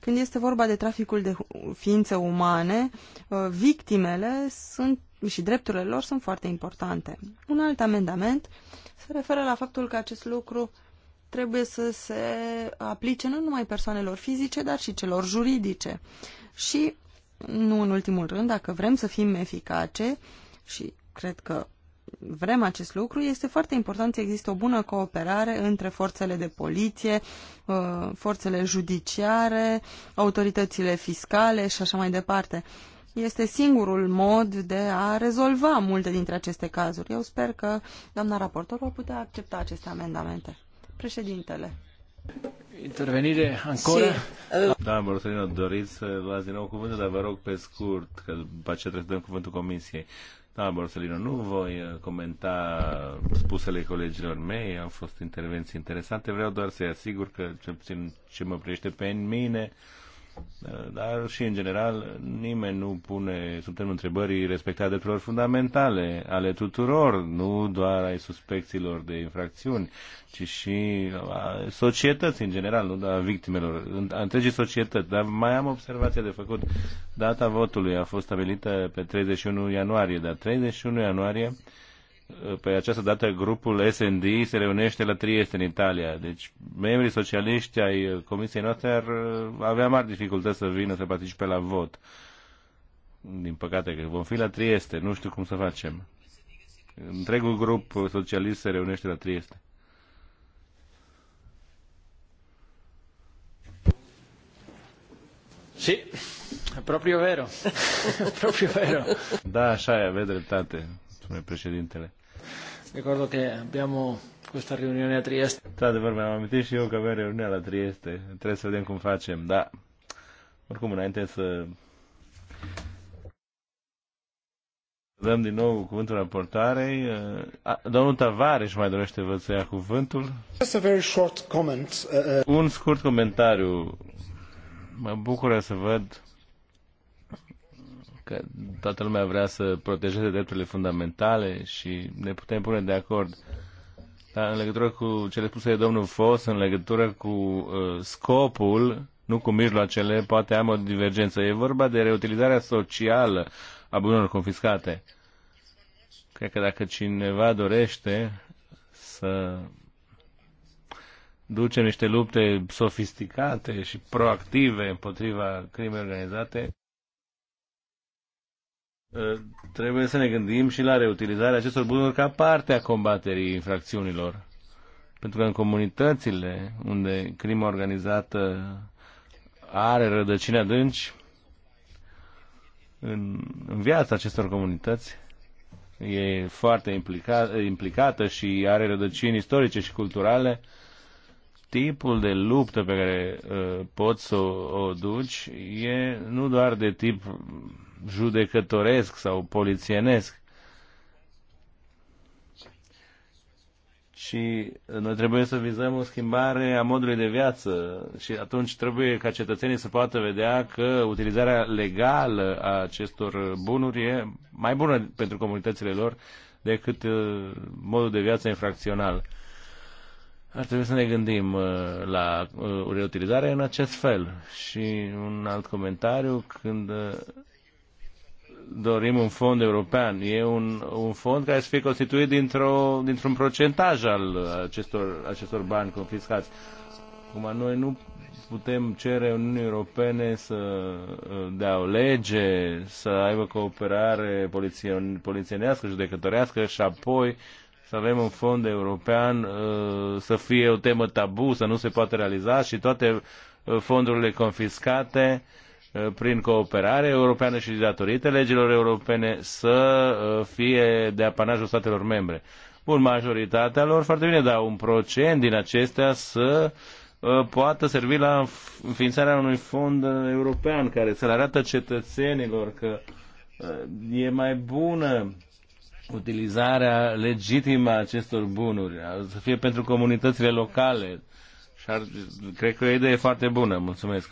Când este vorba de traficul de ființe umane, uh, victimele sunt și drepturile lor sunt foarte importante. Un alt amendament se referă la faptul că acest lucru trebuie să se aplice nu numai persoanelor fizice, dar și celor juridice. Și nu în ultimul rând, dacă vrem să fim eficace și cred că vrem acest lucru, este foarte important să existe o bună cooperare între forțele de poliție, uh, forțele judiciare, autoritățile fiscale și așa mai departe. Este singurul mod de a rezolva multe dintre aceste cazuri. Eu sper că doamna raportor va putea accepta aceste amendamente. Președintele. Intervenire ancora? Da, Borsellino, doriți să luați din nou cuvântul, dar vă rog pe scurt, că după aceea trebuie să dăm cuvântul comisiei. Da, Borsellino, nu voi comenta spusele colegilor mei, au fost intervenții interesante, vreau doar să-i asigur că, cel puțin ce mă privește pe mine, uh, dar și în general nimeni nu pune sub semnul întrebării respectarea drepturilor fundamentale ale tuturor, nu doar ai suspecțiilor de infracțiuni, ci și a societății în general, nu doar a victimelor, a întregii societăți. Dar mai am observația de făcut. Data votului a fost stabilită pe 31 ianuarie, dar 31 ianuarie pe această dată grupul SND se reunește la Trieste în Italia. Deci membrii socialiști ai comisiei noastre ar uh, avea mari dificultăți să vină să participe la vot. Din păcate că vom fi la Trieste, nu știu cum să facem. Întregul grup socialist se reunește la Trieste. Sí, proprio vero. proprio vero. Da, așa e, aveți dreptate, spune președintele. Ricordo che abbiamo questa riunione a Trieste. Într-adevăr, mi-am amintit și eu că avem reuniunea la Trieste. Trebuie să vedem cum facem, da. Oricum, înainte să dăm din nou cuvântul raportarei, eh, domnul Tavares mai dorește vă să ia cuvântul. Just a very short comment. Eh, eh. Un scurt comentariu. Mă bucură să văd că toată lumea vrea să protejeze drepturile fundamentale și ne putem pune de acord. Dar în legătură cu cele spuse de domnul Fos, în legătură cu uh, scopul, nu cu mijloacele, poate am o divergență. E vorba de reutilizarea socială a bunurilor confiscate. Cred că dacă cineva dorește să ducem niște lupte sofisticate și proactive împotriva crimei organizate, Ă, trebuie să ne gândim și la reutilizarea acestor bunuri ca parte a combaterii infracțiunilor. Pentru că în comunitățile unde crima organizată are rădăcini adânci, în, în viața acestor comunități e foarte implica, implicată și are rădăcini istorice și culturale, tipul de luptă pe care uh, poți să o, o duci e nu doar de tip judecătoresc sau polițienesc. Și noi trebuie să vizăm o schimbare a modului de viață și atunci trebuie ca cetățenii să poată vedea că utilizarea legală a acestor bunuri e mai bună pentru comunitățile lor decât uh, modul de viață infracțional. Ar trebui să ne gândim uh, la uh, reutilizare în acest fel. Și un alt comentariu, când dorim un fond european. E un, un fond care să fie constituit dintr-o, dintr-un procentaj al acestor, acestor bani confiscați. Acum, noi nu putem cere Uniunii Europene să uh, dea o lege, să aibă cooperare poliție, polițienească, judecătorească și apoi să avem un fond european uh, să fie o temă tabu, să nu se poate realiza și toate uh, fondurile confiscate uh, Uh, prin cooperare europeană și datorită legilor europene să uh, fie de apanajul statelor membre. Bun, majoritatea lor foarte bine, dar un procent din acestea să uh, poată servi la înființarea unui fond european care să le arată cetățenilor că e mai bună utilizarea legitimă a acestor bunuri, să fie pentru comunitățile locale, ar, cred că e o idee foarte bună, mulțumesc.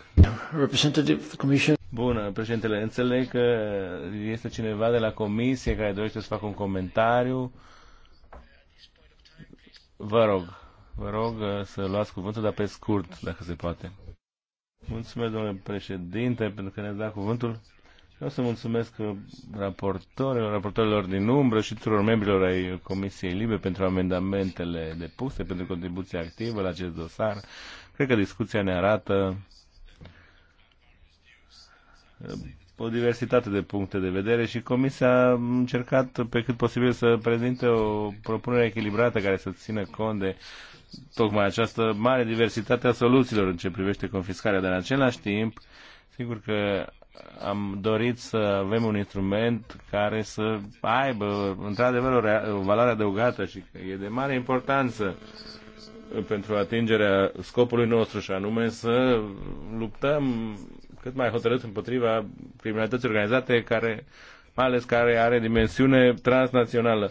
Representative Commission. Bună, președintele, înțeleg că este cineva de la comisie care dorește să facă un comentariu. Vă rog, vă rog uh, să luați cuvântul, dar pe scurt, dacă se poate. Mulțumesc, domnule președinte, pentru că ne-ați dat cuvântul. Vreau să mulțumesc raportorilor, raportorilor din umbră și tuturor membrilor ai Comisiei Libe pentru amendamentele depuse, pentru contribuția activă la acest dosar. Cred că discuția ne arată uh, o diversitate de puncte de vedere și Comisia a încercat pe cât posibil să prezinte o propunere echilibrată care să țină cont de tocmai această mare diversitate a soluțiilor în ce privește confiscarea, dar în același timp, sigur că am dorit să avem un instrument care să aibă într-adevăr o, o valoare adăugată și e de mare importanță pentru atingerea scopului nostru și anume să luptăm cât mai hotărât împotriva criminalității organizate care mai ales care are dimensiune transnațională.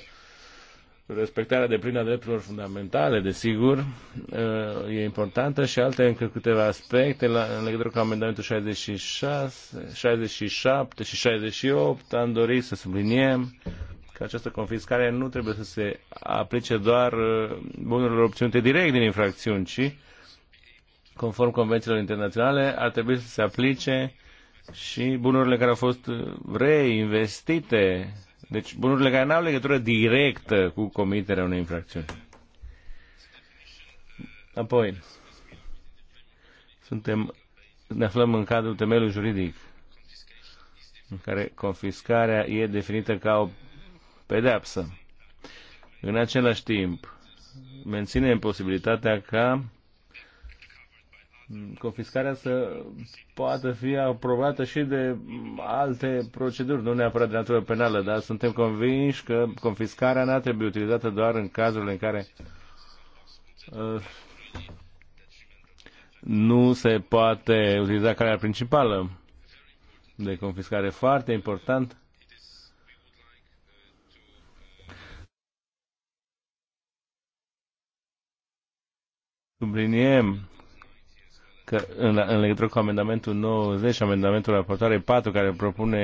Respectarea de plină a drepturilor fundamentale, desigur, uh, e importantă și alte încă câteva aspecte la, în legătură cu amendamentul 66, 67 și 68. Am dorit să subliniem că această confiscare nu trebuie să se aplice doar uh, bunurilor obținute direct din infracțiuni, ci, conform convențiilor internaționale, ar trebui să se aplice și bunurile care au fost uh, reinvestite deci bunurile care nu au legătură directă cu comiterea unei infracțiuni. Apoi, suntem, ne aflăm în cadrul temelului juridic, în care confiscarea e definită ca o pedeapsă. În același timp, menținem posibilitatea ca confiscarea să poată fi aprobată și de alte proceduri, nu neapărat de natură penală, dar suntem convinși că confiscarea nu trebuie utilizată doar în cazurile în care uh, nu se poate utiliza calea principală de confiscare. Foarte important. Subliniem că în, în legătură cu amendamentul 90, amendamentul raportoare 4, care propune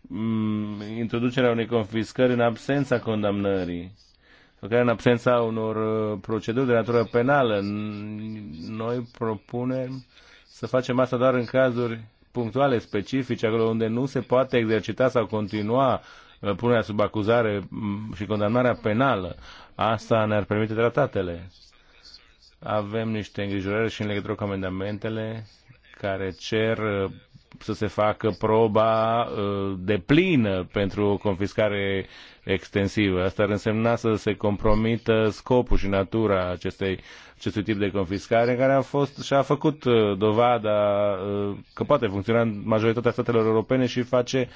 mm, introducerea unei confiscări în absența condamnării sau care în absența unor uh, proceduri de natură penală. Noi propunem să facem asta doar în cazuri punctuale, specifice, acolo unde nu se poate exercita sau continua uh, punerea sub acuzare mm, și condamnarea penală. Asta ne-ar permite tratatele avem niște îngrijorări și în legătură cu amendamentele care cer uh, să se facă proba uh, de plină pentru o confiscare extensivă. Asta ar însemna să se compromită scopul și natura acestei, acestui tip de confiscare care a fost și a făcut uh, dovada că poate funcționa în majoritatea statelor europene și face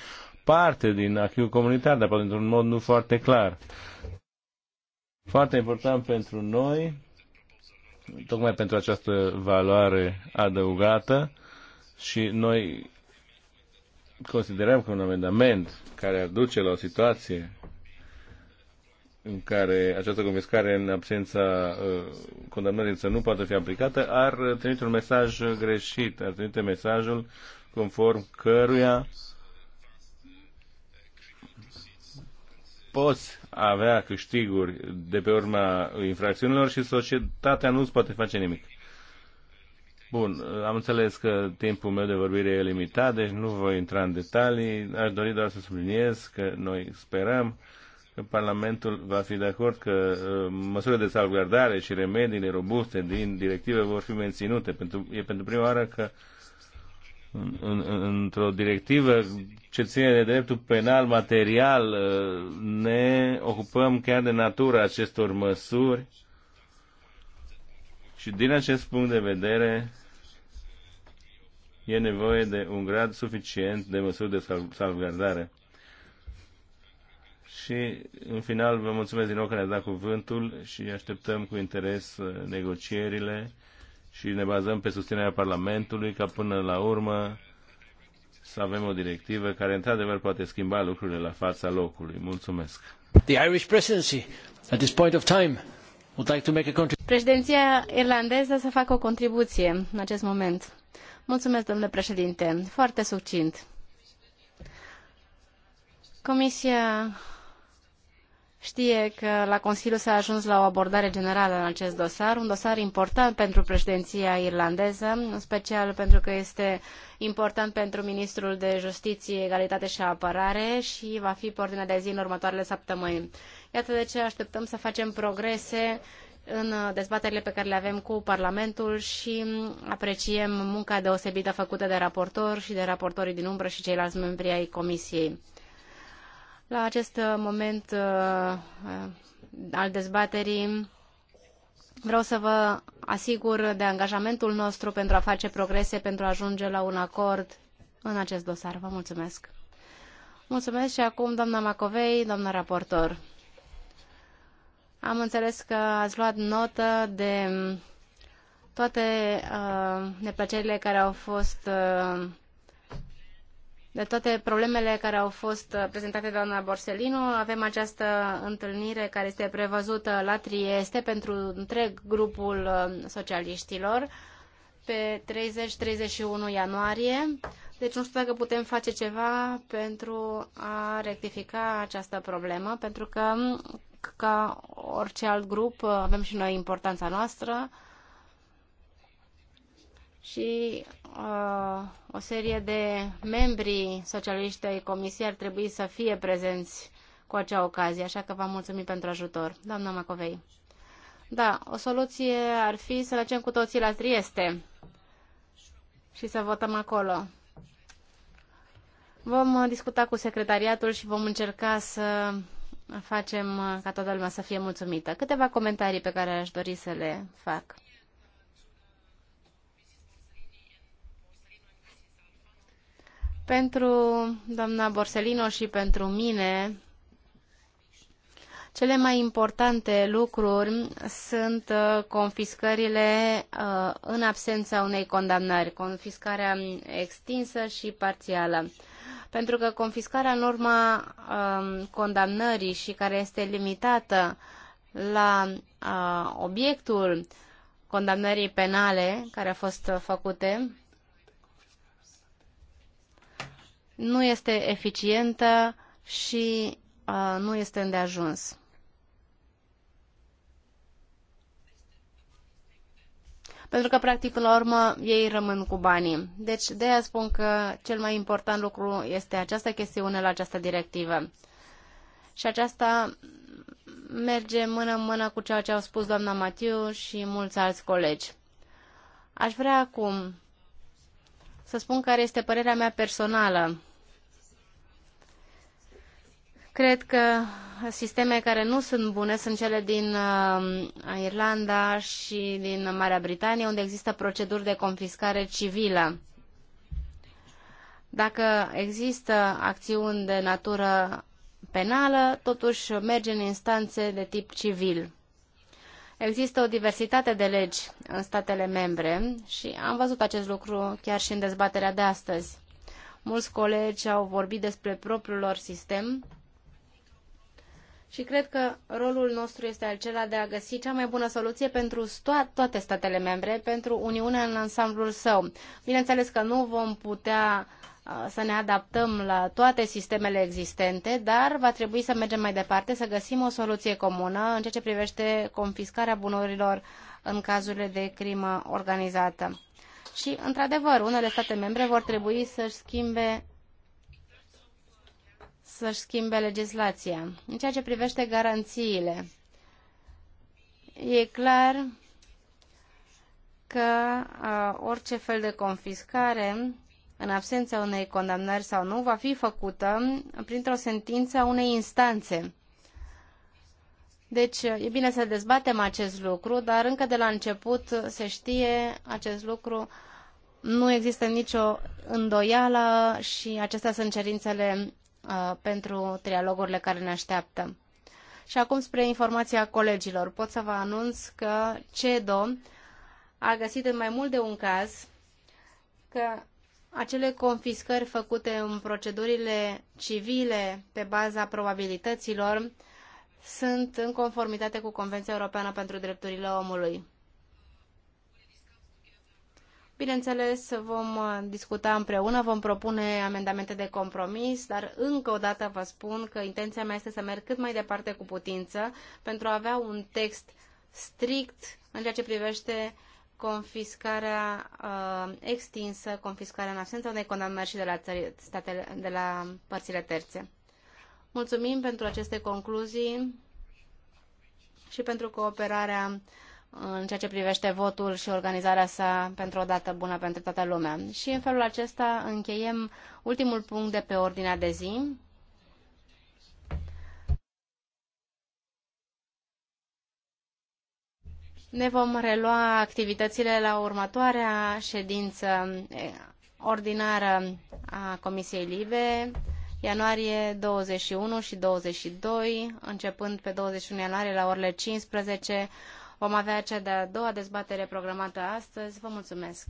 parte din acțiunea comunitar, dar poate într-un mod nu foarte clar. Foarte important pentru noi tocmai pentru această valoare adăugată și noi considerăm că un amendament care ar duce la o situație în care această confiscare în absența uh, condamnării să nu poate fi aplicată, ar trimite un mesaj greșit, ar trimite mesajul conform căruia uh, poți avea câștiguri de pe urma infracțiunilor și societatea nu îți poate face nimic. Bun, am înțeles că timpul meu de vorbire e limitat, deci nu voi intra în detalii. Aș dori doar să subliniez că noi sperăm că Parlamentul va fi de acord că uh, măsurile de salvgardare și remediile robuste din directive vor fi menținute. Pentru, e pentru prima oară că uh, în, în, într-o directivă ce ține de dreptul penal material, ă, ne ocupăm chiar de natura acestor măsuri și din acest punct de vedere e nevoie de un grad suficient de măsuri de salvgardare. Și în final vă mulțumesc din nou că ne-ați dat cuvântul și așteptăm cu interes ă, negocierile și ne bazăm pe susținerea Parlamentului ca până la urmă să avem o directivă care într-adevăr poate schimba lucrurile la fața locului. Mulțumesc. The Irish presidency at this point of time would like to make a contribution. Președinția irlandeză să facă o contribuție în acest moment. Mulțumesc, domnule președinte. Foarte succint. Comisia Știe că la Consiliu s-a ajuns la o abordare generală în acest dosar, un dosar important pentru președinția irlandeză, în special pentru că este important pentru ministrul de Justiție, Egalitate și Apărare și va fi pe ordinea de zi în următoarele săptămâni. Iată de ce așteptăm să facem progrese în dezbaterile pe care le avem cu Parlamentul și apreciem munca deosebită făcută de raportor și de raportorii din umbră și ceilalți membri ai Comisiei. La acest uh, moment uh, uh, al dezbaterii vreau să vă asigur de angajamentul nostru pentru a face progrese, pentru a ajunge la un acord în acest dosar. Vă mulțumesc! Mulțumesc și acum, doamna Macovei, doamna raportor. Am înțeles că ați luat notă de toate uh, neplăcerile care au fost uh, de toate problemele care au fost uh, prezentate de doamna Borsellino. Avem această întâlnire care este prevăzută la Trieste pentru întreg grupul uh, socialiștilor pe 30-31 ianuarie. Deci nu știu dacă putem face ceva pentru a rectifica această problemă, pentru că ca orice alt grup uh, avem și noi importanța noastră și Uh, o serie de membri socialiști ai comisiei ar trebui să fie prezenți cu acea ocazie, așa că v-am mulțumit pentru ajutor. Doamna Macovei. Da, o soluție ar fi să mergem cu toții la Trieste și să votăm acolo. Vom uh, discuta cu secretariatul și vom încerca să facem uh, ca toată lumea să fie mulțumită. Câteva comentarii pe care aș dori să le fac. Pentru doamna Borsellino și pentru mine, cele mai importante lucruri sunt uh, confiscările uh, în absența unei condamnări, confiscarea extinsă și parțială. Pentru că confiscarea în urma um, condamnării și care este limitată la uh, obiectul condamnării penale care a fost făcute, nu este eficientă și uh, nu este îndeajuns. Pentru că, practic, la urmă, ei rămân cu banii. Deci, de aia spun că cel mai important lucru este această chestiune la această directivă. Și aceasta merge mână-mână cu ceea ce au spus doamna Matiu și mulți alți colegi. Aș vrea acum să spun care este părerea mea personală. Cred că sisteme care nu sunt bune sunt cele din uh, Irlanda și din Marea Britanie, unde există proceduri de confiscare civilă. Dacă există acțiuni de natură penală, totuși merge în instanțe de tip civil. Există o diversitate de legi în statele membre și am văzut acest lucru chiar și în dezbaterea de astăzi. Mulți colegi au vorbit despre propriul lor sistem și cred că rolul nostru este acela de a găsi cea mai bună soluție pentru toate statele membre, pentru Uniunea în ansamblul său. Bineînțeles că nu vom putea Uh, să ne adaptăm la toate sistemele existente, dar va trebui să mergem mai departe, să găsim o soluție comună în ceea ce privește confiscarea bunurilor în cazurile de crimă organizată. Și, într-adevăr, unele state membre vor trebui să-și schimbe să-și schimbe legislația. În ceea ce privește garanțiile, e clar că uh, orice fel de confiscare în absența unei condamnări sau nu, va fi făcută printr-o sentință a unei instanțe. Deci e bine să dezbatem acest lucru, dar încă de la început se știe acest lucru, nu există nicio îndoială și acestea sunt cerințele uh, pentru trialogurile care ne așteaptă. Și acum spre informația colegilor. Pot să vă anunț că CEDO a găsit în mai mult de un caz că acele confiscări făcute în procedurile civile pe baza probabilităților sunt în conformitate cu Convenția Europeană pentru Drepturile Omului. Bineînțeles, vom discuta împreună, vom propune amendamente de compromis, dar încă o dată vă spun că intenția mea este să merg cât mai departe cu putință pentru a avea un text strict în ceea ce privește uh, confiscarea uh, extinsă, confiscarea în absență unei condamnări și de la, țări, statele, de la părțile terțe. Mulțumim pentru aceste concluzii și pentru cooperarea în ceea ce privește votul și organizarea sa pentru o dată bună pentru toată lumea. Și în felul acesta încheiem ultimul punct de pe ordinea de zi. Ne vom relua activitățile la următoarea ședință ordinară a Comisiei Libe, ianuarie 21 și 22, începând pe 21 ianuarie la orele 15. Vom avea cea de-a doua dezbatere programată astăzi. Vă mulțumesc!